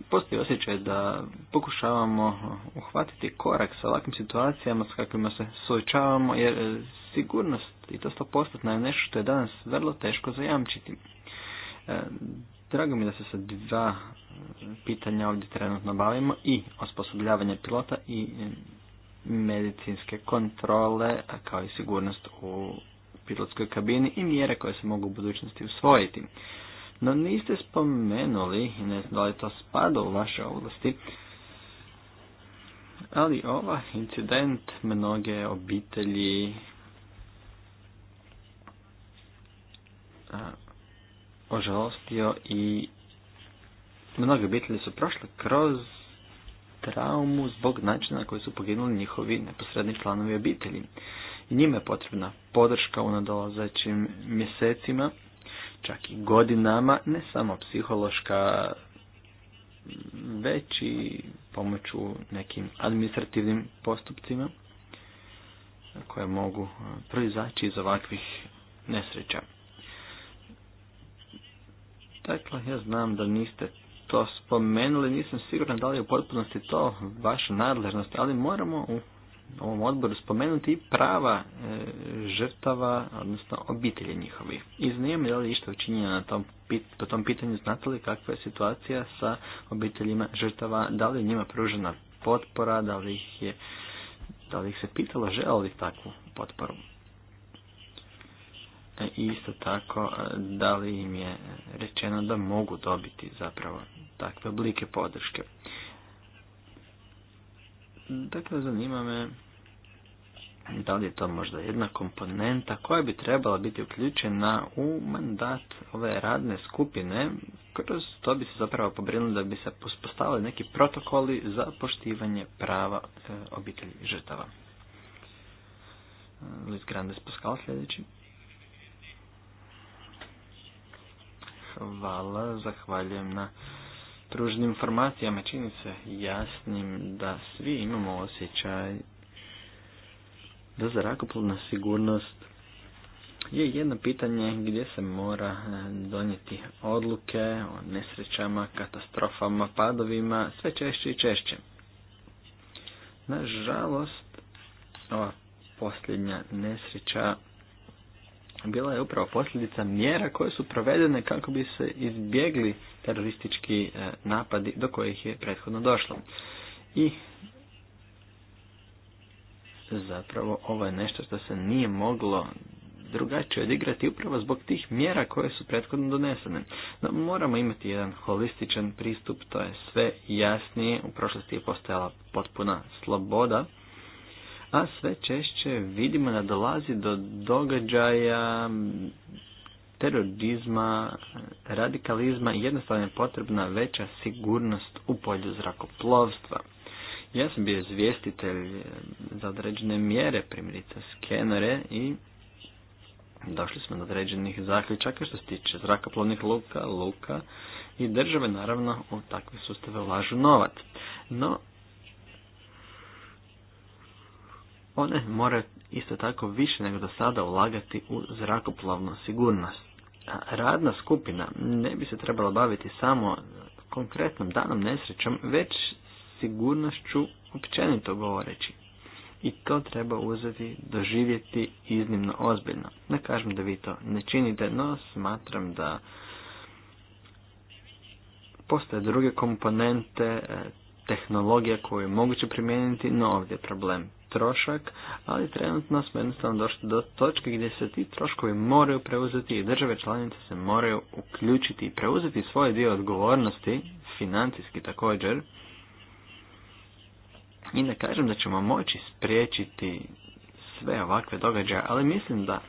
postoji osjećaj da pokušavamo uhvatiti korak sa ovakvim situacijama s kakvima se suočavamo jer sigurnost i to 100% je nešto što je danas vrlo teško zajamčiti. E, drago mi da se sa dva e, pitanja ovdje trenutno bavimo i osposobljavanje pilota i e, medicinske kontrole, kao i sigurnost u pilotskoj kabini i mjere koje se mogu u budućnosti usvojiti. No niste spomenuli, ne znam da li to spada u vaše ovlasti, ali ova incident mnoge obitelji ožalostio i mnoge obitelji su prošle kroz traumu zbog načina na koji su poginuli njihovi neposredni članovi obitelji. I njima je potrebna podrška u nadolazećim mjesecima, čak i godinama, ne samo psihološka, već i pomoć u nekim administrativnim postupcima koje mogu proizaći iz ovakvih nesreća. Dakle, ja znam da niste to spomenuli, nisam siguran da li je u potpunosti to vaša nadležnost, ali moramo u ovom odboru spomenuti i prava e, žrtava, odnosno obitelji njihovih. I znam da li išta učinjeno na tom, po tom pitanju, znate li kakva je situacija sa obiteljima žrtava, da li je njima pružena potpora, da li ih je da li ih se pitalo žele li takvu potporu i e, isto tako e, da li im je rečeno da mogu dobiti zapravo takve oblike podrške. Dakle, zanima me da li je to možda jedna komponenta koja bi trebala biti uključena u mandat ove radne skupine, kroz to bi se zapravo pobrinuli da bi se postavili neki protokoli za poštivanje prava e, obitelji žrtava. Liz Grandes Pascal sljedeći. hvala, zahvaljujem na pružnim informacijama. Čini se jasnim da svi imamo osjećaj da zrakoplovna sigurnost je jedno pitanje gdje se mora eh, donijeti odluke o nesrećama, katastrofama, padovima, sve češće i češće. Nažalost, ova posljednja nesreća bila je upravo posljedica mjera koje su provedene kako bi se izbjegli teroristički e, napadi do kojih je prethodno došlo. I zapravo ovo je nešto što se nije moglo drugačije odigrati upravo zbog tih mjera koje su prethodno donesene. No, moramo imati jedan holističan pristup, to je sve jasnije. U prošlosti je postojala potpuna sloboda a sve češće vidimo da dolazi do događaja terorizma, radikalizma i jednostavno je potrebna veća sigurnost u polju zrakoplovstva. Ja sam bio izvjestitelj za određene mjere, primjerice skenere i došli smo do određenih zaključaka što se tiče zrakoplovnih luka, luka i države naravno u takve sustave ulažu novac. No, one moraju isto tako više nego do sada ulagati u zrakoplovnu sigurnost. Radna skupina ne bi se trebala baviti samo konkretnom danom nesrećom, već sigurnošću općenito govoreći. I to treba uzeti, doživjeti iznimno ozbiljno. Ne kažem da vi to ne činite, no smatram da postoje druge komponente, eh, tehnologija koju je moguće primijeniti, no ovdje je problem trošak, ali trenutno smo jednostavno došli do točke gdje se ti troškovi moraju preuzeti i države članice se moraju uključiti i preuzeti svoj dio odgovornosti, financijski također, i ne kažem da ćemo moći spriječiti sve ovakve događaje, ali mislim da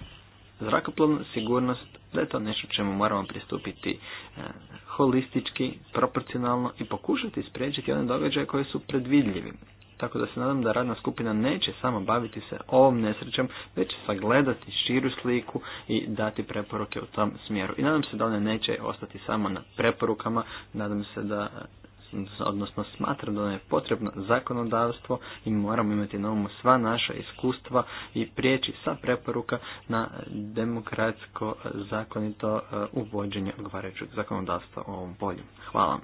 zrakoplovna sigurnost, da je to nešto čemu moramo pristupiti e, holistički, proporcionalno i pokušati spriječiti one događaje koji su predvidljivi. Tako da se nadam da radna skupina neće samo baviti se ovom nesrećom, već će sagledati širu sliku i dati preporuke u tom smjeru. I nadam se da one neće ostati samo na preporukama, nadam se da odnosno smatram da nam je potrebno zakonodavstvo i moramo imati na umu sva naša iskustva i prijeći sa preporuka na demokratsko zakonito e, uvođenje odgovarajućeg zakonodavstva u ovom polju. Hvala.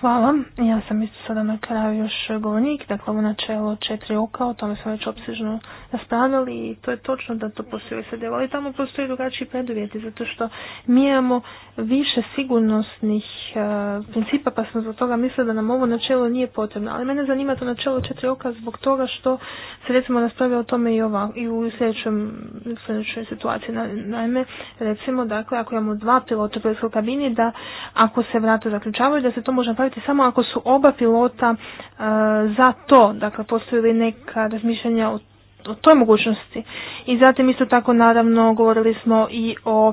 Hvala. Ja sam isto sada na kraju još govornik, dakle ovo načelo četiri oka, o tome smo već opsežno raspravljali i to je točno da to se sad, ali tamo postoje drugačiji preduvjeti, zato što mi imamo više sigurnosnih e, principa, pa smo zbog toga mislili da nam ovo načelo nije potrebno. Ali mene zanima to načelo četiri oka zbog toga što se recimo raspravlja o tome i, ova, i u sljedećem, sljedećoj situaciji. naime, recimo, dakle, ako imamo dva pilota u kabini, da ako se vrata zaključavaju, da se to može napraviti samo ako su oba pilota e, za to, dakle postoji li neka razmišljanja o toj mogućnosti. I zatim isto tako naravno govorili smo i o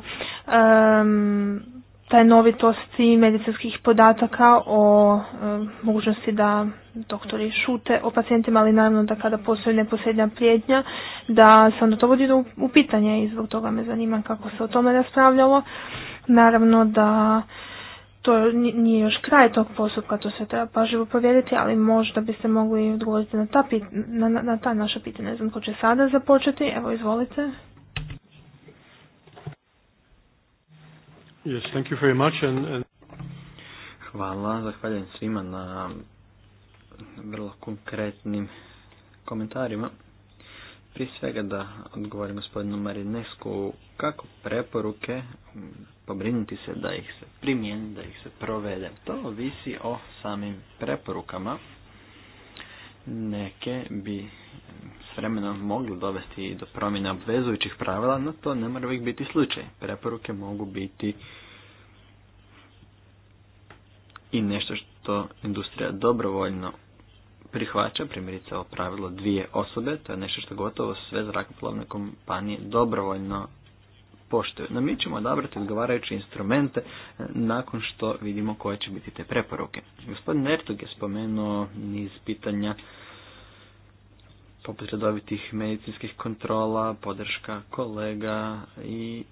taj novitosti medicinskih podataka, o mogućnosti da doktori šute o pacijentima, ali naravno da kada postoji neposrednja prijednja, da se onda to vodi u, u pitanje i zbog toga me zanima kako se o tome raspravljalo. Naravno da to nije još kraj tog postupka, to se treba pažljivo provjeriti, ali možda biste mogli odgovoriti na ta, pit, na, na ta naša pitanja. Ne znam ko će sada započeti, evo izvolite. Yes, thank you very much and, and... Hvala, zahvaljujem svima na vrlo konkretnim komentarima. Prije svega da odgovorim gospodinu Marinesku kako preporuke pobrinuti se da ih se primijeni, da ih se provede. To ovisi o samim preporukama. Neke bi s vremenom mogli dovesti do promjena obvezujućih pravila, no to ne mora uvijek biti slučaj. Preporuke mogu biti i nešto što industrija dobrovoljno prihvaća, primjerice ovo pravilo dvije osobe, to je nešto što gotovo sve zrakoplovne kompanije dobrovoljno poštuju. No mi ćemo odabrati odgovarajuće instrumente e, nakon što vidimo koje će biti te preporuke. Gospodin Ertug je spomenuo niz pitanja poput redovitih medicinskih kontrola, podrška kolega i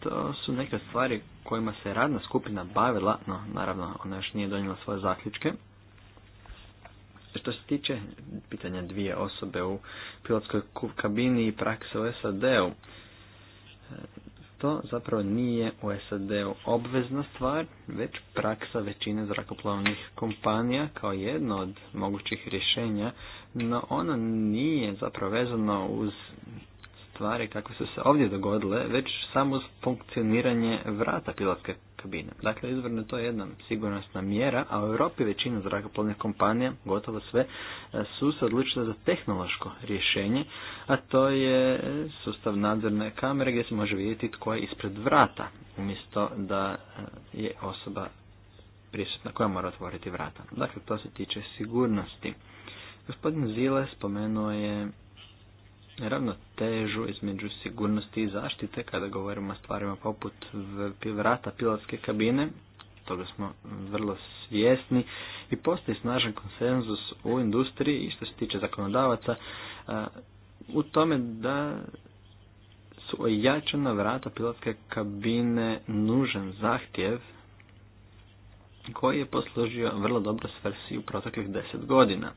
to su neke stvari kojima se radna skupina bavila, no naravno ona još nije donijela svoje zaključke. Što se tiče pitanja dvije osobe u pilotskoj kabini i prakse u SAD-u, to zapravo nije u SAD-u obvezna stvar, već praksa većine zrakoplovnih kompanija kao jedno od mogućih rješenja, no ono nije zapravo vezano uz stvari kakve su se ovdje dogodile, već samo uz funkcioniranje vrata pilotske kabine. Dakle, izvorno to je jedna sigurnosna mjera, a u Europi većina zrakoplovnih kompanija, gotovo sve, e, su se odlučile za tehnološko rješenje, a to je sustav nadzorne kamere gdje se može vidjeti tko je ispred vrata, umjesto da e, je osoba prisutna koja mora otvoriti vrata. Dakle, to se tiče sigurnosti. Gospodin Zile spomenuo je ravnotežu između sigurnosti i zaštite kada govorimo o stvarima poput vrata pilotske kabine, toga smo vrlo svjesni i postoji snažan konsenzus u industriji i što se tiče zakonodavaca u tome da su ojačena vrata pilotske kabine nužan zahtjev koji je poslužio vrlo dobro svrsi u proteklih deset godina.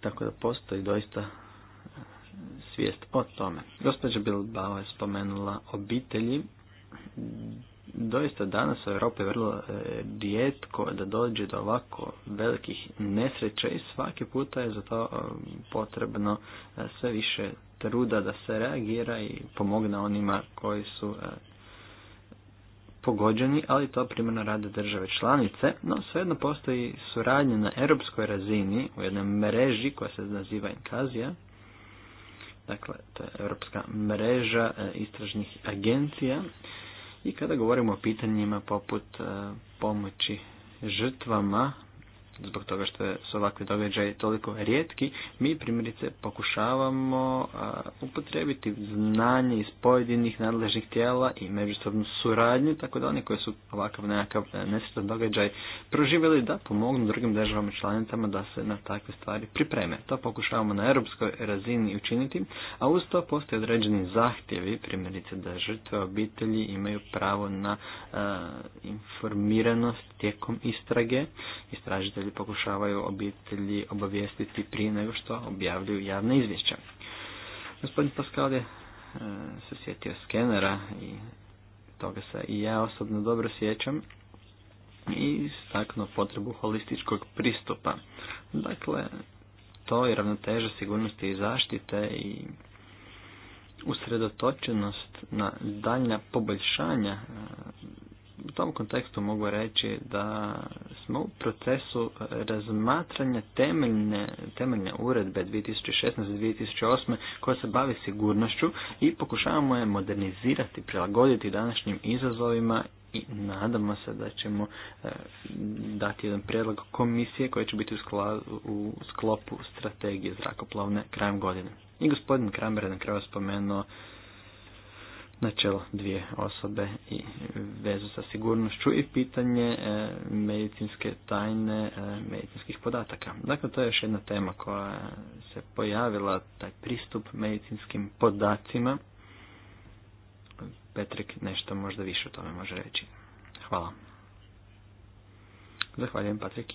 Tako da postoji doista svijest o tome. Gospođa Bilbao je spomenula obitelji. Doista danas u Europi vrlo e, rijetko da dođe do ovako velikih nesreća i svaki puta je za to e, potrebno e, sve više truda da se reagira i pomogne onima koji su pogođeni, ali to primjerno rade države članice, no svejedno postoji suradnja na europskoj razini u jednoj mreži koja se naziva Inkazija, Dakle, to je Europska mreža e, istražnih agencija. I kada govorimo o pitanjima poput e, pomoći žrtvama, zbog toga što su ovakvi događaji toliko rijetki, mi primjerice pokušavamo upotrebiti znanje iz pojedinih nadležnih tijela i međusobnu suradnju, tako da oni koji su ovakav nekakav nesretan događaj proživjeli da pomognu drugim državama članicama da se na takve stvari pripreme. To pokušavamo na europskoj razini učiniti, a uz to postoje određeni zahtjevi, primjerice da žrtve obitelji imaju pravo na informiranost tijekom istrage, istražitelji pokušavaju obitelji obavijestiti prije nego što objavljuju javne izvješća. Gospodin Pascal je e, se sjetio skenera i toga se i ja osobno dobro sjećam i staknuo potrebu holističkog pristupa. Dakle, to je ravnoteža sigurnosti i zaštite i usredotočenost na daljnja poboljšanja e, u tom kontekstu mogu reći da smo u procesu razmatranja temeljne, temeljne uredbe 2016-2008 koja se bavi sigurnošću i pokušavamo je modernizirati, prilagoditi današnjim izazovima i nadamo se da ćemo e, dati jedan prijedlog komisije koji će biti u, u sklopu strategije zrakoplovne krajem godine. I gospodin Kramer je na kraju spomenuo načelo dvije osobe i vezu sa sigurnošću i pitanje e, medicinske tajne e, medicinskih podataka. Dakle, to je još jedna tema koja se pojavila, taj pristup medicinskim podacima. Petrik nešto možda više o tome može reći. Hvala. Zahvaljujem Patrik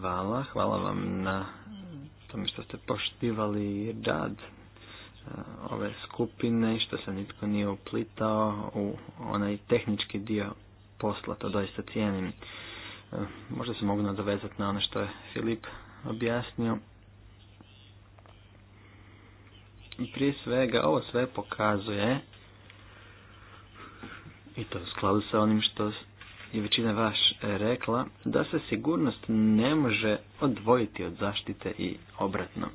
hvala, hvala vam na tome što ste poštivali rad e, ove skupine i što se nitko nije uplitao u onaj tehnički dio posla, to doista cijenim. E, možda se mogu nadovezati na ono što je Filip objasnio. Prije svega, ovo sve pokazuje i to u skladu sa onim što i većina vaš e, rekla da se sigurnost ne može odvojiti od zaštite i obratno.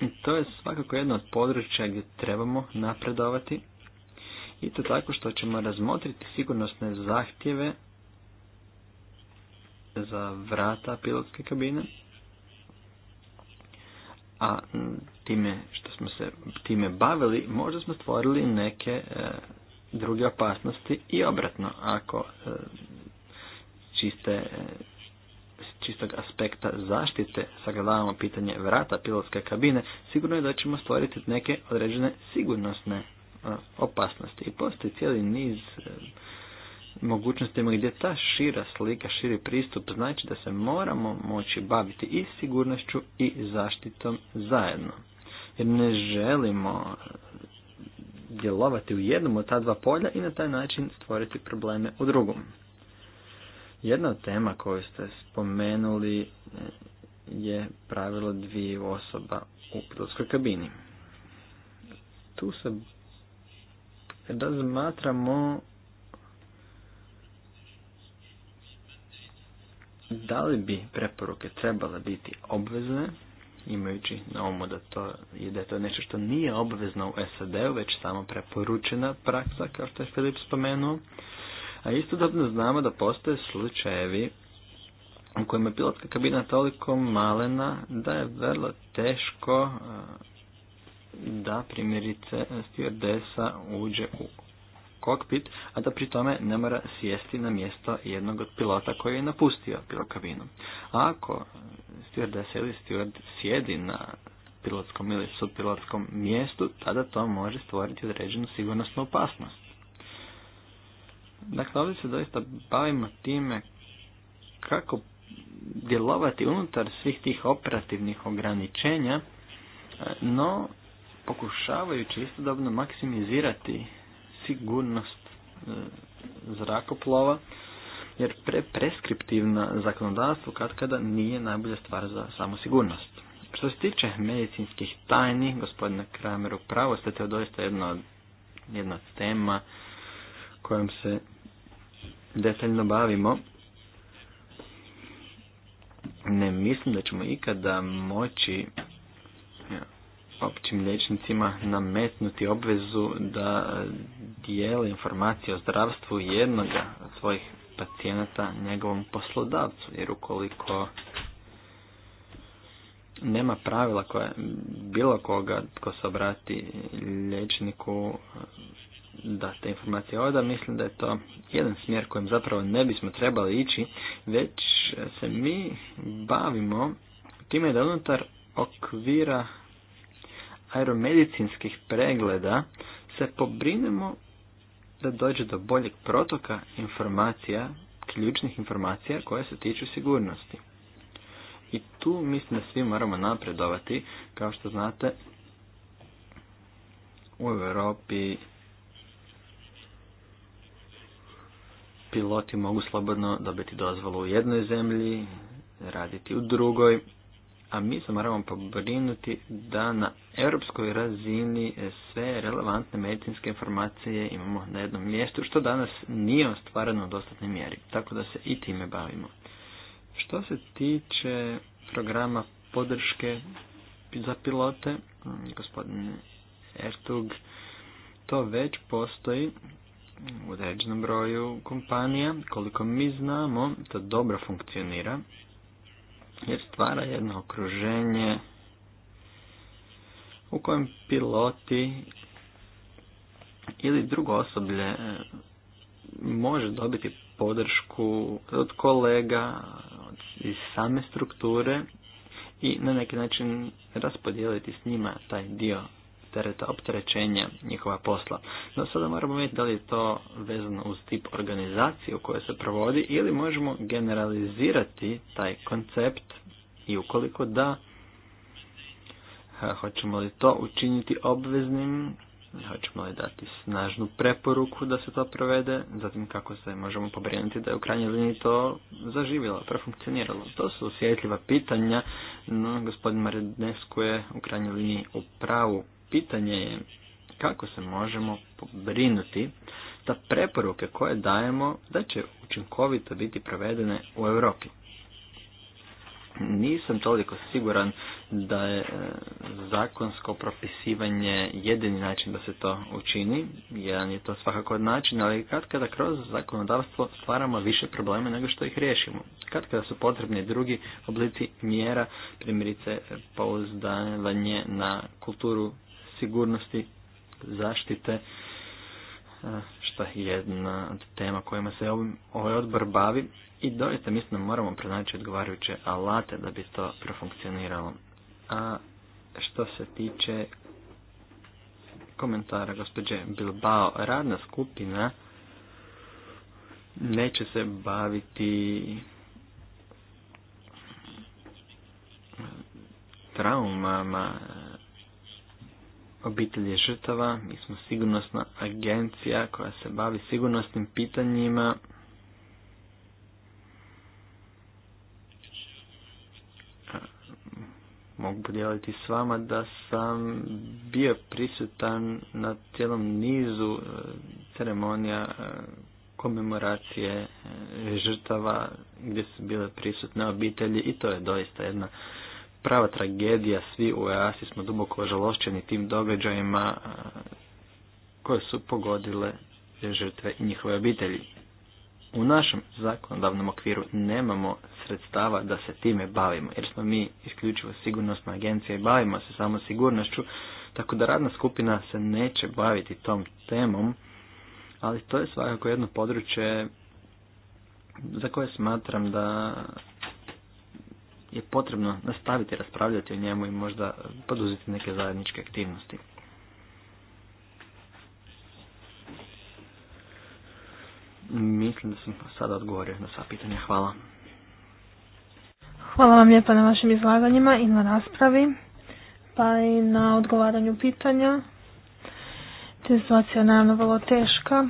I to je svakako jedno od područja gdje trebamo napredovati i to tako što ćemo razmotriti sigurnosne zahtjeve za vrata pilotske kabine, a time što smo se time bavili, možda smo stvorili neke e, druge opasnosti i obratno ako e, e, čistog aspekta zaštite sagledavamo pitanje vrata pilotske kabine, sigurno je da ćemo stvoriti neke određene sigurnosne e, opasnosti. I postoji cijeli niz mogućnostima gdje ta šira slika, širi pristup znači da se moramo moći baviti i sigurnošću i zaštitom zajedno. Jer ne želimo djelovati u jednom od ta dva polja i na taj način stvoriti probleme u drugom. Jedna od tema koju ste spomenuli e, je pravilo dvije osoba u pilotskoj kabini. Tu se razmatramo da li bi preporuke trebale biti obvezne imajući na umu da to je da to nešto što nije obvezno u SAD-u, već samo preporučena praksa, kao što je Filip spomenuo. A istodobno znamo da postoje slučajevi u kojima je pilotska kabina toliko malena da je vrlo teško da primjerice stewardesa uđe u kokpit, a da pri tome ne mora sjesti na mjesto jednog od pilota koji je napustio pilokabinu. A ako stewardess ili steward sjedi na pilotskom ili subpilotskom mjestu, tada to može stvoriti određenu sigurnosnu opasnost. Dakle, ovdje se doista bavimo time kako djelovati unutar svih tih operativnih ograničenja, no pokušavajući istodobno maksimizirati sigurnost e, zrakoplova, jer pre preskriptivno zakonodavstvo kad kada nije najbolja stvar za samu sigurnost. Što se tiče medicinskih tajni, gospodine Krameru, pravo ste to doista jedna od, jedna tema kojom se detaljno bavimo. Ne mislim da ćemo ikada moći općim liječnicima nametnuti obvezu da e, dijeli informacije o zdravstvu jednog od svojih pacijenata njegovom poslodavcu, jer ukoliko nema pravila koja bilo koga ko se obrati liječniku e, da te informacije oda, mislim da je to jedan smjer kojim zapravo ne bismo trebali ići, već e, se mi bavimo time da unutar okvira aeromedicinskih pregleda se pobrinemo da dođe do boljeg protoka informacija, ključnih informacija koje se tiču sigurnosti. I tu mislim da svi moramo napredovati, kao što znate, u Europi piloti mogu slobodno dobiti dozvolu u jednoj zemlji, raditi u drugoj, a mi se moramo pobrinuti da na europskoj razini sve relevantne medicinske informacije imamo na jednom mjestu, što danas nije ostvareno u dostatnoj mjeri, tako da se i time bavimo. Što se tiče programa podrške za pilote, mm, gospodin Ertug, to već postoji u određenom broju kompanija. Koliko mi znamo, to dobro funkcionira jer stvara jedno okruženje u kojem piloti ili drugo osoblje e, može dobiti podršku od kolega iz same strukture i na neki način raspodijeliti s njima taj dio tereta opterećenja njihova posla. No sada moramo vidjeti da li je to vezano uz tip organizacije u kojoj se provodi ili možemo generalizirati taj koncept i ukoliko da, hoćemo li to učiniti obveznim, hoćemo li dati snažnu preporuku da se to provede, zatim kako se možemo pobrinuti da je u krajnjoj liniji to zaživjelo, profunkcioniralo. To su osjetljiva pitanja, no gospodin Marednesku je u krajnjoj liniji u pravu pitanje je kako se možemo pobrinuti da preporuke koje dajemo da će učinkovito biti provedene u Europi. Nisam toliko siguran da je e, zakonsko propisivanje jedini način da se to učini. Jedan je to svakako način, ali kad kada kroz zakonodavstvo stvaramo više problema nego što ih riješimo. Kad kada su potrebni drugi oblici mjera, primjerice pouzdavanje na kulturu sigurnosti zaštite, e, što je jedna tema kojima se ovaj odbor bavi i doista mislim da moramo pronaći odgovarajuće alate da bi to profunkcioniralo. A što se tiče komentara gospođe Bilbao, radna skupina neće se baviti e, traumama obitelji žrtava, mi smo sigurnosna agencija koja se bavi sigurnosnim pitanjima. Mogu podijeliti s vama da sam bio prisutan na cijelom nizu e, ceremonija e, komemoracije e, žrtava gdje su bile prisutne obitelji i to je doista jedna prava tragedija, svi u EASI smo duboko žalošćeni tim događajima koje su pogodile žrtve i njihove obitelji. U našem zakonodavnom okviru nemamo sredstava da se time bavimo, jer smo mi isključivo sigurnosna agencija i bavimo se samo sigurnošću, tako da radna skupina se neće baviti tom temom, ali to je svakako jedno područje za koje smatram da je potrebno nastaviti raspravljati o njemu i možda poduzeti neke zajedničke aktivnosti. Mislim da sam sada odgovorio na sva pitanja. Hvala. Hvala vam lijepa na vašim izlaganjima i na raspravi, pa i na odgovaranju pitanja. Situacija je naravno vrlo teška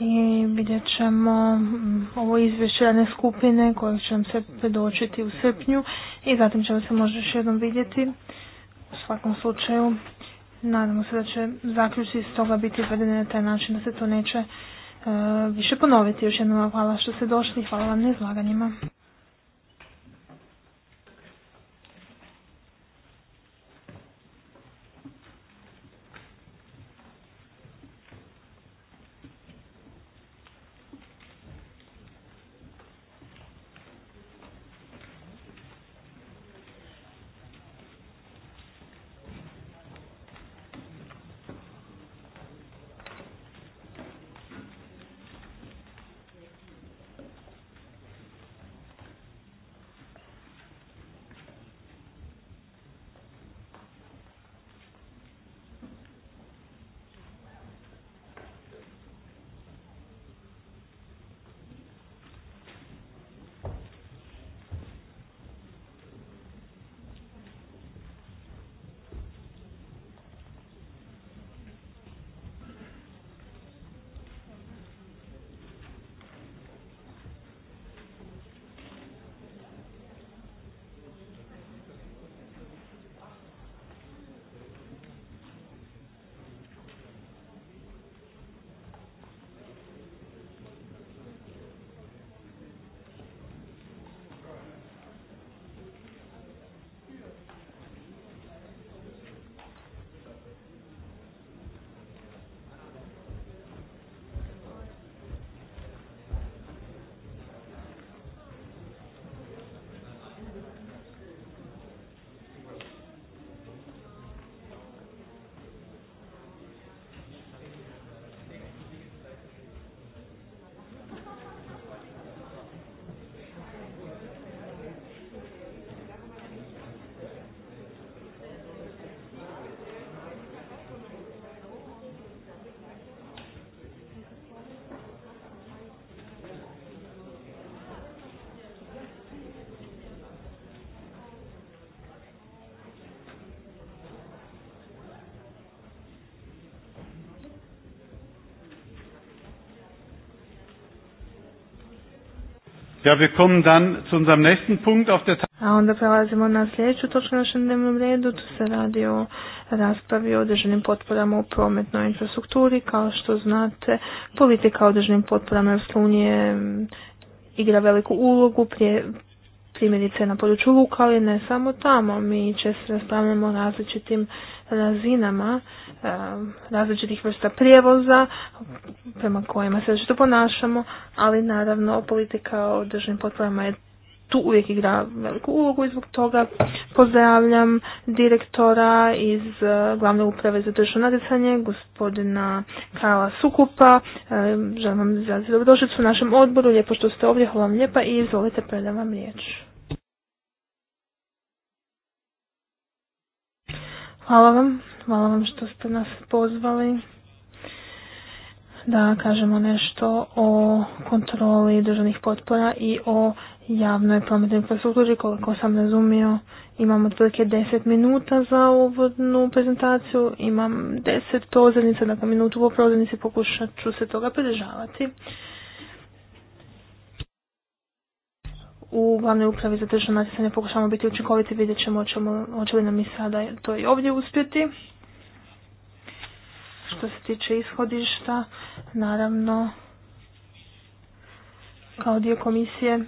i vidjet ćemo mm, ovo izvješće jedne skupine koje će vam se predočiti u srpnju i zatim ćemo se možda još jednom vidjeti. U svakom slučaju nadamo se da će zaključci iz toga biti izvedeni na taj način da se to neće e, više ponoviti. Još jednom hvala što ste došli hvala vam na izlaganjima. Ja, wir kommen dann zu unserem nächsten Punkt auf der A onda prelazimo na sljedeću točku na našem dnevnom redu. Tu se radi o raspravi o određenim potporama u prometnoj infrastrukturi. Kao što znate, politika o određenim potporama u unije igra veliku ulogu prije primjerice na području luka, ali ne samo tamo. Mi često raspravljamo o različitim razinama različitih vrsta prijevoza, prema kojima se što ponašamo, ali naravno politika o državnim potporama je tu uvijek igra veliku ulogu i zbog toga pozdravljam direktora iz e, glavne uprave za državno natjecanje, gospodina Karla Sukupa. E, želim vam dobrodošlicu u našem odboru, lijepo što ste ovdje, hvala vam lijepa i izvolite predam vam riječ. Hvala vam, hvala vam što ste nas pozvali da kažemo nešto o kontroli državnih potpora i o javnoj prometnoj infrastrukturi. Koliko sam razumio, imam otprilike 10 minuta za uvodnu prezentaciju, imam 10 prozirnica, dakle minutu po prozirnici pokušat ću se toga pridržavati. u glavnoj upravi za državno natjecanje pokušamo biti učinkoviti, vidjet ćemo hoće li nam i sada to i ovdje uspjeti. Što se tiče ishodišta, naravno, kao dio komisije,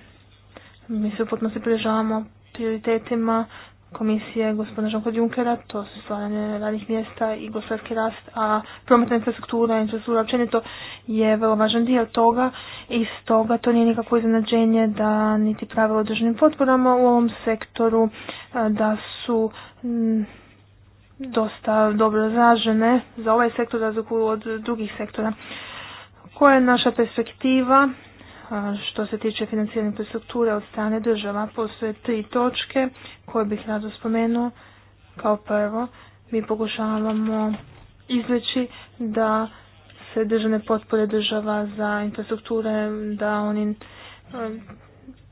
mi se upotno se priježavamo prioritetima komisije gospodina Žanko Junkera, to su stvaranje radnih mjesta i gospodarski rast, a prometna infrastruktura, infrastruktura općenito je vrlo važan dio toga i stoga to nije nikako iznenađenje da niti pravilo o državnim potporama u ovom sektoru da su dosta dobro zražene za ovaj sektor razliku od drugih sektora. Koja je naša perspektiva što se tiče financiranja infrastrukture od strane država? Postoje tri točke koje bih rado spomenuo. Kao prvo, mi pokušavamo izveći da se državne potpore država za infrastrukture, da oni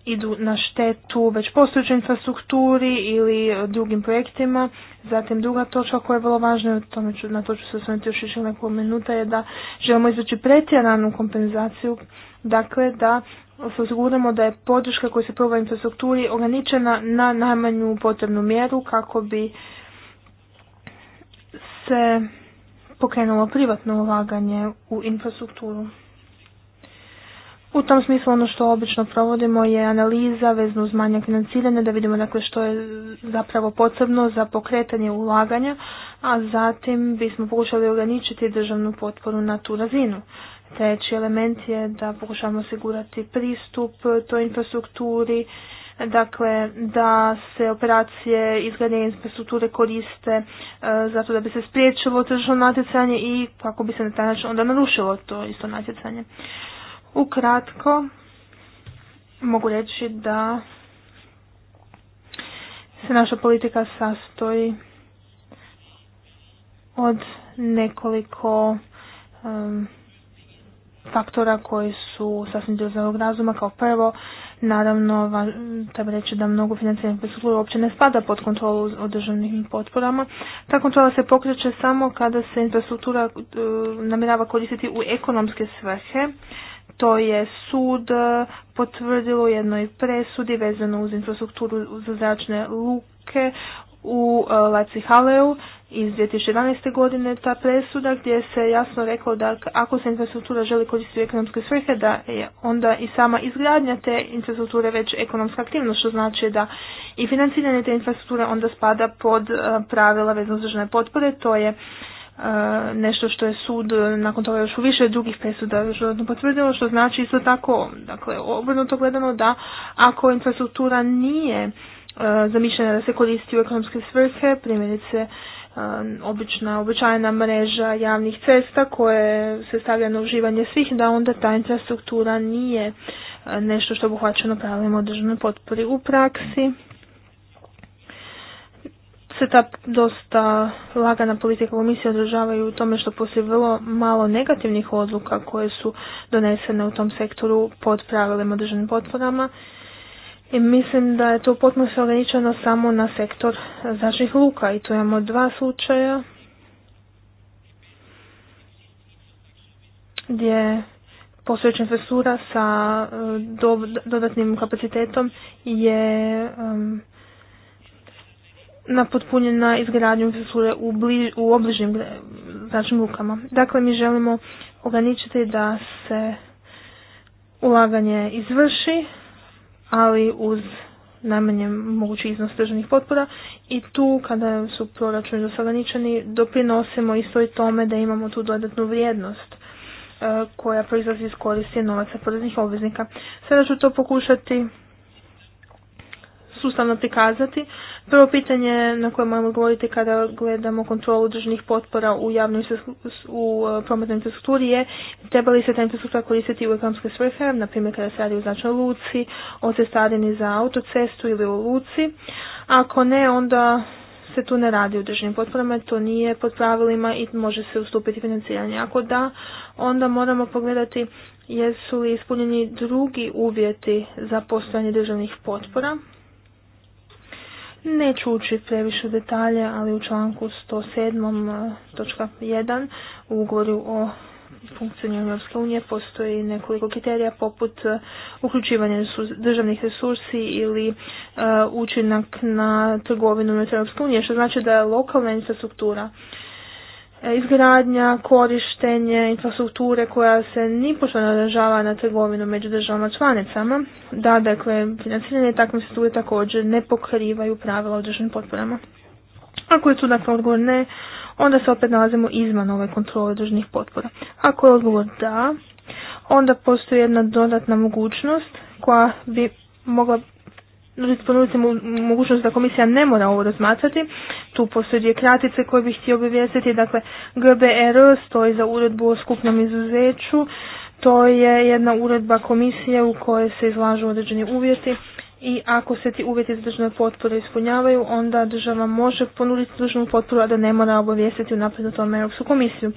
idu na štetu već postojećoj infrastrukturi ili drugim projektima. Zatim druga točka koja je vrlo važna, tome na to ću se osvrnuti još nekoliko minuta, je da želimo izvući pretjeranu kompenzaciju, dakle da osiguramo da je podrška koja se pruža infrastrukturi ograničena na najmanju potrebnu mjeru kako bi se pokrenulo privatno ulaganje u infrastrukturu. U tom smislu ono što obično provodimo je analiza vezno uz manje financiranja da vidimo dakle što je zapravo potrebno za pokretanje ulaganja, a zatim bismo pokušali ograničiti državnu potporu na tu razinu. Treći element je da pokušavamo osigurati pristup toj infrastrukturi, dakle da se operacije izgradnje infrastrukture koriste e, zato da bi se spriječilo tržno natjecanje i kako bi se na taj način onda narušilo to isto natjecanje. Ukratko, mogu reći da se naša politika sastoji od nekoliko faktora koji su sasvim dio razuma. Kao prvo, naravno, va, treba reći da mnogo financijne infrastrukture uopće ne spada pod kontrolu o državnim potporama. Ta kontrola se pokreće samo kada se infrastruktura uh, namjerava koristiti u ekonomske svrhe, to je sud e, potvrdilo u jednoj presudi vezano uz infrastrukturu za zračne luke u e, Laci Haleu iz 2011. godine ta presuda gdje se jasno reklo da ako se infrastruktura želi koristiti u ekonomske svrhe da je onda i sama izgradnja te infrastrukture već ekonomska aktivnost što znači da i financiranje te infrastrukture onda spada pod e, pravila vezano za potpore to je E, nešto što je sud e, nakon toga još u više drugih presuda još potvrdilo, što znači isto tako, dakle, obrnuto gledano da ako infrastruktura nije e, zamišljena da se koristi u ekonomske svrhe, primjerice obična, običajna mreža javnih cesta koje se stavlja na uživanje svih, da onda ta infrastruktura nije nešto što obuhvaćeno pravilima o potpori u praksi se ta dosta lagana politika komisije održavaju u tome što postoji vrlo malo negativnih odluka koje su donesene u tom sektoru pod pravilima državnim potporama. I mislim da je to potpuno se ograničeno samo na sektor zračnih luka i tu imamo dva slučaja gdje postojeća infrastruktura sa e, dodatnim kapacitetom je napotpunjena izgradnju infrastrukture u, bliž, u obližnjim e, zračnim lukama. Dakle, mi želimo ograničiti da se ulaganje izvrši, ali uz najmanje mogući iznos državnih potpora i tu kada su proračuni dosadaganičeni doprinosimo isto i tome da imamo tu dodatnu vrijednost e, koja proizlazi iz koristi novaca poreznih obveznika. Sada ću to pokušati sustavno prikazati. Prvo pitanje na koje moramo govoriti kada gledamo kontrolu državnih potpora u javnoj u e, prometnoj infrastrukturi je treba li se ta infrastruktura koristiti u ekonomske svrhe, na primjer kada se radi u značnoj luci, o cestarini za autocestu ili u luci. Ako ne, onda se tu ne radi u državnim potporama, to nije pod pravilima i može se ustupiti financiranje. Ako da, onda moramo pogledati jesu li ispunjeni drugi uvjeti za postojanje državnih potpora Neću ući previše detalje, ali u članku 107.1 e, u ugovoru o funkcioniranju Europske unije postoji nekoliko kriterija poput e, uključivanja državnih resursi ili e, učinak na trgovinu unutar Europske unije, što znači da je lokalna infrastruktura E, izgradnja, korištenje infrastrukture koja se nipošto ne održava na trgovinu među državama članicama, da dakle financiranje takve strukture također ne pokrivaju pravila o državnim potporama. Ako je tu dakle odgovor ne, onda se opet nalazimo izvan ove kontrole državnih potpora. Ako je odgovor da, onda postoji jedna dodatna mogućnost koja bi mogla ponudili se mogućnost da komisija ne mora ovo razmatrati. Tu postoje dvije kratice koje bih htio obavijestiti. Dakle, GBR stoji za uredbu o skupnom izuzeću. To je jedna uredba komisije u kojoj se izlažu određeni uvjeti i ako se ti uvjeti za državne potpore ispunjavaju, onda država može ponuditi državnu potporu, a da ne mora obavijestiti unaprijed o tome Europsku komisiju.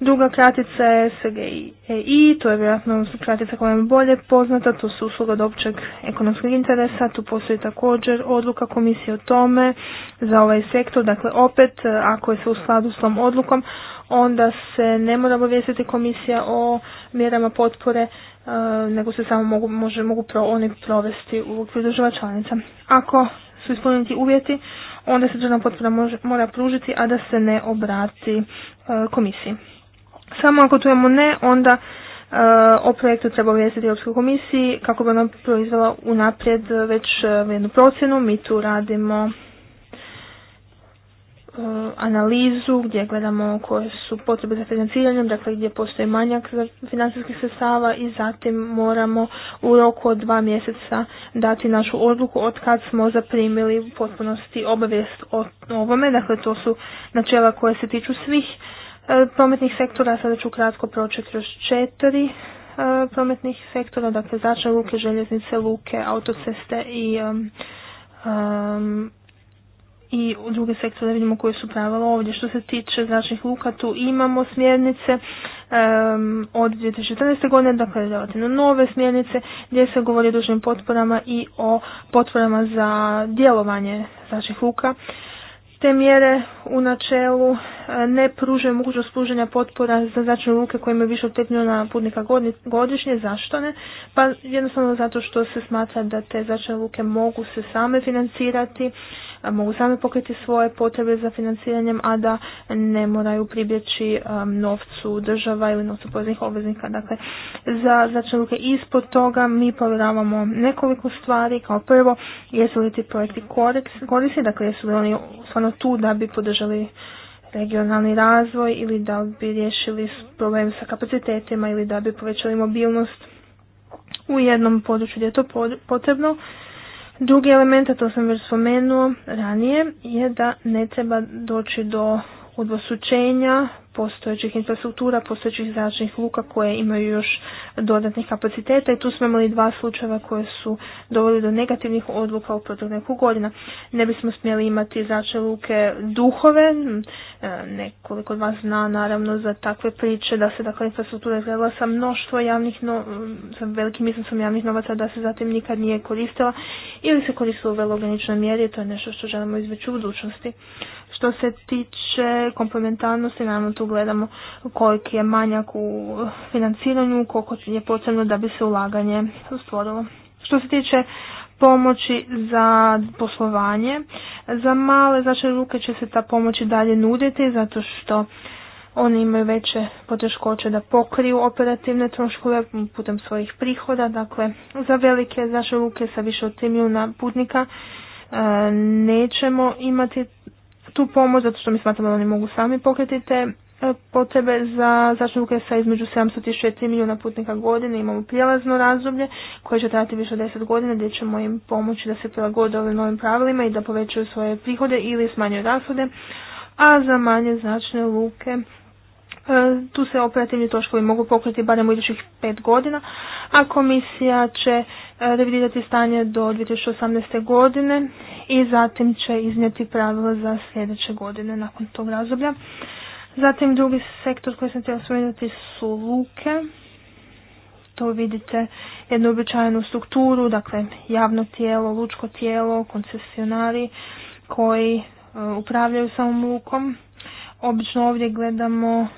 Druga kratica je SGEI. to je vjerojatno kratica koja je bolje poznata, to su usluga od općeg ekonomskog interesa, tu postoji također odluka komisije o tome za ovaj sektor, dakle opet ako je se u skladu s tom odlukom, onda se ne mora obavijestiti komisija o mjerama potpore E, nego se samo mogu, može, mogu pro, oni provesti u okviru država članica. Ako su ispunjeni uvjeti, onda se državna potpora mora pružiti, a da se ne obrati e, komisiji. Samo ako tujemo ne, onda e, o projektu treba obavijestiti Europskoj komisiji kako bi ona proizvela unaprijed već jednu procjenu. Mi tu radimo E, analizu gdje gledamo koje su potrebe za financiranjem, dakle gdje postoji manjak financijskih sredstava i zatim moramo u roku od dva mjeseca dati našu odluku od kad smo zaprimili u potpunosti obavijest o ovome. Dakle, to su načela koje se tiču svih e, prometnih sektora. Sada ću kratko proći kroz četiri e, prometnih sektora, dakle zračne luke, željeznice, luke, autoceste i i u druge sektore vidimo koje su pravila ovdje. Što se tiče zračnih luka, tu imamo smjernice um, od 2014. godine, dakle relativno nove smjernice gdje se govori o dužnim potporama i o potporama za djelovanje zračnih luka. Te mjere u načelu eh, ne pružaju mogućnost pružanja potpora za zračne luke koje imaju više od 5 milijuna putnika godišnje. Zašto ne? Pa jednostavno zato što se smatra da te zračne luke mogu se same financirati mogu sami pokriti svoje potrebe za financiranjem, a da ne moraju pribjeći um, novcu država ili novcu poreznih obveznika. Dakle, za zračne luke ispod toga mi provjeravamo nekoliko stvari. Kao prvo, jesu li ti projekti korisni, dakle jesu li oni stvarno tu da bi podržali regionalni razvoj ili da bi riješili problem sa kapacitetima ili da bi povećali mobilnost u jednom području gdje je to potrebno Drugi element, a to sam već spomenuo ranije, je da ne treba doći do udvosučenja postojećih infrastruktura, postojećih zračnih luka koje imaju još dodatnih kapaciteta i tu smo imali dva slučajeva koje su doveli do negativnih odluka u protiv nekog godina. Ne bismo smjeli imati zračne luke duhove, e, nekoliko od vas zna naravno za takve priče da se dakle infrastruktura izgledala sa mnoštvo javnih, no, sa velikim iznosom javnih novaca da se zatim nikad nije koristila ili se koristila u vrlo mjeri, to je nešto što želimo izveći u budućnosti. Što se tiče komplementarnosti, naravno tu gledamo koliki je manjak u financiranju, koliko je potrebno da bi se ulaganje stvorilo. Što se tiče pomoći za poslovanje, za male znači ruke će se ta pomoć dalje nuditi zato što oni imaju veće poteškoće da pokriju operativne troškove putem svojih prihoda. Dakle, za velike znači luke sa više od 3 milijuna putnika e, nećemo imati tu pomoć, zato što mi smatramo da oni mogu sami pokriti te e, potrebe za zračne luke sa između 700 i milijuna putnika godine. Imamo prijelazno razdoblje koje će trajati više od 10 godina gdje ćemo im pomoći da se prilagode ovim novim pravilima i da povećaju svoje prihode ili smanjuju rashode. A za manje zračne luke e, tu se operativni troškovi mogu pokriti barem u idućih 5 godina, a komisija će e, revidirati stanje do 2018. godine i zatim će iznijeti pravila za sljedeće godine nakon tog razdoblja. Zatim drugi sektor koji sam htjela spomenuti su luke. To vidite jednu običajnu strukturu, dakle javno tijelo, lučko tijelo, koncesionari koji e, upravljaju samom lukom. Obično ovdje gledamo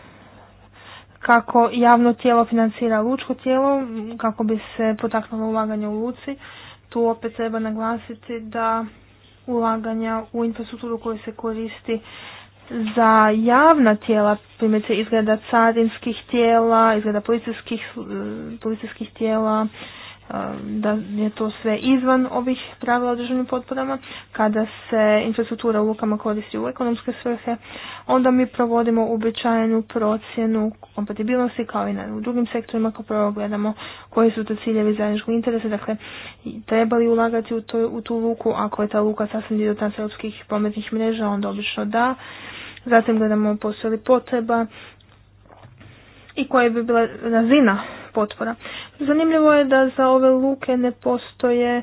kako javno tijelo financira lučko tijelo, kako bi se potaknulo ulaganje u luci. Tu opet treba naglasiti da ulaganja u infrastrukturu koju se koristi za javna tijela, primjerice izgleda carinskih tijela, izgleda policijskih, eh, policijskih tijela, da je to sve izvan ovih pravila o državnim potporama, kada se infrastruktura u lukama koristi u ekonomske svrhe, onda mi provodimo uobičajenu procjenu kompatibilnosti kao i na, u drugim sektorima kao prvo gledamo koji su to ciljevi zajedničkog interesa, dakle trebali ulagati u, u tu luku, ako je ta luka sasvim dio transeuropskih prometnih mreža, onda obično da. Zatim gledamo postoji li potreba i koja bi bila razina potpora. Zanimljivo je da za ove luke ne postoje e,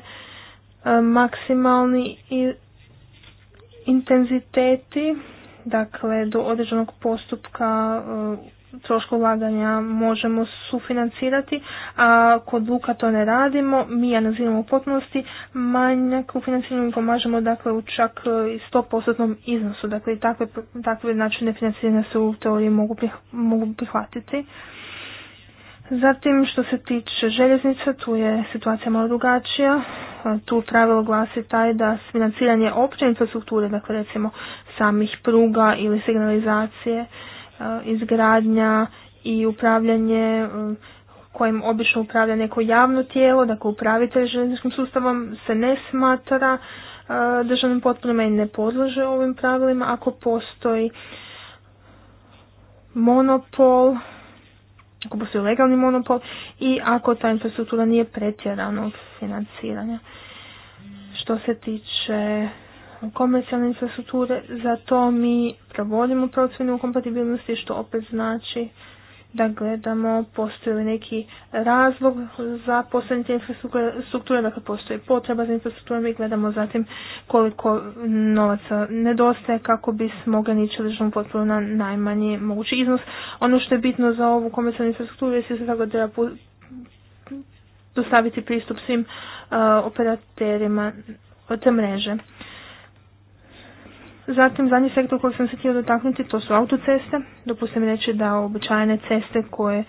maksimalni intenziteti, dakle do određenog postupka e, trošku ulaganja možemo sufinancirati, a kod Luka to ne radimo, mi analiziramo u potpunosti, manjak u financiranju pomažemo dakle, u čak 100% iznosu, dakle i takve, takve načine financiranja se u teoriji mogu, mogu prihvatiti. Zatim što se tiče željeznica, tu je situacija malo drugačija. Tu pravilo glasi taj da financiranje opće infrastrukture, dakle recimo samih pruga ili signalizacije, E, izgradnja i upravljanje e, kojim obično upravlja neko javno tijelo, dakle upravitelj željezničkim sustavom se ne smatra e, državnim potporama i ne podlože ovim pravilima ako postoji monopol, ako postoji legalni monopol i ako ta infrastruktura nije pretjerano financiranja. Što se tiče komercijalne infrastrukture, za to mi provodimo procjenu kompatibilnosti što opet znači da gledamo postoji li neki razlog za postojanje infrastrukture, dakle postoji potreba za infrastrukturom i gledamo zatim koliko novaca nedostaje kako bismo ograničili državnu potporu na najmanji mogući iznos. Ono što je bitno za ovu komercijalnu infrastrukturu je se tako treba dostaviti pristup svim uh, operaterima te mreže. Zatim zadnji sektor koji sam se htio dotaknuti to su autoceste. Dopustim reći da običajne ceste koje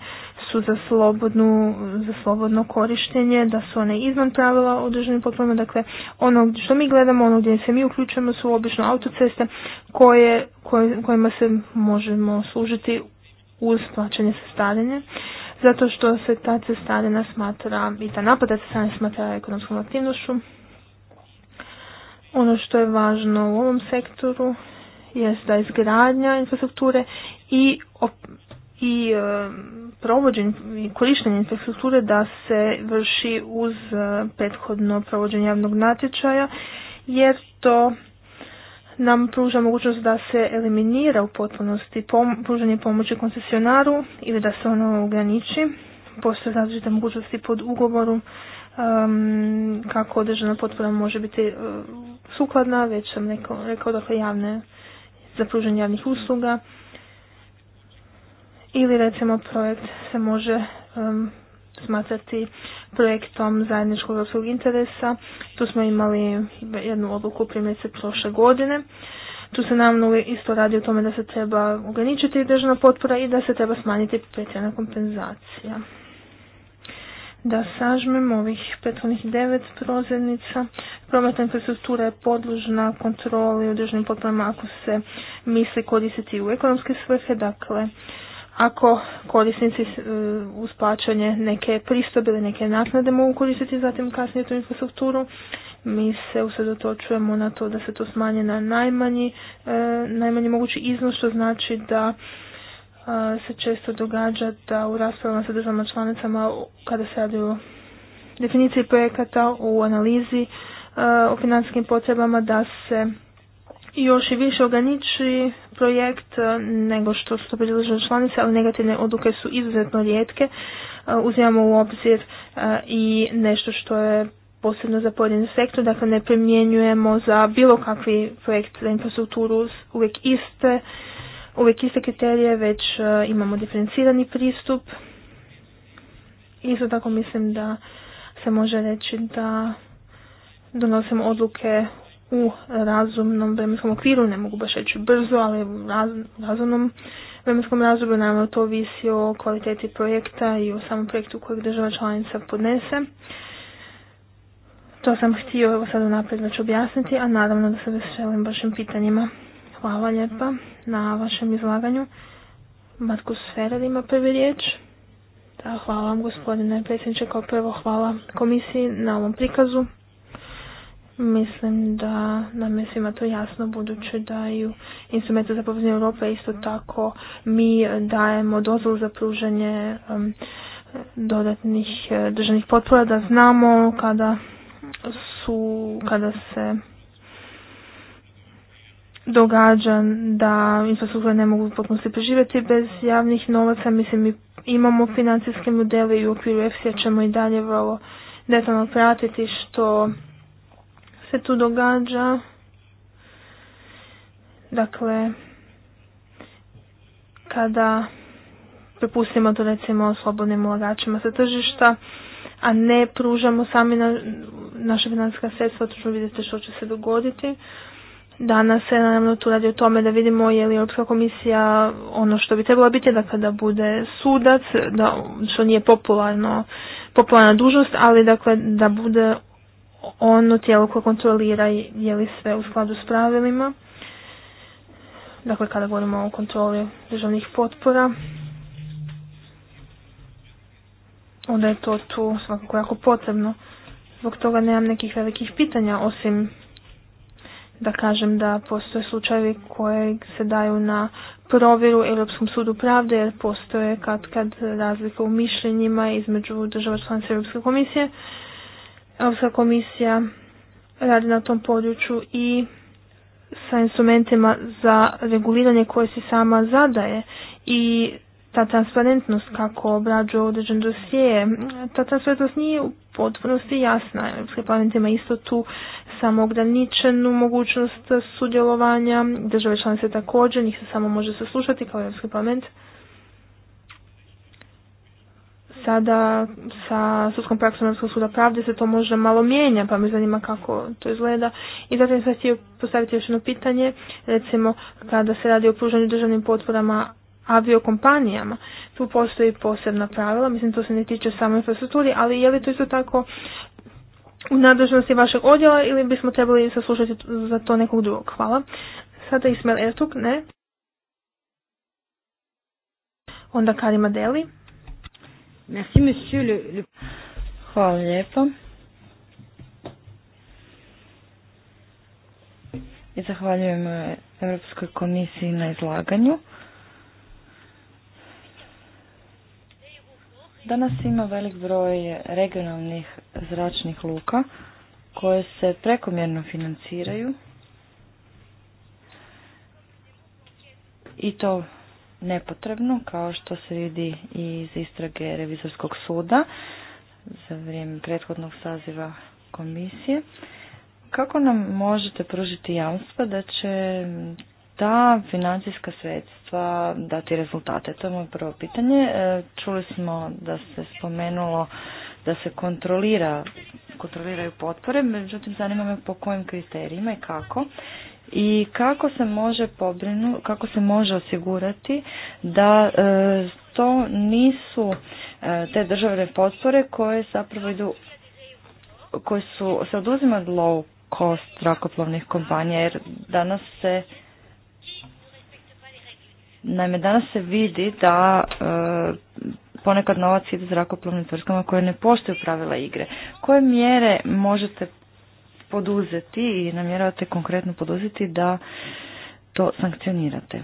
su za, slobodnu, za slobodno korištenje, da su one izvan pravila određenim potporama. Dakle, ono što mi gledamo, ono gdje se mi uključujemo su obično autoceste koje, kojima se možemo služiti uz plaćanje sestarenja zato što se ta cestarina smatra i ta se cestarina smatra ekonomskom aktivnošću ono što je važno u ovom sektoru je da izgradnja infrastrukture i, i provođenje i korištenje infrastrukture da se vrši uz e, prethodno provođenje javnog natječaja jer to nam pruža mogućnost da se eliminira u potpunosti pom pružanje pomoći koncesionaru ili da se ono ograniči. Postoje različite mogućnosti pod ugovorom um, kako određena potpora može biti e, sukladna, već sam rekao, rekao dakle javne, za pružanje javnih usluga. Ili recimo projekt se može um, smatrati projektom zajedničkog svog interesa. Tu smo imali jednu odluku primjerice prošle godine. Tu se nam isto radi o tome da se treba ograničiti državna potpora i da se treba smanjiti pretjerna kompenzacija da sažmemo ovih prethodnih devet prozirnica. Prometna infrastruktura je podložna kontroli u državnim potporama ako se misli koristiti u ekonomske svrhe, dakle ako korisnici e, uz plaćanje neke pristobe ili neke naknade mogu koristiti zatim kasnije tu infrastrukturu, mi se usredotočujemo na to da se to smanje na najmanji, e, najmanji mogući iznos, što znači da se često događa da u raspravama sa državama članicama kada se radi o definiciji projekata, u analizi o financijskim potrebama da se još i više ograniči projekt nego što su to predložene članice, ali negativne odluke su izuzetno rijetke. Uzimamo u obzir i nešto što je posebno za pojedini sektor, dakle ne primjenjujemo za bilo kakvi projekt za infrastrukturu uvijek iste uvijek iste kriterije, već e, imamo diferencirani pristup. Isto tako mislim da se može reći da donosimo odluke u razumnom vremenskom okviru, ne mogu baš reći brzo, ali u razumnom vremenskom razdoblju naravno to visi o kvaliteti projekta i o samom projektu kojeg država članica podnese. To sam htio evo sad unaprijed već objasniti, a naravno da se veselim vašim pitanjima. Hvala lijepa na vašem izlaganju. Matko Ferrer ima prvi riječ. Da, hvala vam gospodine predsjedniče. Kao prvo hvala komisiji na ovom prikazu. Mislim da nam je svima to jasno budući da i u instrumentu za povezanje Europe isto tako mi dajemo dozvolu za pružanje um, dodatnih eh, državnih potpora da znamo kada su kada se događa da infrastrukture ne mogu potpuno se preživjeti bez javnih novaca. Mislim, mi imamo financijske modele i u okviru EFSI-a ćemo i dalje vrlo detaljno pratiti što se tu događa. Dakle, kada prepustimo to recimo slobodnim ulagačima sa tržišta, a ne pružamo sami na, naše financijska sredstva, točno vidjeti što će se dogoditi. Danas se naravno tu radi o tome da vidimo je li Europska komisija ono što bi trebalo biti dakle, da kada bude sudac, da, što nije popularno, popularna dužnost, ali dakle da bude ono tijelo koje kontrolira je li sve u skladu s pravilima. Dakle, kada govorimo o kontroli državnih potpora, onda je to tu svakako jako potrebno. Zbog toga nemam nekih velikih pitanja, osim da kažem da postoje slučajevi koje se daju na provjeru Europskom sudu pravde jer postoje kad kad razlika u mišljenjima između država članica Europske komisije. Europska komisija radi na tom području i sa instrumentima za reguliranje koje si sama zadaje i ta transparentnost kako obrađuje određen dosije, ta transparentnost nije potpunosti jasna. Europski parlament ima isto tu samo ograničenu mogućnost sudjelovanja. Države članice također, njih se samo može saslušati kao Europski parlament. Sada sa sudskom praksom Europskog suda pravde se to možda malo mijenja, pa me zanima kako to izgleda. I zatim sam htio postaviti još jedno pitanje, recimo kada se radi o pružanju državnim potporama aviokompanijama. Tu postoji posebna pravila, mislim to se ne tiče samo infrastrukturi, ali je li to isto tako u nadležnosti vašeg odjela ili bismo trebali saslušati za to nekog drugog? Hvala. Sada Ismail Ertug, ne? Onda Karima Deli. Merci, Hvala lijepo. I zahvaljujem eh, Europskoj komisiji na izlaganju. Danas ima velik broj regionalnih zračnih luka koje se prekomjerno financiraju i to nepotrebno kao što se vidi iz istrage revizorskog suda za vrijeme prethodnog saziva komisije. Kako nam možete pružiti jamstva da će ta financijska sredstva dati rezultate? To je moje prvo pitanje. E, čuli smo da se spomenulo da se kontrolira, kontroliraju potpore, međutim zanima me po kojim kriterijima i kako. I kako se može pobrinu, kako se može osigurati da e, to nisu e, te državne potpore koje zapravo idu koje su se oduzima low cost zrakoplovnih kompanija jer danas se Naime, danas se vidi da e, ponekad novac ide zrakoplovnim tvrtkama koje ne poštuju pravila igre. Koje mjere možete poduzeti i namjeravate konkretno poduzeti da to sankcionirate?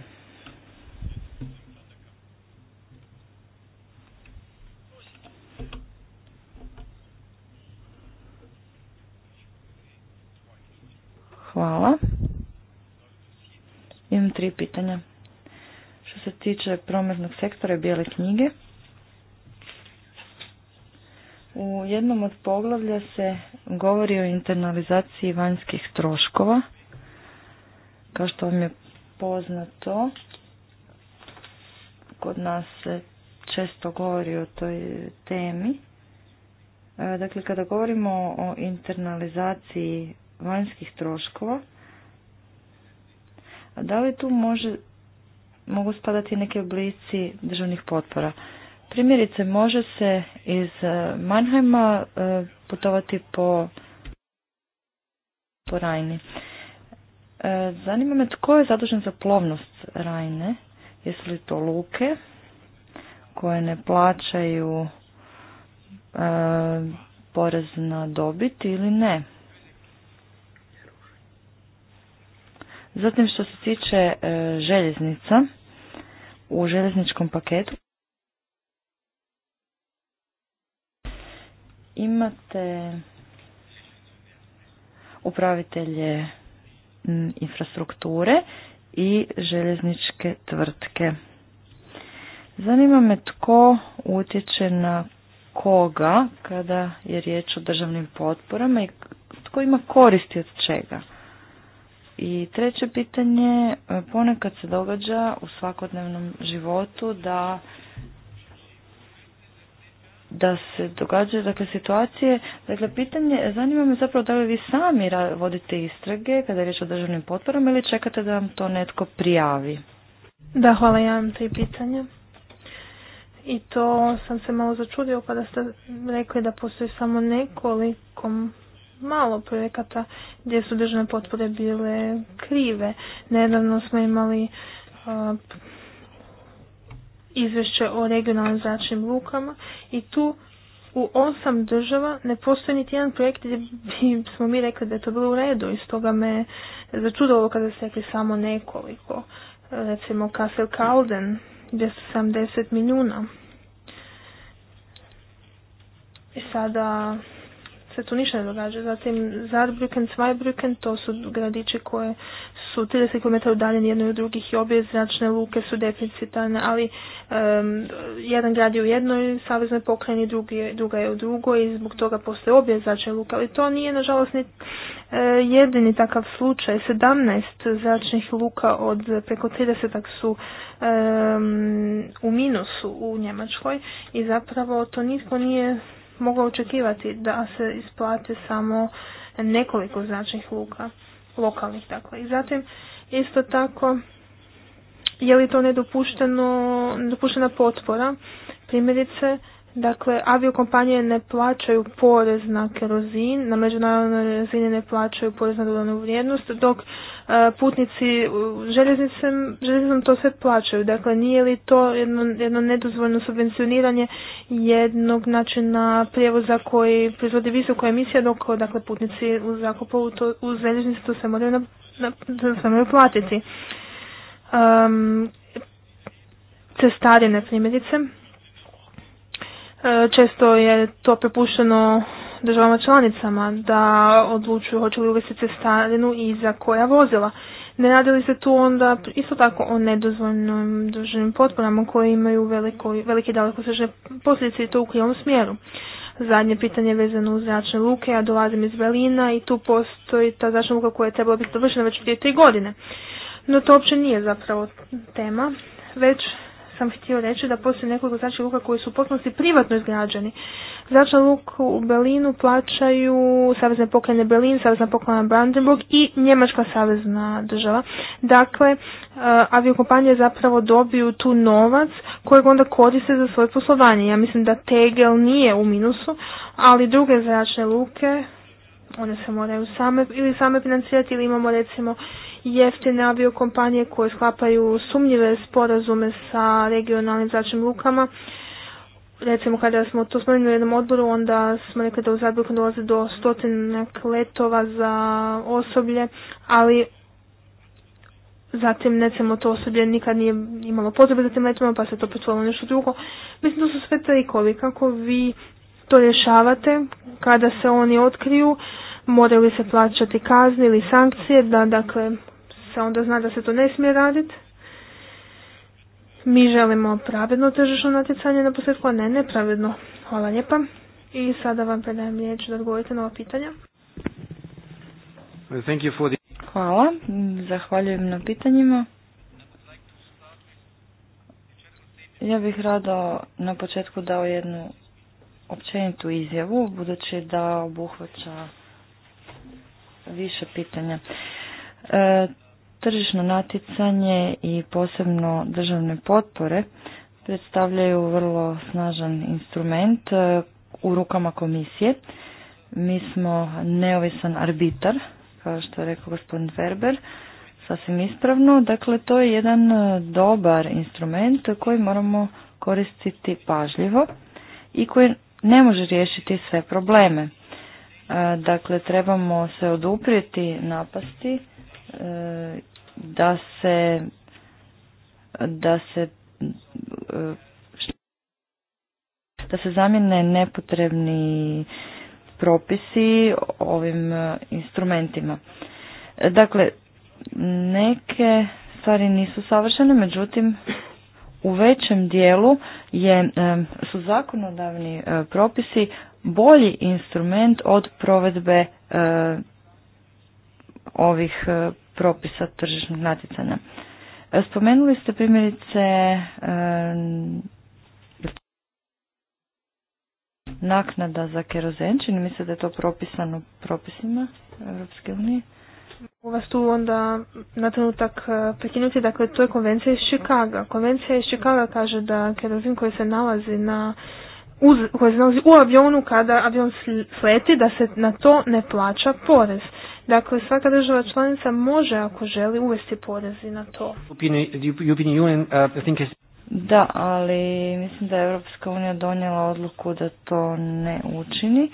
Hvala. Imam tri pitanja se tiče prometnog sektora i bijele knjige, u jednom od poglavlja se govori o internalizaciji vanjskih troškova. Kao što vam je poznato, kod nas se često govori o toj temi. E, dakle, kada govorimo o internalizaciji vanjskih troškova, da li tu može mogu spadati neke oblici državnih potpora. Primjerice, može se iz e, Mannheima e, putovati po, po Rajni. E, zanima me tko je zadužen za plovnost Rajne? Jesu li to luke koje ne plaćaju porez na dobit ili ne? Zatim što se tiče e, željeznica, u željezničkom paketu imate upravitelje infrastrukture i željezničke tvrtke. Zanima me tko utječe na koga kada je riječ o državnim potporama i tko ima koristi od čega. I treće pitanje, e, ponekad se događa u svakodnevnom životu da da se događaju dakle situacije, dakle pitanje, zanima me zapravo da li vi sami vodite istrage kada je riječ o državnim potporama ili čekate da vam to netko prijavi? Da, hvala, ja imam tri pitanja. I to sam se malo začudio kada pa ste rekli da postoji samo nekoliko malo projekata gdje su državne potpore bile krive. Nedavno smo imali izvješće o regionalnim zračnim lukama i tu u osam država ne postoji niti jedan projekt gdje bi smo mi rekli da je to bilo u redu i stoga me začudilo kada ste rekli samo nekoliko. Recimo Kassel Calden 270 milijuna. I sada se tu ništa ne događa. Zatim Zarbrücken, Zweibrücken, to su gradići koje su 30 km udaljeni jedno od drugih i obje zračne luke su deficitarne, ali jedan grad je u jednoj saveznoj pokrajini, drugi, druga je u drugoj i zbog toga postoje obje zračne luke, ali to nije nažalost ni e, jedini takav slučaj. 17 zračnih luka od preko 30 su u minusu u Njemačkoj i zapravo to nitko nije moglo očekivati da se isplate samo nekoliko značnih luka, lokalnih dakle. I zatim isto tako je li to nedopušteno, nedopuštena potpora, primjerice Dakle, aviokompanije ne plaćaju porez na kerozin, na međunarodnoj razini ne plaćaju porez na dodanu vrijednost, dok e, putnici željeznicom, željeznicom to sve plaćaju. Dakle, nije li to jedno, jedno nedozvoljno subvencioniranje jednog načina prijevoza koji proizvodi visoku emisija, dok dakle, putnici u zakupu to, u željeznici to se moraju, na, na, se moraju platiti. Um, cestarine primjerice, E, često je to prepušteno državama članicama da odlučuju hoće li uvesti cestarinu i za koja vozila. Ne radi li se tu onda isto tako o nedozvoljnim državnim potporama koje imaju veliko, velike sežne posljedice i to u krivom smjeru? Zadnje pitanje je vezano uz zračne luke, ja dolazim iz Berlina i tu postoji ta zračna luka koja je trebala biti dovršena već prije tri godine. No to uopće nije zapravo tema, već sam htio reći da postoji nekoliko zračnih luka koji su u potpunosti privatno izgrađeni. Zračnu luku u Berlinu plaćaju Savezne pokrajine Berlin, Savezna pokrajina Brandenburg i Njemačka savezna država. Dakle, e, aviokompanije zapravo dobiju tu novac kojeg onda koriste za svoje poslovanje. Ja mislim da Tegel nije u minusu, ali druge zračne luke one se moraju same ili same financirati ili imamo recimo jeftine aviokompanije koje sklapaju sumnjive sporazume sa regionalnim zračnim lukama. Recimo kada smo to spomenuli u jednom odboru, onda smo rekli da u Zadbruku dolazi do stotinak letova za osoblje, ali zatim recimo to osoblje nikad nije imalo potrebe za tim letovima pa se to pretvorilo nešto drugo. Mislim da su sve trikovi kako vi to rješavate kada se oni otkriju, moraju li se plaćati kazne ili sankcije da dakle onda zna da se to ne smije raditi. Mi želimo pravedno tržišno natjecanje na posljedku, a ne nepravedno. Hvala lijepa. I sada vam predajem riječ da odgovorite na ova pitanja. Hvala. Zahvaljujem na pitanjima. Ja bih rado na početku dao jednu općenitu izjavu, budući da obuhvaća više pitanja. E, Tržišno natjecanje i posebno državne potpore predstavljaju vrlo snažan instrument e, u rukama komisije. Mi smo neovisan arbitar, kao što je rekao gospodin Ferber, sasvim ispravno. Dakle, to je jedan e, dobar instrument koji moramo koristiti pažljivo i koji ne može riješiti sve probleme. E, dakle, trebamo se oduprijeti napasti da se da se da se zamjene nepotrebni propisi ovim e, instrumentima. Dakle, neke stvari nisu savršene, međutim u većem dijelu je, e, su zakonodavni e, propisi bolji instrument od provedbe ovih propisa tržišnog natjecanja. E, spomenuli ste primjerice e, naknada za kerozen, čini mi se da je to propisano propisima Europske unije. Mogu vas tu onda na trenutak e, prekinuti, dakle to je konvencija iz Čikaga. Konvencija iz Čikaga kaže da kerozin koji se nalazi na uz, koji se nalazi u avionu kada avion sleti da se na to ne plaća porez. Dakle, svaka država članica može, ako želi, uvesti porezi na to. Uh, da, ali mislim da je Europska unija donijela odluku da to ne učini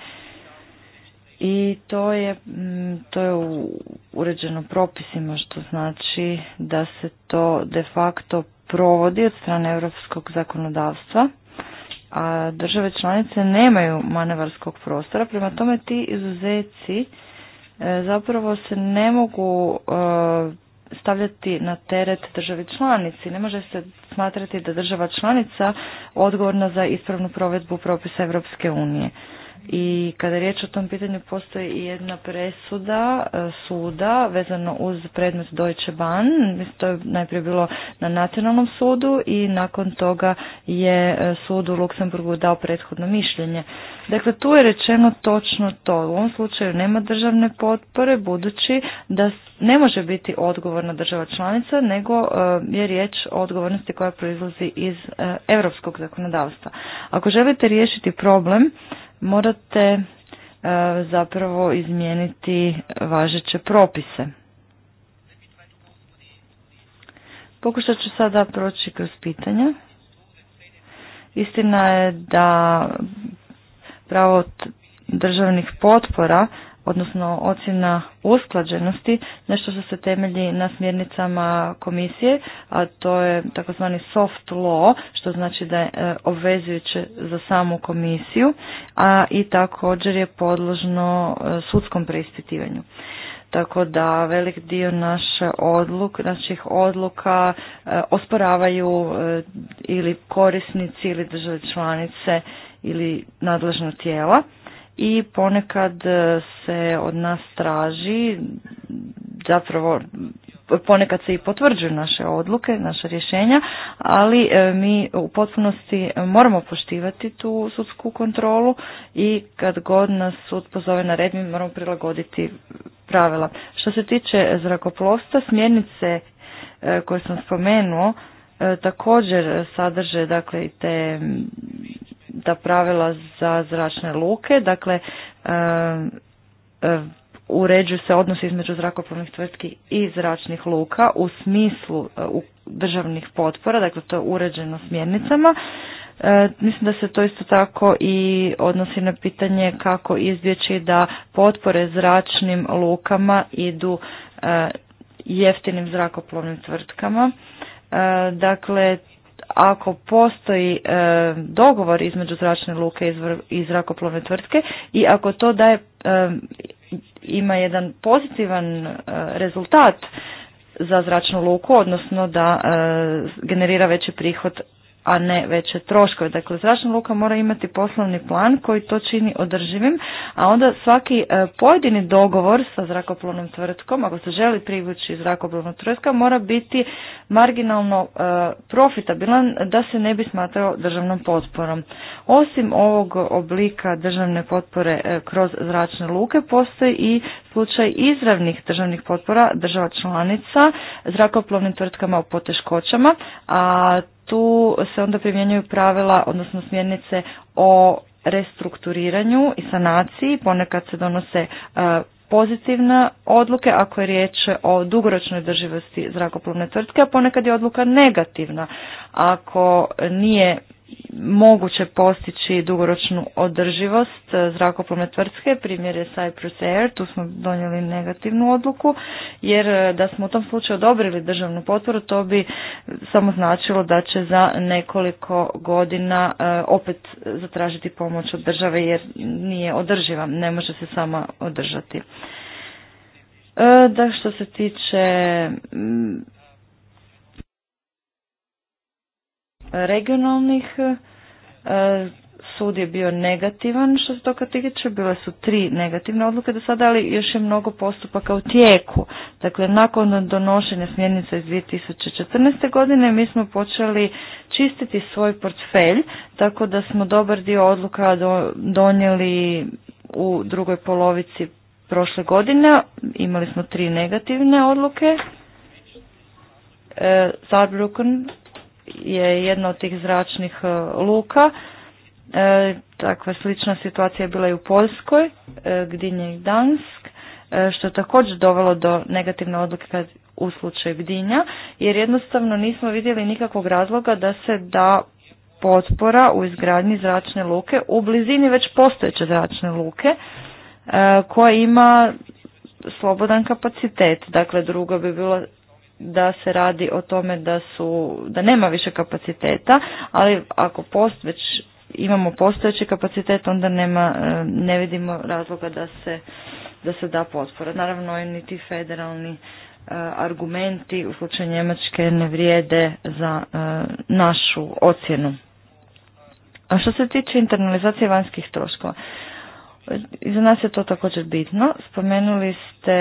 i to je, mm, to je uređeno propisima što znači da se to de facto provodi od strane europskog zakonodavstva, a države članice nemaju manevarskog prostora, prema tome ti izuzeci E, zapravo se ne mogu e, stavljati na teret državi članici. Ne može se smatrati da država članica odgovorna za ispravnu provedbu propisa Europske unije i kada je riječ o tom pitanju postoji i jedna presuda e, suda vezano uz predmet Deutsche Bahn. To je najprije bilo na nacionalnom sudu i nakon toga je e, sud u Luksemburgu dao prethodno mišljenje. Dakle, tu je rečeno točno to. U ovom slučaju nema državne potpore budući da ne može biti odgovorna država članica nego e, je riječ o odgovornosti koja proizlazi iz europskog zakonodavstva. Ako želite riješiti problem morate e, zapravo izmijeniti važeće propise. Pokušat ću sada proći kroz pitanja. Istina je da pravo državnih potpora odnosno ocjena usklađenosti, nešto što se temelji na smjernicama komisije, a to je takozvani soft law, što znači da je e, obvezujuće za samu komisiju, a i također je podložno e, sudskom preispitivanju. Tako da velik dio naše odluk, naših odluka e, osporavaju ili korisnici ili države članice ili nadležna tijela i ponekad e, se od nas traži, zapravo ponekad se i potvrđuju naše odluke, naše rješenja, ali e, mi u potpunosti moramo poštivati tu sudsku kontrolu i kad god nas sud pozove na red mi moramo prilagoditi pravila. Što se tiče zrakoplovstva, smjernice e, koje sam spomenuo također sadrže dakle te ...da pravila za zračne luke, dakle eh, eh, uređuju se odnosi između zrakoplovnih tvrtki i zračnih luka u smislu eh, državnih potpora, dakle to je uređeno smjernicama. mislim da se to isto tako i odnosi na pitanje kako izbjeći da potpore zračnim lukama idu jeftinim zrakoplovnim tvrtkama. dakle, ako postoji e, dogovor između zračne luke i zrakoplovne tvrtke i ako to daje e, ima jedan pozitivan e, rezultat za zračnu luku odnosno da generira veći prihod a ne veće troškove. Dakle, zračna luka mora imati poslovni plan koji to čini održivim, a onda svaki e, pojedini dogovor sa zrakoplovnom tvrtkom, ako se želi privući zrakoplovna tvrtka, mora biti marginalno e, profitabilan da se ne bi smatrao državnom potporom. Osim ovog oblika državne potpore e, kroz zračne luke, postoji i slučaj izravnih državnih potpora država članica zrakoplovnim tvrtkama u poteškoćama, a tu se onda primjenjuju pravila, odnosno smjernice o restrukturiranju i sanaciji, ponekad se donose e, pozitivne odluke ako je riječ o dugoročnoj drživosti zrakoplovne tvrtke, a ponekad je odluka negativna ako nije moguće postići dugoročnu održivost eh, zrakoplovne tvrtke, primjer je Cyprus Air, tu smo donijeli negativnu odluku, jer eh, da smo u tom slučaju odobrili državnu potporu, to bi eh, samo značilo da će za nekoliko godina opet zatražiti pomoć od države jer nije održiva, ne može se sama održati. Da što se tiče mm, regionalnih. E, sud je bio negativan što se toga tiče, bile su tri negativne odluke do sada, ali još je mnogo postupaka u tijeku. Dakle, nakon donošenja smjernica iz 2014. godine mi smo počeli čistiti svoj portfelj, tako da smo dobar dio odluka donijeli u drugoj polovici prošle godine. Imali smo tri negativne odluke. E, je jedna od tih zračnih e, luka. E, takva slična situacija je bila i u Poljskoj, e, Gdinje i Dansk, e, što je također dovelo do negativne odluke kad, u slučaju Gdinja, jer jednostavno nismo vidjeli nikakvog razloga da se da potpora u izgradnji zračne luke u blizini već postojeće zračne luke e, koja ima slobodan kapacitet. Dakle, drugo bi bilo da se radi o tome da su, da nema više kapaciteta, ali ako post, već imamo postojeći kapacitet, onda nema, e, ne vidimo razloga da se, da se da potpora. Naravno, niti federalni e, argumenti u slučaju Njemačke ne vrijede za e, našu ocjenu. A što se tiče internalizacije vanjskih troškova, i za nas je to također bitno. Spomenuli ste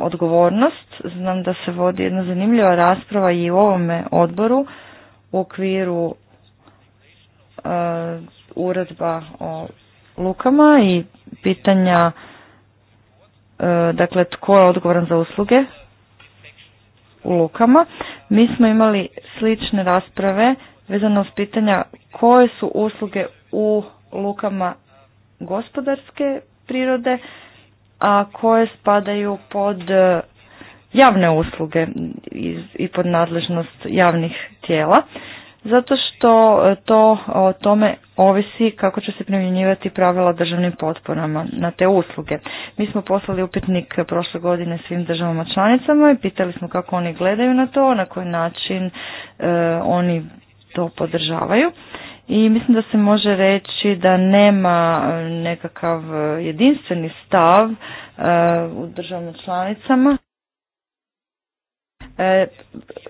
odgovornost. Znam da se vodi jedna zanimljiva rasprava i u ovome odboru u okviru e, uredba o lukama i pitanja e, dakle tko je odgovoran za usluge u lukama. Mi smo imali slične rasprave vezano uz pitanja koje su usluge u lukama gospodarske prirode a koje spadaju pod e, javne usluge i pod nadležnost javnih tijela, zato što e, to o tome ovisi kako će se primjenjivati pravila državnim potporama na te usluge. Mi smo poslali upitnik prošle godine svim državama članicama i pitali smo kako oni gledaju na to, na koji način e, oni to podržavaju i mislim da se može reći da nema e, nekakav e, jedinstveni stav e, u državnim članicama.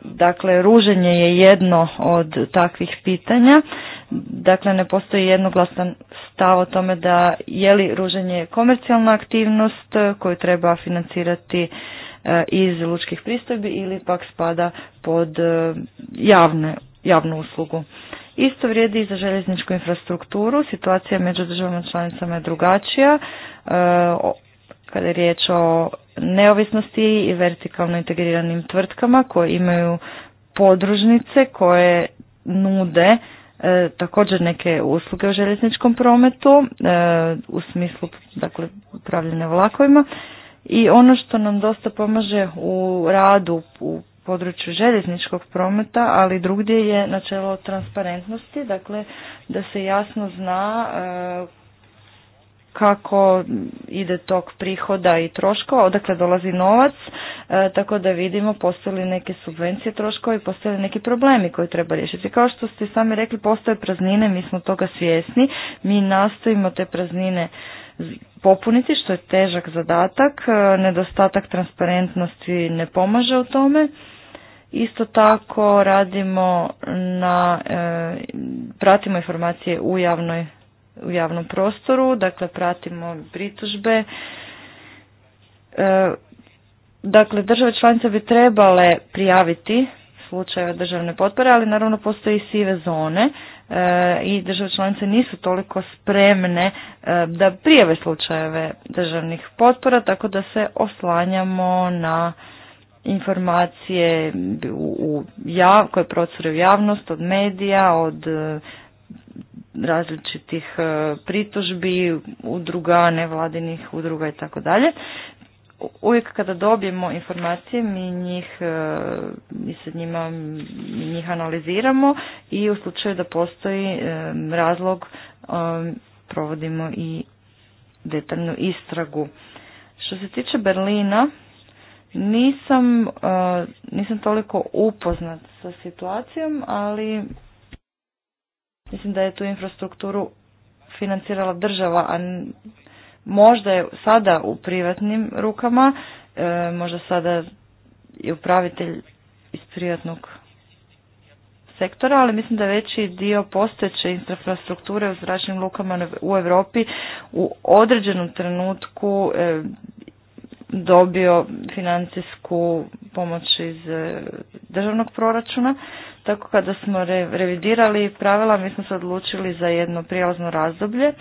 Dakle, ruženje je jedno od takvih pitanja. Dakle, ne postoji jednoglasan stav o tome da je li ruženje komercijalna aktivnost koju treba financirati iz lučkih pristojbi ili pak spada pod javne, javnu uslugu. Isto vrijedi i za željezničku infrastrukturu. Situacija među državama članicama je drugačija. E, kada je riječ o neovisnosti i vertikalno integriranim tvrtkama koje imaju podružnice koje nude e, također neke usluge u željezničkom prometu e, u smislu dakle upravljanja vlakovima i ono što nam dosta pomaže u radu u području željezničkog prometa, ali drugdje je načelo transparentnosti, dakle da se jasno zna e, kako ide tok prihoda i troškova, odakle dolazi novac, e, tako da vidimo postoje neke subvencije troškova i postoje neki problemi koji treba riješiti. Kao što ste sami rekli, postoje praznine, mi smo toga svjesni, mi nastojimo te praznine popuniti, što je težak zadatak, e, nedostatak transparentnosti ne pomaže u tome. Isto tako radimo na, e, pratimo informacije u, javnoj, u javnom prostoru, dakle pratimo pritužbe. E, dakle, države članice bi trebale prijaviti slučajeve državne potpore, ali naravno postoje i sive zone e, i države članice nisu toliko spremne e, da prijave slučajeve državnih potpora, tako da se oslanjamo na informacije u jav, koje procure u javnost od medija, od e, različitih e, pritužbi, udruga, nevladinih udruga i tako dalje. Uvijek kada dobijemo informacije mi njih e, mi se njima mi njih analiziramo i u slučaju da postoji razlog provodimo i detaljnu istragu. Što se tiče Berlina, nisam, e, nisam toliko upoznat sa situacijom, ali mislim da je tu infrastrukturu financirala država, a možda je sada u privatnim rukama, e, možda sada je upravitelj iz privatnog sektora, ali mislim da veći dio postojeće infrastrukture u zračnim lukama u Europi u određenom trenutku e, dobio financijsku pomoć iz e, državnog proračuna. Tako kada smo revidirali pravila, mi smo se odlučili za jedno prijelazno razdoblje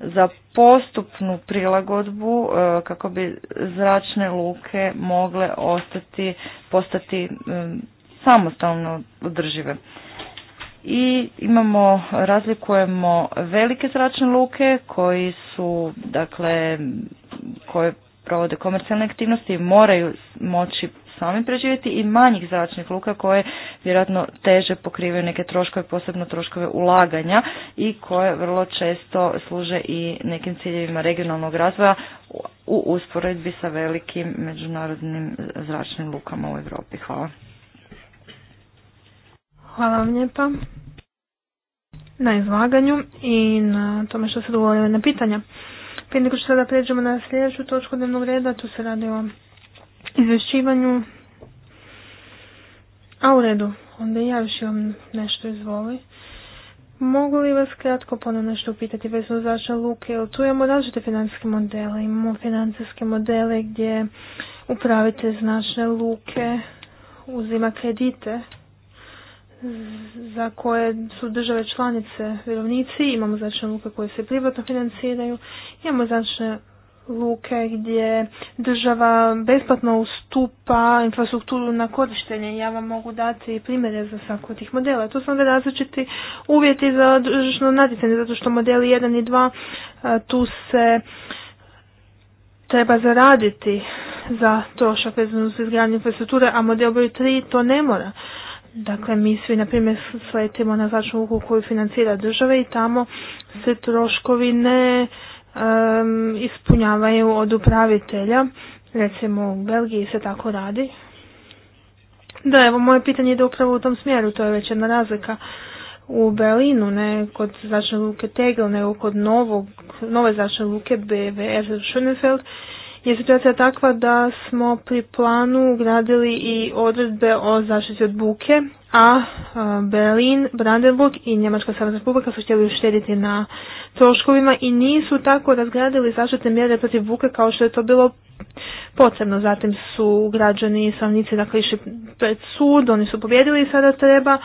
za postupnu prilagodbu e, kako bi zračne luke mogle ostati, postati e, samostalno održive. I imamo, razlikujemo velike zračne luke koji su, dakle, koje provode komercijalne aktivnosti moraju moći sami preživjeti i manjih zračnih luka koje vjerojatno teže pokrivaju neke troškove, posebno troškove ulaganja i koje vrlo često služe i nekim ciljevima regionalnog razvoja u usporedbi sa velikim međunarodnim zračnim lukama u Europi. Hvala. Hvala vam lijepa na izlaganju i na tome što se dovoljili na pitanja. Prije nego što sada pređemo na sljedeću točku dnevnog reda, tu se radi o izvješćivanju. A u redu, onda ja još imam nešto izvoli. Mogu li vas kratko ponovno nešto upitati vezano za luke? tu imamo različite financijske modele. Imamo financijske modele gdje upravite značne luke, uzima kredite za koje su države članice vjerovnici, imamo značne luke koje se privatno financiraju, imamo značne luke gdje država besplatno ustupa infrastrukturu na korištenje. Ja vam mogu dati primjere za svako tih modela. tu su onda različiti uvjeti za državno natjecanje, zato što modeli 1 i 2 tu se treba zaraditi za trošak vezano uz izgradnju infrastrukture, a model broj 3 to ne mora. Dakle, mi svi, na primjer, sletimo na zračnu luku koju financira države i tamo se troškovi ne um, ispunjavaju od upravitelja. Recimo, u Belgiji se tako radi. Da, evo, moje pitanje ide upravo u tom smjeru, to je već jedna razlika u Berlinu, ne kod zračne luke Tegel, nego kod novog, nove zračne luke BVR Schönefeld, je situacija takva da smo pri planu ugradili i odredbe o zaštiti od buke, a Berlin, Brandenburg i Njemačka savezna republika su htjeli uštediti na troškovima i nisu tako razgradili zaštitne mjere protiv buke kao što je to bilo potrebno. Zatim su građani i dakle išli pred sud, oni su pobjedili i sada treba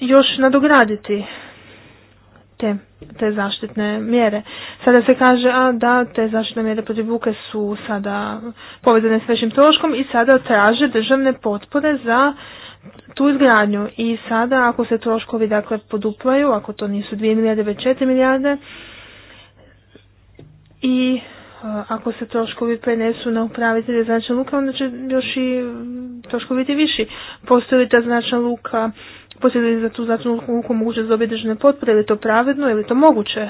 još nadograditi te, te zaštitne mjere. Sada se kaže a, da te zaštitne mjere protiv buke su sada povezane s većim troškom i sada traže državne potpore za tu izgradnju. I sada ako se troškovi dakle poduplaju, ako to nisu 2 milijarde već 4 milijarde i e, ako se troškovi prenesu na upravitelje zračne luka, onda će još i troškovi biti viši. Postoji ta luka posjeduje za tu zlatnu ruku mogućnost dobiti državne potpore, je li to pravedno, je li to moguće?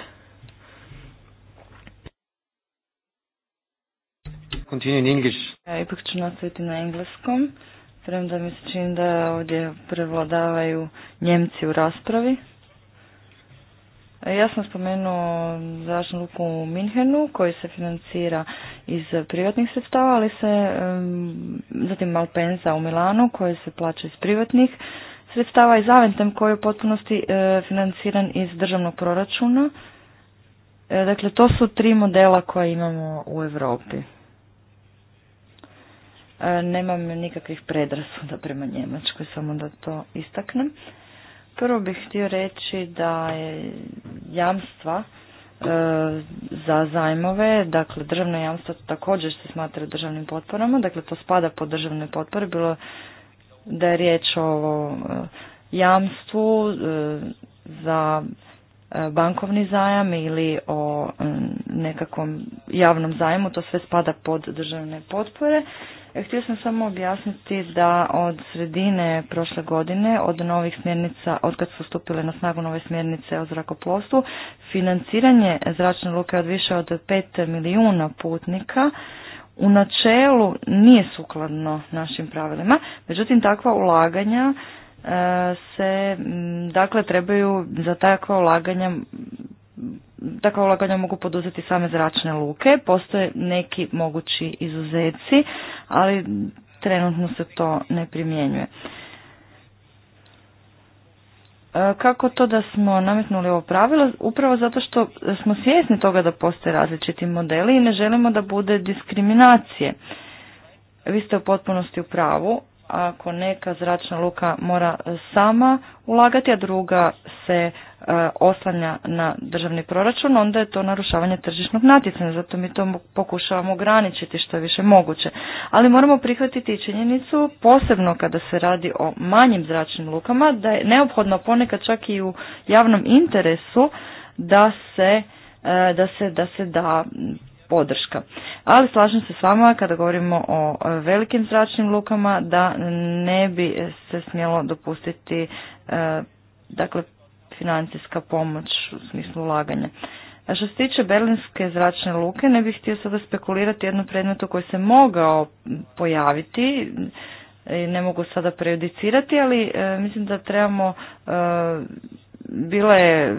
Continue in English. Ja ipak ću nastaviti na engleskom, premda mi se čini da ovdje prevladavaju njemci u raspravi. Ja sam spomenuo zračnu luku u Minhenu koji se financira iz privatnih sredstava, ali se zatim Malpenza u Milanu koji se plaća iz privatnih sredstava i Zaventem koji je u potpunosti e, financiran iz državnog proračuna. E, dakle, to su tri modela koje imamo u Europi. E, nemam nikakvih predrasuda prema Njemačkoj, samo da to istaknem. Prvo bih htio reći da je jamstva za zajmove, dakle državna jamstva također se smatra državnim potporama, dakle to spada pod državne potpore, bilo da je riječ o jamstvu e, za e, bankovni zajam ili o e, nekakvom javnom zajmu, to sve spada pod državne potpore. Htio sam samo objasniti da od sredine prošle godine, od novih smjernica, od kad su stupile na snagu nove smjernice o zrakoplovstvu, financiranje zračne luke od više od 5 milijuna putnika u načelu nije sukladno našim pravilima, međutim takva ulaganja e, se, dakle, trebaju za takva ulaganja takva ulaganja mogu poduzeti same zračne luke, postoje neki mogući izuzeci, ali trenutno se to ne primjenjuje. E, kako to da smo nametnuli ovo pravilo? Upravo zato što smo svjesni toga da postoje različiti modeli i ne želimo da bude diskriminacije. Vi ste u potpunosti u pravu ako neka zračna luka mora sama ulagati, a druga se e, oslanja na državni proračun, onda je to narušavanje tržišnog natjecanja, zato mi to pokušavamo ograničiti što je više moguće. Ali moramo prihvatiti i činjenicu, posebno kada se radi o manjim zračnim lukama, da je neophodno ponekad čak i u javnom interesu da se e, da se da se da podrška. Ali slažem se s vama kada govorimo o velikim zračnim lukama da ne bi se smjelo dopustiti e, dakle financijska pomoć u smislu ulaganja. A što se tiče berlinske zračne luke, ne bih htio sada spekulirati jednu predmetu koji se mogao pojaviti, ne mogu sada prejudicirati, ali e, mislim da trebamo, e, bila je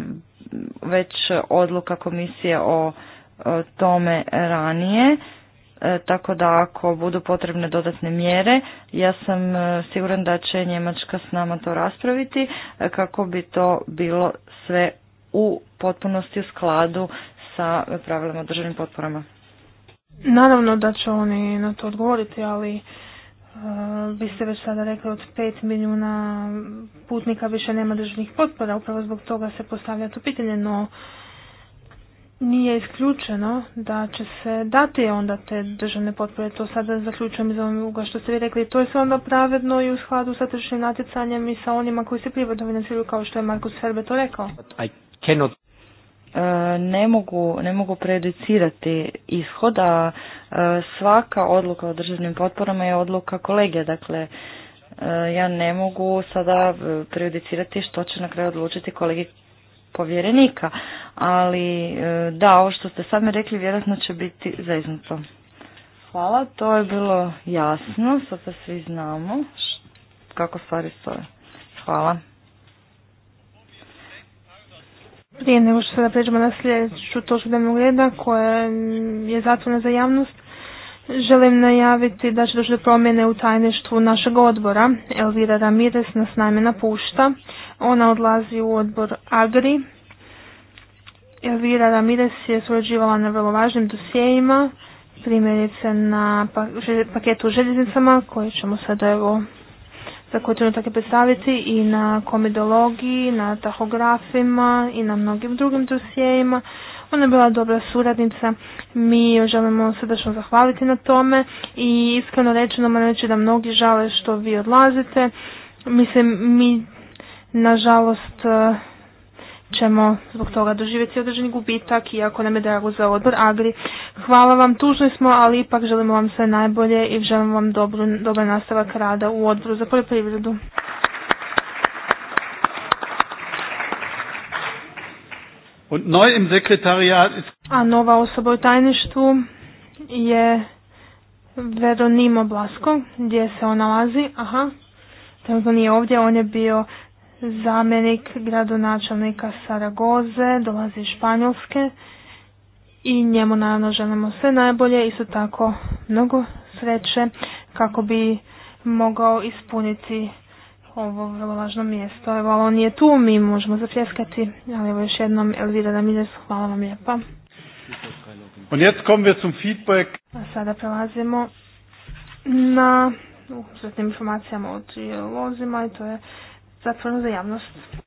već odluka komisije o E, tome ranije, e, tako da ako budu potrebne dodatne mjere, ja sam e, siguran da će Njemačka s nama to raspraviti kako bi to bilo sve u potpunosti u skladu sa pravilama državnim potporama. Naravno da će oni na to odgovoriti, ali vi ste već sada rekli od 5 milijuna putnika više nema državnih potpora, upravo zbog toga se postavlja to pitanje, no nije isključeno da će se dati onda te državne potpore. To sada zaključujem iz ovoga što ste vi rekli. To je sve onda pravedno i u skladu sa tržišnim natjecanjem i sa onima koji se privodno financiraju kao što je Markus Ferbe to rekao. cannot... E, ne mogu, ne mogu prejudicirati ishod, e, svaka odluka o državnim potporama je odluka kolege. Dakle, e, ja ne mogu sada prejudicirati što će na kraju odlučiti kolegi povjerenika. Ali e, da, ovo što ste sami rekli vjerojatno će biti zeznuto. Hvala, to je bilo jasno, sada svi znamo kako stvari stoje. Hvala. Prije nego što sada pređemo na sljedeću točku dnevnog reda koja je zatvorena za javnost, želim najaviti da će doći do promjene u tajništvu našeg odbora. Elvira Ramirez nas najme napušta. Ona odlazi u odbor Agri. Elvira Ramirez je surađivala na vrlo važnim dosijejima primjerice na pa-, paketu željeznicama koje ćemo sada evo za koje predstaviti i na komedologiji, na tahografima i na mnogim drugim dosijejima Ona je bila dobra suradnica, mi joj želimo srdečno zahvaliti na tome i iskreno rečeno moram reći da mnogi žale što vi odlazite. Mislim, mi Nažalost, e, ćemo zbog toga doživjeti određeni gubitak, iako nam je drago za odbor Agri. Hvala vam, tužni smo, ali ipak želimo vam sve najbolje i želimo vam dobru, dobar nastavak rada u odboru za poljoprivredu. A nova osoba u tajništvu je Veronimo Blasko, gdje se on nalazi. Aha, trenutno nije ovdje, on je bio zamjenik gradonačelnika Saragoze dolazi iz Španjolske i njemu naravno želimo sve najbolje, isto tako mnogo sreće kako bi mogao ispuniti ovo vrlo važno mjesto. Evo, on je tu, mi možemo zapljeskati, ali evo još jednom Elvira Ramirez, hvala vam lijepa. A sada prelazimo na uzretnim informacijama od lozima i to je zatvoreno za javnost.